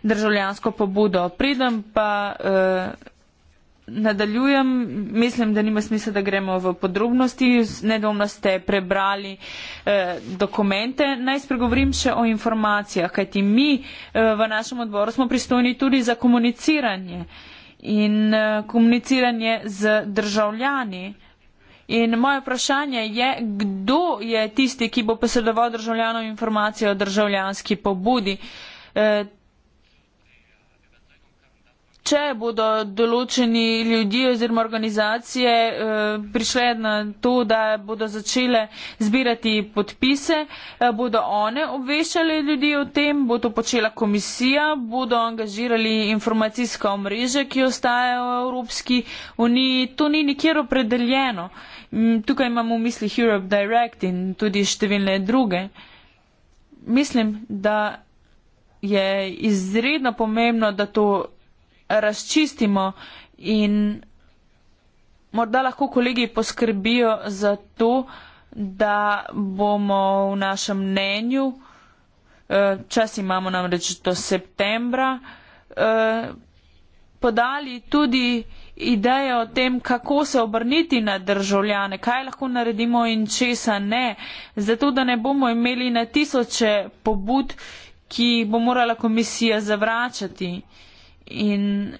državljansko pobudo. Pridem pa. Eh, nadaljujem, mislim, da nima smisla, da gremo v podrobnosti. Nedvomno ste prebrali eh, dokumente. Naj spregovorim še o informacijah, kajti mi eh, v našem odboru smo pristojni tudi za komuniciranje in eh, komuniciranje z državljani. In moje vprašanje je, kdo je tisti, ki bo posredoval državljanom informacije o državljanski pobudi. Eh, če bodo določeni ljudje oziroma organizacije eh, prišle na to, da bodo začele zbirati podpise, eh, bodo one obveščali ljudi o tem, bo to počela komisija, bodo angažirali informacijska omrežja, ki ostajajo v Evropski uniji. To ni nikjer opredeljeno. Mm, tukaj imamo v mislih Europe Direct in tudi številne druge. Mislim, da je izredno pomembno, da to razčistimo in morda lahko kolegi poskrbijo za to, da bomo v našem mnenju, eh, čas imamo namreč do septembra, eh, podali tudi ideje o tem, kako se obrniti na državljane, kaj lahko naredimo in česa ne, zato da ne bomo imeli na tisoče pobud, ki bo morala komisija zavračati in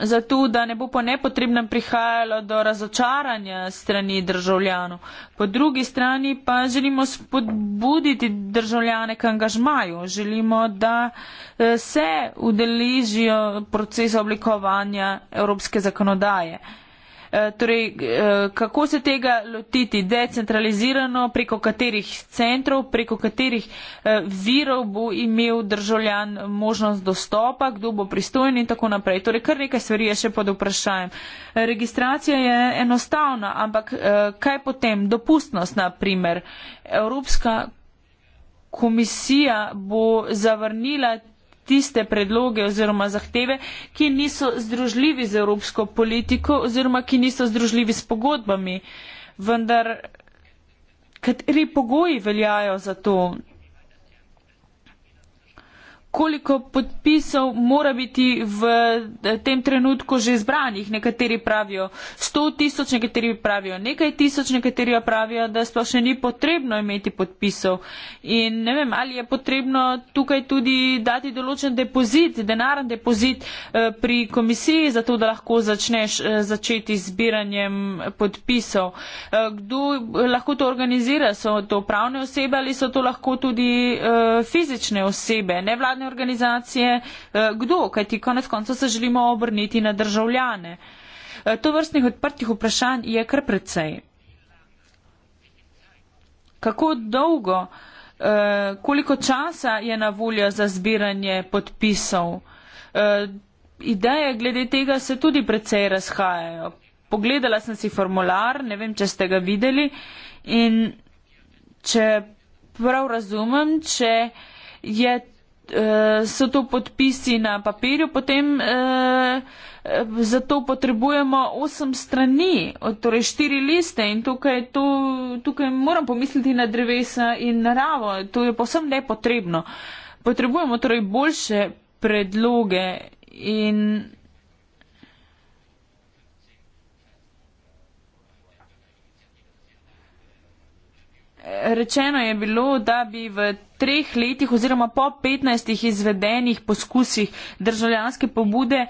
zato, da ne bo po nepotrebnem prihajalo do razočaranja strani državljanov. Po drugi strani pa želimo spodbuditi državljane k angažmaju, želimo, da eh, se udeležijo procesa oblikovanja evropske zakonodaje. Eh, torej, eh, kako se tega lotiti decentralizirano, preko katerih centrov, preko katerih eh, virov bo imel državljan možnost dostopa, kdo bo pristojen in tako naprej. Torej, kar nekaj stvari je še pod vprašanjem. Registracija je enostavna, ampak kaj potem? Dopustnost, na primer. Evropska komisija bo zavrnila tiste predloge oziroma zahteve, ki niso združljivi z evropsko politiko oziroma ki niso združljivi s pogodbami. Vendar, kateri pogoji veljajo za to? koliko podpisov mora biti v eh, tem trenutku že zbranih. Nekateri pravijo 100 tisoč, nekateri pravijo nekaj tisoč, nekateri pravijo, da sploh še ni potrebno imeti podpisov. In ne vem, ali je potrebno tukaj tudi dati določen depozit, denaren depozit eh, pri komisiji, zato da lahko začneš eh, začeti zbiranjem podpisov. Kdo lahko to organizira? So to pravne osebe ali so to lahko tudi fizične osebe? Nevladne nevladne organizacije, eh, kdo, kajti konec konca se želimo obrniti na državljane. Eh, to vrstnih odprtih vprašanj je kar precej. Kako dolgo, eh, koliko časa je na voljo za zbiranje podpisov? Ideje glede tega se tudi precej razhajajo. Pogledala sem si formular, ne vem, če ste ga videli in če prav razumem, če je uh, so to podpisi na papirju, potem uh, za to potrebujemo osem strani, torej štiri liste in tukaj, to, tukaj moram pomisliti na drevesa in naravo, to je posebno nepotrebno. Potrebujemo torej boljše predloge in Rečeno je bilo, da bi v treh letih oziroma po 15 izvedenih poskusih državljanske pobude eh,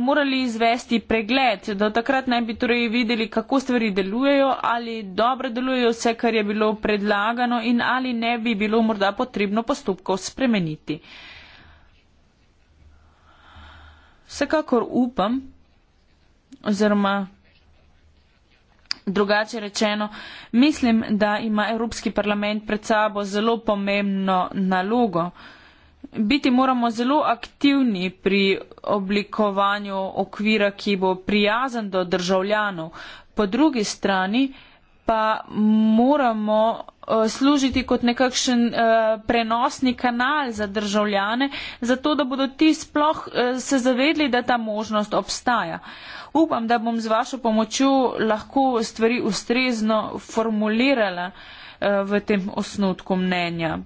morali izvesti pregled, da takrat naj bi torej videli, kako stvari delujejo, ali dobro delujejo vse, kar je bilo predlagano in ali ne bi bilo morda potrebno postopkov spremeniti. Vsekakor upam, oziroma Drugače rečeno, mislim, da ima Evropski parlament pred sabo zelo pomembno nalogo. Biti moramo zelo aktivni pri oblikovanju okvira, ki bo prijazen do državljanov. Po drugi strani pa moramo eh, služiti kot nekakšen eh, prenosni kanal za državljane, zato da bodo ti sploh eh, se zavedli, da ta možnost obstaja upam, da bom z vašo pomočjo lahko stvari ustrezno formulirala eh, v tem osnutku mnenja.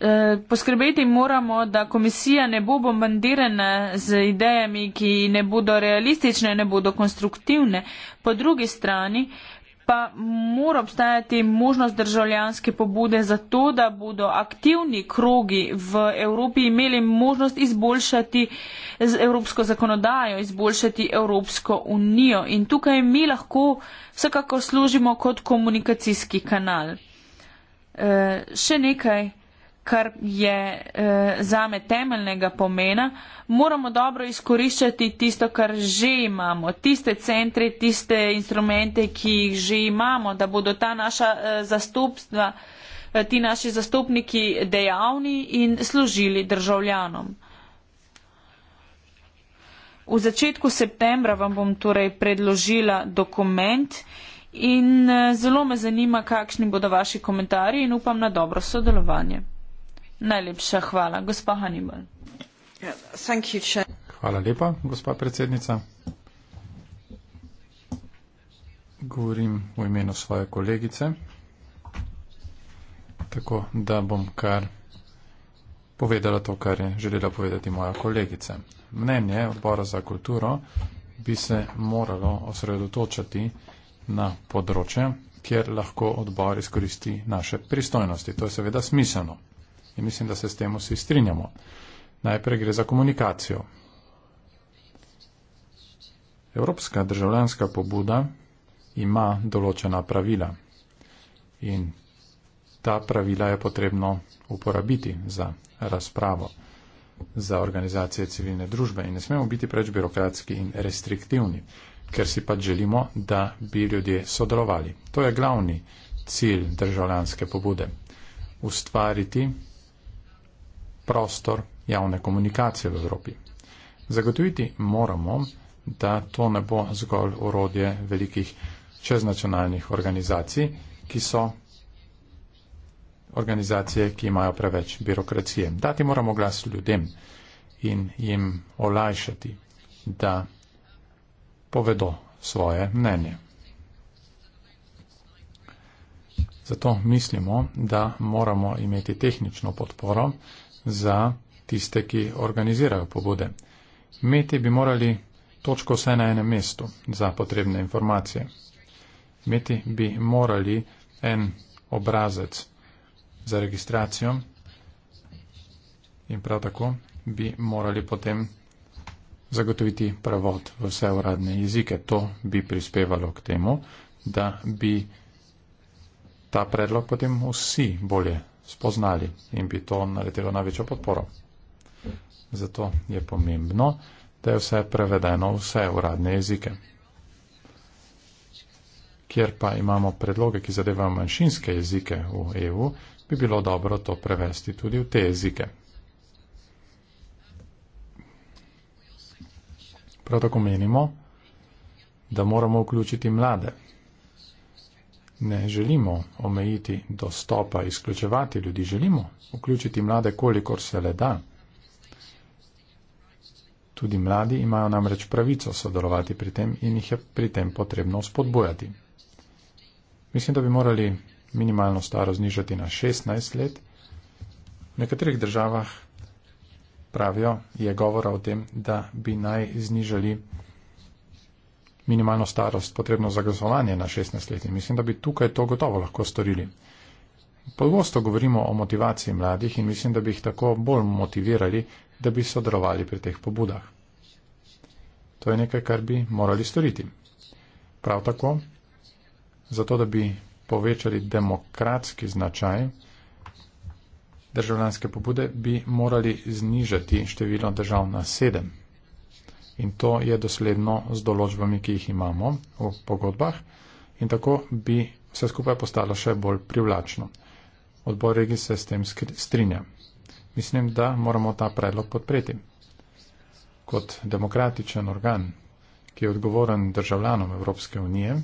Eh, poskrbeti moramo, da komisija ne bo bombardirana z idejami, ki ne bodo realistične, ne bodo konstruktivne. Po drugi strani, pa mora obstajati možnost državljanske pobude za to, da bodo aktivni krogi v Evropi imeli možnost izboljšati evropsko zakonodajo, izboljšati Evropsko unijo. In tukaj mi lahko vsekako služimo kot komunikacijski kanal. E, še nekaj kar je eh, zame temeljnega pomena, moramo dobro izkoriščati tisto, kar že imamo, tiste centre, tiste instrumente, ki jih že imamo, da bodo ta naša eh, zastopstva, eh, ti naši zastopniki dejavni in služili državljanom. V začetku septembra vam bom torej predložila dokument in zelo me zanima, kakšni bodo vaši komentarji in upam na dobro sodelovanje. Najlepša hvala, gospa Hannibal. Hvala lepa, gospa predsednica. Govorim v imenu svoje kolegice, tako da bom kar povedala to, kar je želela povedati moja kolegica. Mnenje odbora za kulturo bi se moralo osredotočati na področje, kjer lahko odbor izkoristi naše pristojnosti. To je seveda smiselno in mislim, da se s tem vsi strinjamo. Najprej gre za komunikacijo. Evropska državljanska pobuda ima določena pravila in ta pravila je potrebno uporabiti za razpravo za organizacije civilne družbe in ne smemo biti preč birokratski in restriktivni, ker si pa želimo, da bi ljudje sodelovali. To je glavni cilj državljanske pobude. Ustvariti prostor javne komunikacije v Evropi. Zagotoviti moramo, da to ne bo zgolj urodje velikih čeznacionalnih organizacij, ki so organizacije, ki imajo preveč birokracije. Dati moramo glas ljudem in jim olajšati, da povedo svoje mnenje. Zato mislimo, da moramo imeti tehnično podporo, za tiste, ki organizirajo pobude. Imeti bi morali točko vse na enem mestu za potrebne informacije. Imeti bi morali en obrazec za registracijo in prav tako bi morali potem zagotoviti prevod v vse uradne jezike. To bi prispevalo k temu, da bi ta predlog potem vsi bolje spoznali in bi to naletelo na večjo podporo. Zato je pomembno, da je vse prevedeno vse uradne jezike. Kjer pa imamo predloge, ki zadevajo manjšinske jezike v EU, bi bilo dobro to prevesti tudi v te jezike. Prav tako menimo, da moramo vključiti mlade ne želimo omejiti dostopa, izključevati ljudi, želimo vključiti mlade, kolikor se le da. Tudi mladi imajo namreč pravico sodelovati pri tem in jih je pri tem potrebno spodbujati. Mislim, da bi morali minimalno staro znižati na 16 let. V nekaterih državah pravijo, je govora o tem, da bi naj znižali minimalno starost potrebno za glasovanje na 16 let in mislim, da bi tukaj to gotovo lahko storili. Pogosto govorimo o motivaciji mladih in mislim, da bi jih tako bolj motivirali, da bi sodelovali pri teh pobudah. To je nekaj, kar bi morali storiti. Prav tako, zato da bi povečali demokratski značaj državljanske pobude, bi morali znižati število držav na sedem in to je dosledno z določbami, ki jih imamo v pogodbah in tako bi vse skupaj postalo še bolj privlačno. Odbor regi se s tem strinja. Mislim, da moramo ta predlog podpreti. Kot demokratičen organ, ki je odgovoren državljanom Evropske unije,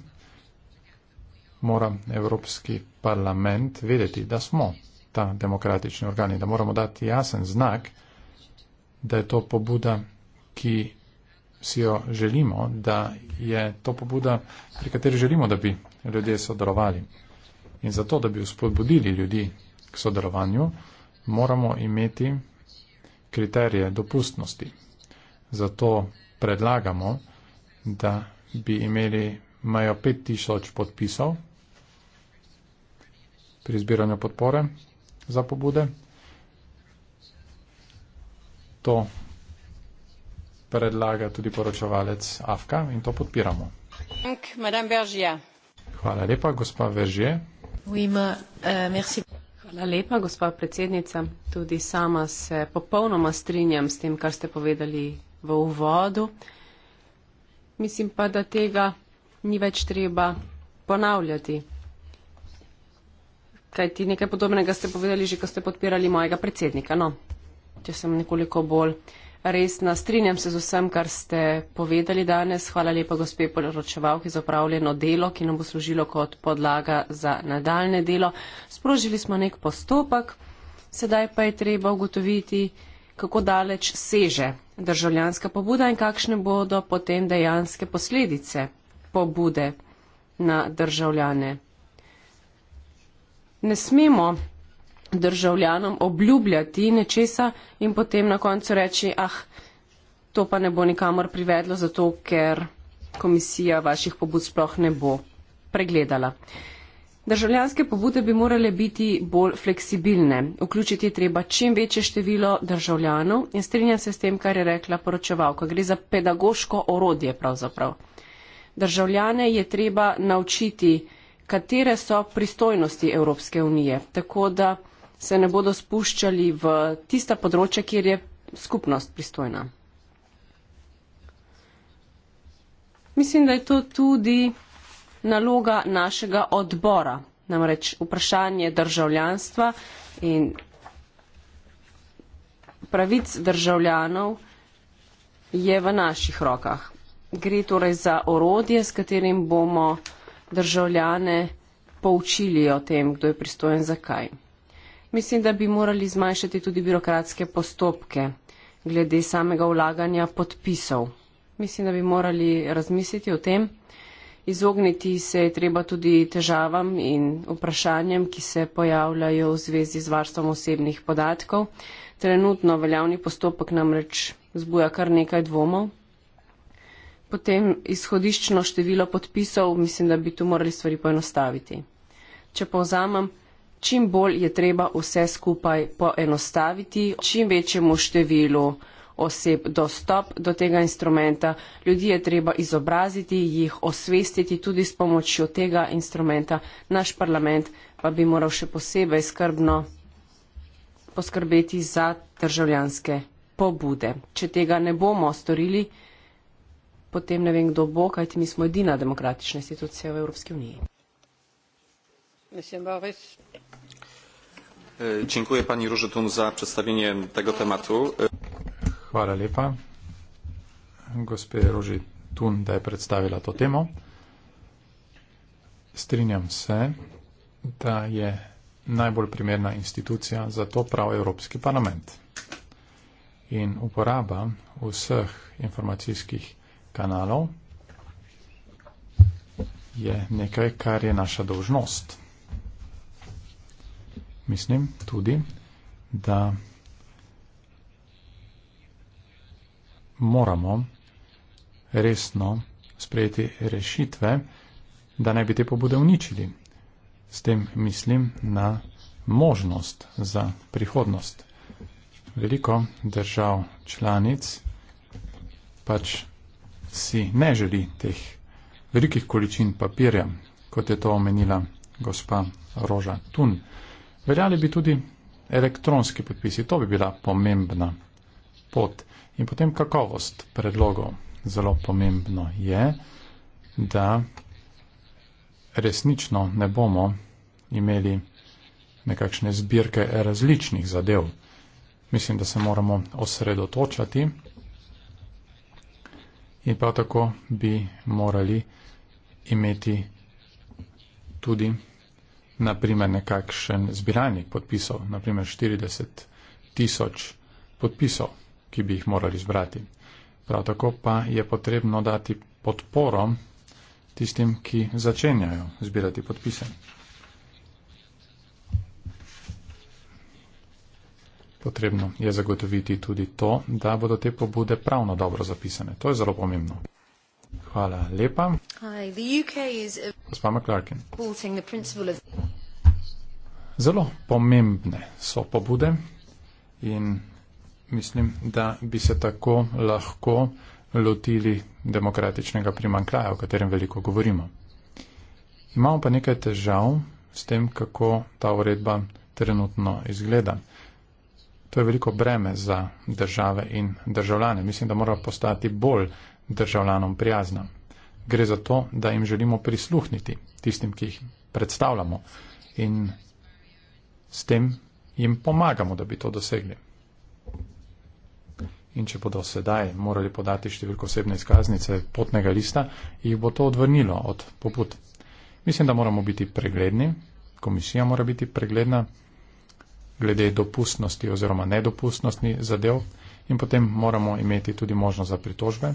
mora Evropski parlament vedeti, da smo ta demokratični organ in da moramo dati jasen znak, da je to pobuda, ki si jo želimo, da je to pobuda, pri kateri želimo, da bi ljudje sodelovali. In zato, da bi uspodbudili ljudi k sodelovanju, moramo imeti kriterije dopustnosti. Zato predlagamo, da bi imeli majo 5000 podpisov pri zbiranju podpore za pobude. To predlaga tudi poročevalec Afka in to podpiramo. Thank, Hvala lepa, gospa Veržje. Oui, eh, Hvala lepa, gospa predsednica. Tudi sama se popolnoma strinjam s tem, kar ste povedali v uvodu. Mislim pa, da tega ni več treba ponavljati. Kaj ti nekaj podobnega ste povedali, že ko ste podpirali mojega predsednika. No, če sem nekoliko bolj uh, resna. Strinjam se z vsem, kar ste povedali danes. Hvala lepa, gospe poročevalki, za upravljeno delo, ki nam bo služilo kot podlaga za nadaljne delo. Sprožili smo nek postopek, sedaj pa je treba ugotoviti, kako daleč seže državljanska pobuda in kakšne bodo potem dejanske posledice pobude na državljane. Ne smemo državljanom obljubljati nečesa in potem na koncu reči, ah, to pa ne bo nikamor privedlo, zato ker komisija vaših pobud sploh ne bo pregledala. Državljanske pobude bi morale biti bolj fleksibilne. Vključiti je treba čim večje število državljanov in strinjam se s tem, kar je rekla poročevalka. Gre za pedagoško orodje pravzaprav. Državljane je treba naučiti, katere so pristojnosti Evropske unije. Tako da se ne bodo spuščali v tista področja, kjer je skupnost pristojna. Mislim, da je to tudi naloga našega odbora, namreč vprašanje državljanstva in pravic državljanov je v naših rokah. Gre torej za orodje, s katerim bomo državljane poučili o tem, kdo je pristojen zakaj. Mislim, da bi morali zmanjšati tudi birokratske postopke glede samega vlaganja podpisov. Mislim, da bi morali razmisliti o tem. Izogniti se je treba tudi težavam in vprašanjem, ki se pojavljajo v zvezi z varstvom osebnih podatkov. Trenutno veljavni postopek namreč zbuja kar nekaj dvomov. Potem izhodiščno število podpisov, mislim, da bi tu morali stvari poenostaviti. Če povzamem, pa čim bolj je treba vse skupaj poenostaviti, čim večjemu številu oseb dostop do tega instrumenta. Ljudi je treba izobraziti, jih osvestiti tudi s pomočjo tega instrumenta. Naš parlament pa bi moral še posebej skrbno poskrbeti za državljanske pobude. Če tega ne bomo storili, potem ne vem, kdo bo, kajti mi smo edina demokratična institucija v Evropski uniji. E, dziękuję pani Różytun za przedstawienie tego tematu. E, Hvala lepa. Gospe Roži Tun, da je predstavila to temo. Strinjam se, da je najbolj primerna institucija za to prav Evropski parlament. In uporaba vseh informacijskih kanalov je nekaj, kar je naša dožnost mislim tudi, da moramo resno sprejeti rešitve, da ne bi te pobude uničili. S tem mislim na možnost za prihodnost. Veliko držav članic pač si ne želi teh velikih količin papirja, kot je to omenila gospa Roža Tun. Veljali bi tudi elektronski podpisi, to bi bila pomembna pot. In potem kakovost predlogov. Zelo pomembno je, da resnično ne bomo imeli nekakšne zbirke različnih zadev. Mislim, da se moramo osredotočati in prav tako bi morali imeti tudi naprimer, nekakšen zbiralnik podpisov, naprimer 40 tisoč podpisov, ki bi jih morali zbrati. Prav tako pa je potrebno dati podporo tistim, ki začenjajo zbirati podpise. Potrebno je zagotoviti tudi to, da bodo te pobude pravno dobro zapisane. To je zelo pomembno. Hvala lepa. Gospa McClarkin. Zelo pomembne so pobude in mislim, da bi se tako lahko lotili demokratičnega primankljaja, o katerem veliko govorimo. Imamo pa nekaj težav s tem, kako ta uredba trenutno izgleda. To je veliko breme za države in državljane. Mislim, da mora postati bolj državljanom prijazna. Gre za to, da jim želimo prisluhniti tistim, ki jih predstavljamo in s tem jim pomagamo, da bi to dosegli. In če bodo sedaj morali podati številko osebne izkaznice potnega lista, jih bo to odvrnilo od poput. Mislim, da moramo biti pregledni, komisija mora biti pregledna glede dopustnosti oziroma nedopustnosti zadev in potem moramo imeti tudi možnost za pritožbe.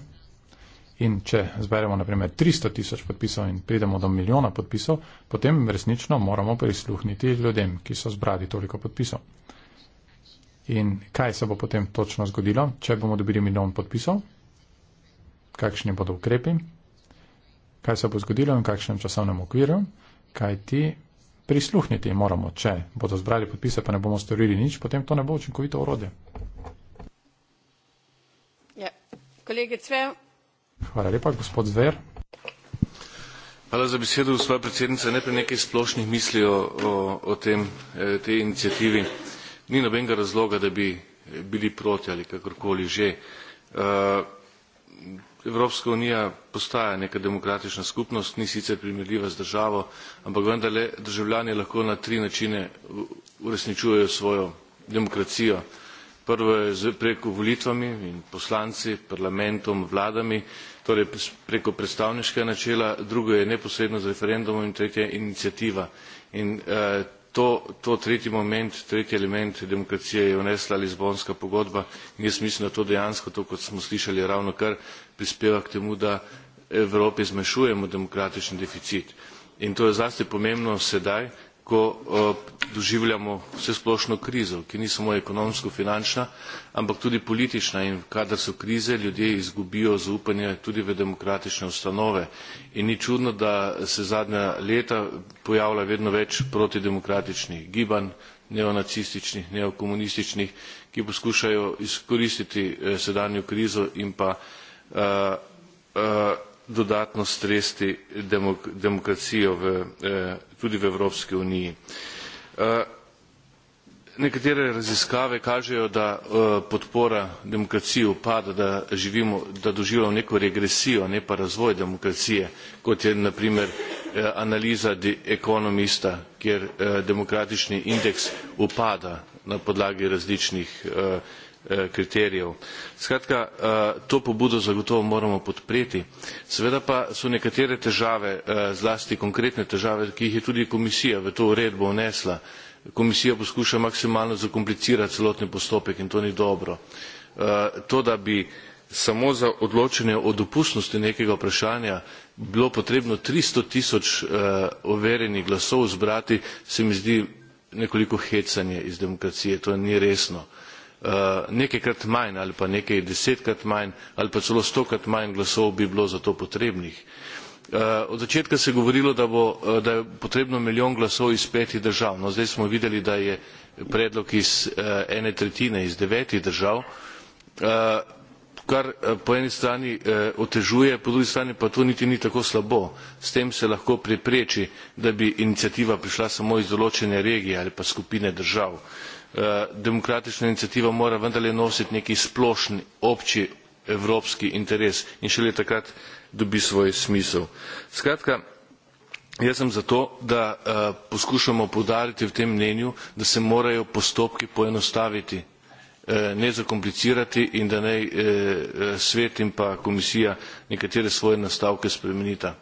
In če zberemo naprimer 300 tisoč podpisov in pridemo do milijona podpisov, potem resnično moramo prisluhniti ljudem, ki so zbrali toliko podpisov. In kaj se bo potem točno zgodilo, če bomo dobili milijon podpisov? Kakšni bodo ukrepi? Kaj se bo zgodilo in kakšnem časovnem okviru? Kaj ti prisluhniti moramo, če bodo zbrali podpise, pa ne bomo storili nič, potem to ne bo učinkovito urode. Ja, kolege Cvev. Hvala lepa, gospod Zver. Hvala za besedo, gospod predsednica. Najprej nekaj splošnih misli o, o, o tem, e, tej inicijativi. Ni nobenega razloga, da bi bili proti ali kakorkoli že. E, Evropska unija postaja neka demokratična skupnost, ni sicer primerljiva z državo, ampak vendarle državljani lahko na tri načine uresničujejo svojo demokracijo. Prvo je preko volitvami in poslanci, parlamentom, vladami torej preko predstavniškega načela drugo je neposredno z referendumom in tretje iniciativa in eh, to, to tretji moment tretji element demokracije je vnesla lizbonska pogodba in jaz mislim da to dejansko to kot smo slišali ravno kar prispeva k temu da evropi zmanjšujemo demokratični deficit in to je zlasti pomembno sedaj ko eh, doživljamo vsesplošno krizo, ki ni samo ekonomsko-finančna, ampak tudi politična in kadar so krize, ljudje izgubijo zaupanje tudi v demokratične ustanove. In ni čudno, da se zadnja leta pojavlja vedno več protidemokratičnih gibanj, neonacističnih, neokomunističnih, ki poskušajo izkoristiti eh, sedanjo krizo in pa uh, uh, dodatno stresti demokracijo v, eh, tudi v Evropski uniji. Eh, nekatere raziskave kažejo, da eh, podpora demokraciji upada, da živimo, da doživljamo neko regresijo, ne pa razvoj demokracije, kot je naprimer analiza The Economista, kjer demokratični indeks upada na podlagi različnih Eh, kriterijev. skratka eh, to pobudo zagotovo moramo podpreti. seveda pa so nekatere težave eh, zlasti konkretne težave ki jih je tudi komisija v to uredbo vnesla. komisija poskuša maksimalno zakomplicirati celoten postopek in to ni dobro. to da bi samo za odločanje o dopustnosti nekega vprašanja bilo potrebno tristo tisoč overjenih glasov zbrati se mi zdi nekoliko hecanje iz demokracije to ni resno. Eh, nekajkrat manj ali pa nekaj desetkrat manj ali pa celo stokrat manj glasov bi bilo za to potrebnih. Eh, od začetka se je govorilo da bo eh, da je potrebno milijon glasov iz petih držav no zdaj smo videli da je predlog iz ene tretjine iz devetih držav kar po eni strani otežuje po drugi strani pa to niti ni tako slabo s tem se lahko prepreči da bi iniciativa prišla samo iz določene regije ali pa skupine držav. Eh, demokratična iniciativa mora vendarle nositi neki splošen obči evropski interes in šele takrat dobi svoj smisel. skratka jaz sem za to da eh, poskušamo poudariti v tem mnenju da se morajo postopki poenostaviti eh, ne zakomplicirati in da naj svet in pa komisija nekatere svoje nastavke spremenita.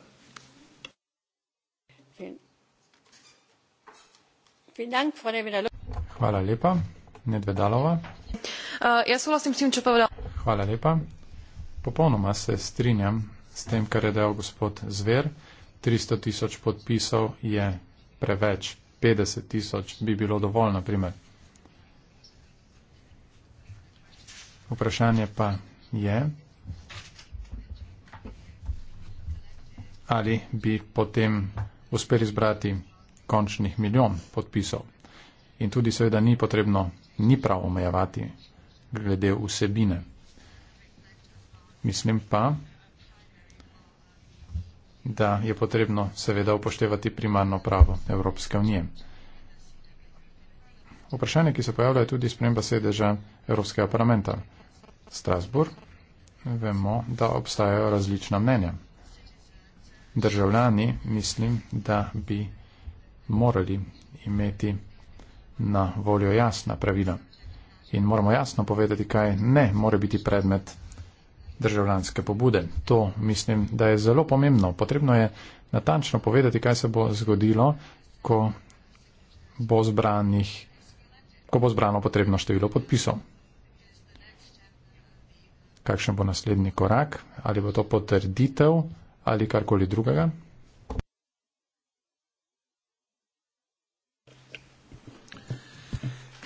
Hvala lepa. Nedvedalova. Uh, jaz vlastim s tem, če povedal. Hvala lepa. Popolnoma se strinjam s tem, kar je dejal gospod Zver. 300 tisoč podpisov je preveč. 50 tisoč bi bilo dovolj, na primer. Vprašanje pa je, ali bi potem uspeli zbrati končnih milijon podpisov. In tudi seveda ni potrebno, ni prav omejevati glede vsebine. Mislim pa, da je potrebno seveda upoštevati primarno pravo Evropske unije. Vprašanje, ki se pojavlja, je tudi sprememba sedeža Evropskega parlamenta. Strasbourg, vemo, da obstajajo različna mnenja. Državljani, mislim, da bi morali imeti na voljo jasna pravila. In moramo jasno povedati, kaj ne more biti predmet državljanske pobude. To mislim, da je zelo pomembno. Potrebno je natančno povedati, kaj se bo zgodilo, ko bo, zbranih, ko bo zbrano potrebno število podpisov. Kakšen bo naslednji korak? Ali bo to potrditev ali karkoli drugega?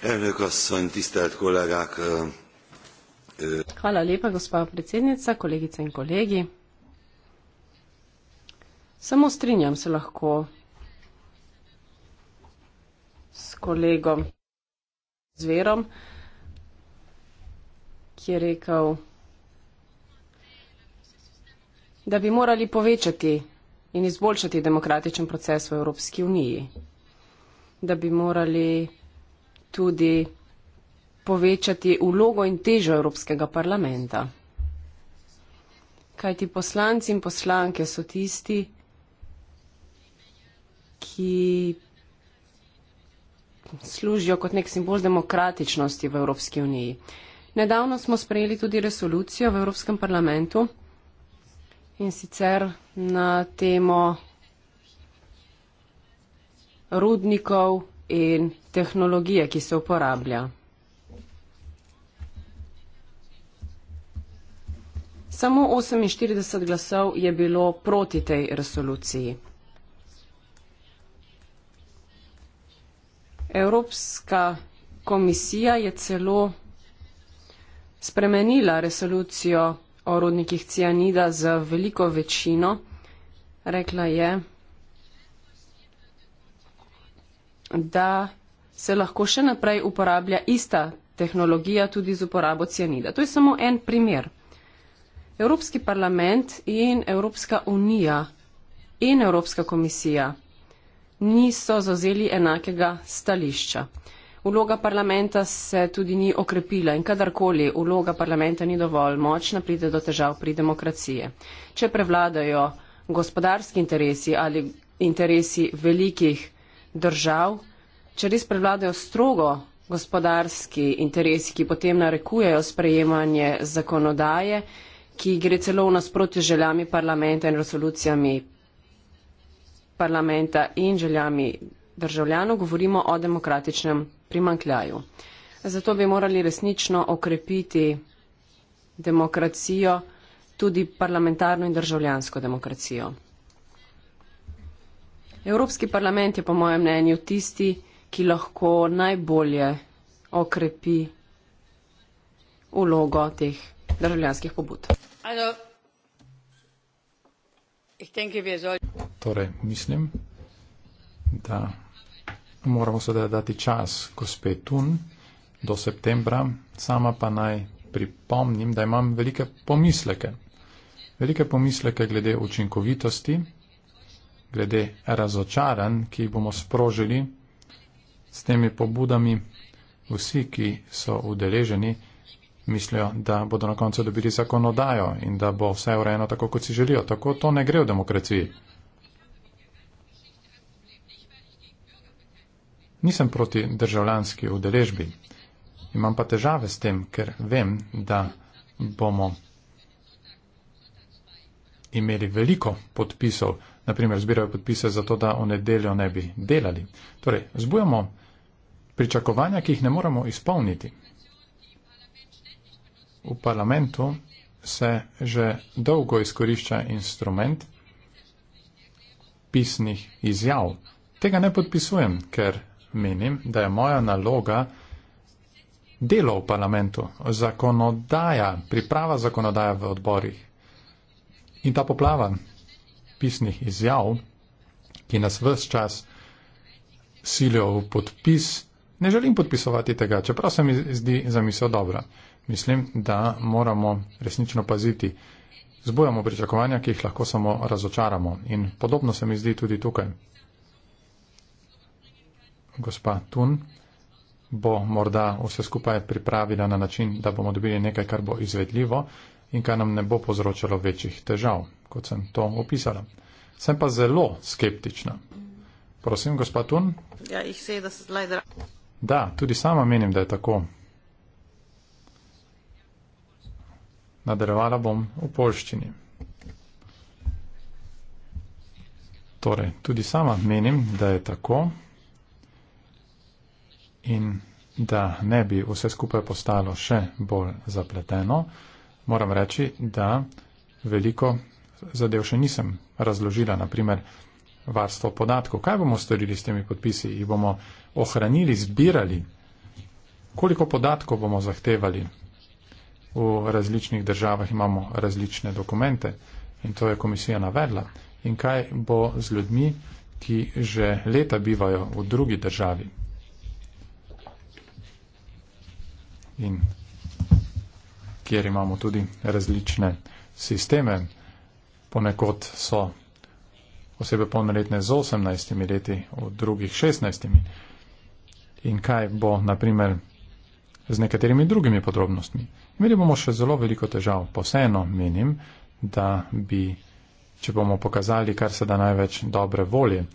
Elnök asszony, tisztelt kollégák! Hvala lepa, gospa predsednica, kolegice in kolegi. Samo strinjam se lahko s kolegom Zverom, ki je rekel, da bi morali povečati in izboljšati demokratičen proces v Evropski uniji, da bi morali tudi povečati ulogo in težo Evropskega parlamenta. Kaj ti poslanci in poslanke so tisti, ki služijo kot nek simbol demokratičnosti v Evropski uniji. Nedavno smo sprejeli tudi resolucijo v Evropskem parlamentu in sicer na temo rudnikov in tehnologije, ki se uporablja. Samo 48 glasov je bilo proti tej resoluciji. Evropska komisija je celo spremenila resolucijo o rodnikih cianida z veliko večino. Rekla je, da se lahko še naprej uporablja ista tehnologija tudi z uporabo cianida. To je samo en primer. Evropski parlament in Evropska unija in Evropska komisija niso zazeli enakega stališča. Vloga parlamenta se tudi ni okrepila in kadarkoli vloga parlamenta ni dovolj močna, pride do težav pri demokraciji. Če prevladajo gospodarski interesi ali interesi velikih držav, če res prevladajo strogo gospodarski interesi, ki potem narekujejo sprejemanje zakonodaje, ki gre celo v nasprotju z željami parlamenta in resolucijami parlamenta in željami državljanov, govorimo o demokratičnem primankljaju. Zato bi morali resnično okrepiti demokracijo, tudi parlamentarno in državljansko demokracijo. Evropski parlament je po mojem mnenju tisti, ki lahko najbolje okrepi ulogo teh državljanskih pobud. Torej, mislim, da moramo sedaj dati čas, ko spet tun, do septembra, sama pa naj pripomnim, da imam velike pomisleke. Velike pomisleke glede učinkovitosti glede razočaranj, ki jih bomo sprožili s temi pobudami. Vsi, ki so udeleženi, mislijo, da bodo na koncu dobili zakonodajo in da bo vse urejeno tako, kot si želijo. Tako to ne gre v demokraciji. Nisem proti državljanski udeležbi. Imam pa težave s tem, ker vem, da bomo imeli veliko podpisov naprimer zbirajo podpise za to, da v nedeljo ne bi delali. Torej, zbujamo pričakovanja, ki jih ne moramo izpolniti. V parlamentu se že dolgo izkorišča instrument pisnih izjav. Tega ne podpisujem, ker menim, da je moja naloga delo v parlamentu, zakonodaja, priprava zakonodaja v odborih. In ta poplava, pisnih izjav, ki nas vse čas silijo v podpis, ne želim podpisovati tega, čeprav se mi zdi za misel dobra. Mislim, da moramo resnično paziti. Zbujamo pričakovanja, ki jih lahko samo razočaramo. In podobno se mi zdi tudi tukaj. Gospa Tun bo morda vse skupaj pripravila na način, da bomo dobili nekaj, kar bo izvedljivo in kar nam ne bo povzročalo večjih težav kot sem to opisala. Sem pa zelo skeptična. Prosim, gospod Tun. Ja, da, tudi sama menim, da je tako. Nadaljevala bom v polščini. Torej, tudi sama menim, da je tako in da ne bi vse skupaj postalo še bolj zapleteno, moram reči, da veliko zadev še nisem razložila, naprimer varstvo podatkov. Kaj bomo storili s temi podpisi? Jih bomo ohranili, zbirali? Koliko podatkov bomo zahtevali? V različnih državah imamo različne dokumente in to je komisija navedla. In kaj bo z ljudmi, ki že leta bivajo v drugi državi? In kjer imamo tudi različne sisteme ponekod so osebe polnoletne z 18 leti, v drugih 16. In kaj bo, naprimer, z nekaterimi drugimi podrobnostmi. Imeli bomo še zelo veliko težav. Poseeno menim, da bi, če bomo pokazali kar se da največ dobre volje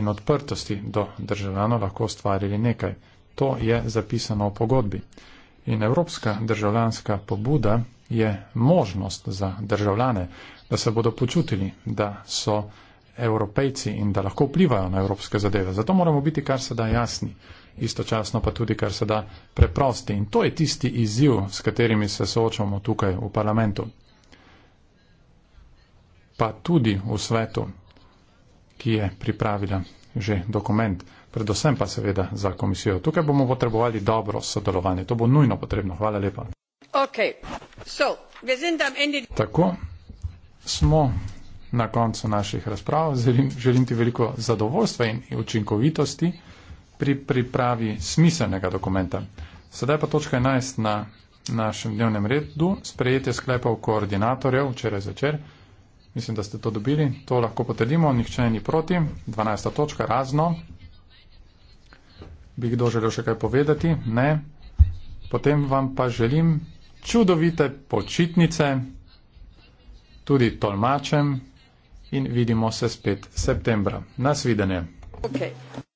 in odprtosti do državljanov, lahko ustvarili nekaj. To je zapisano v pogodbi. In evropska državljanska pobuda je možnost za državljane, da se bodo počutili, da so evropejci in da lahko vplivajo na evropske zadeve. Zato moramo biti kar se da jasni, istočasno pa tudi kar se da preprosti. In to je tisti izziv, s katerimi se soočamo tukaj v parlamentu, pa tudi v svetu, ki je pripravila že dokument, predvsem pa seveda za komisijo. Tukaj bomo potrebovali dobro sodelovanje. To bo nujno potrebno. Hvala lepa. Okay. So, tako smo na koncu naših razprav. Želim, želim ti veliko zadovoljstva in učinkovitosti pri pripravi smiselnega dokumenta. Sedaj pa točka 11 na našem dnevnem redu, sprejetje sklepov koordinatorjev včeraj začer. Mislim, da ste to dobili. To lahko potrdimo, nihče ni proti. 12. točka, razno. Bi kdo želel še kaj povedati? Ne. Potem vam pa želim čudovite počitnice tudi tolmačem in vidimo se spet septembra. Nasvidenje. Okay.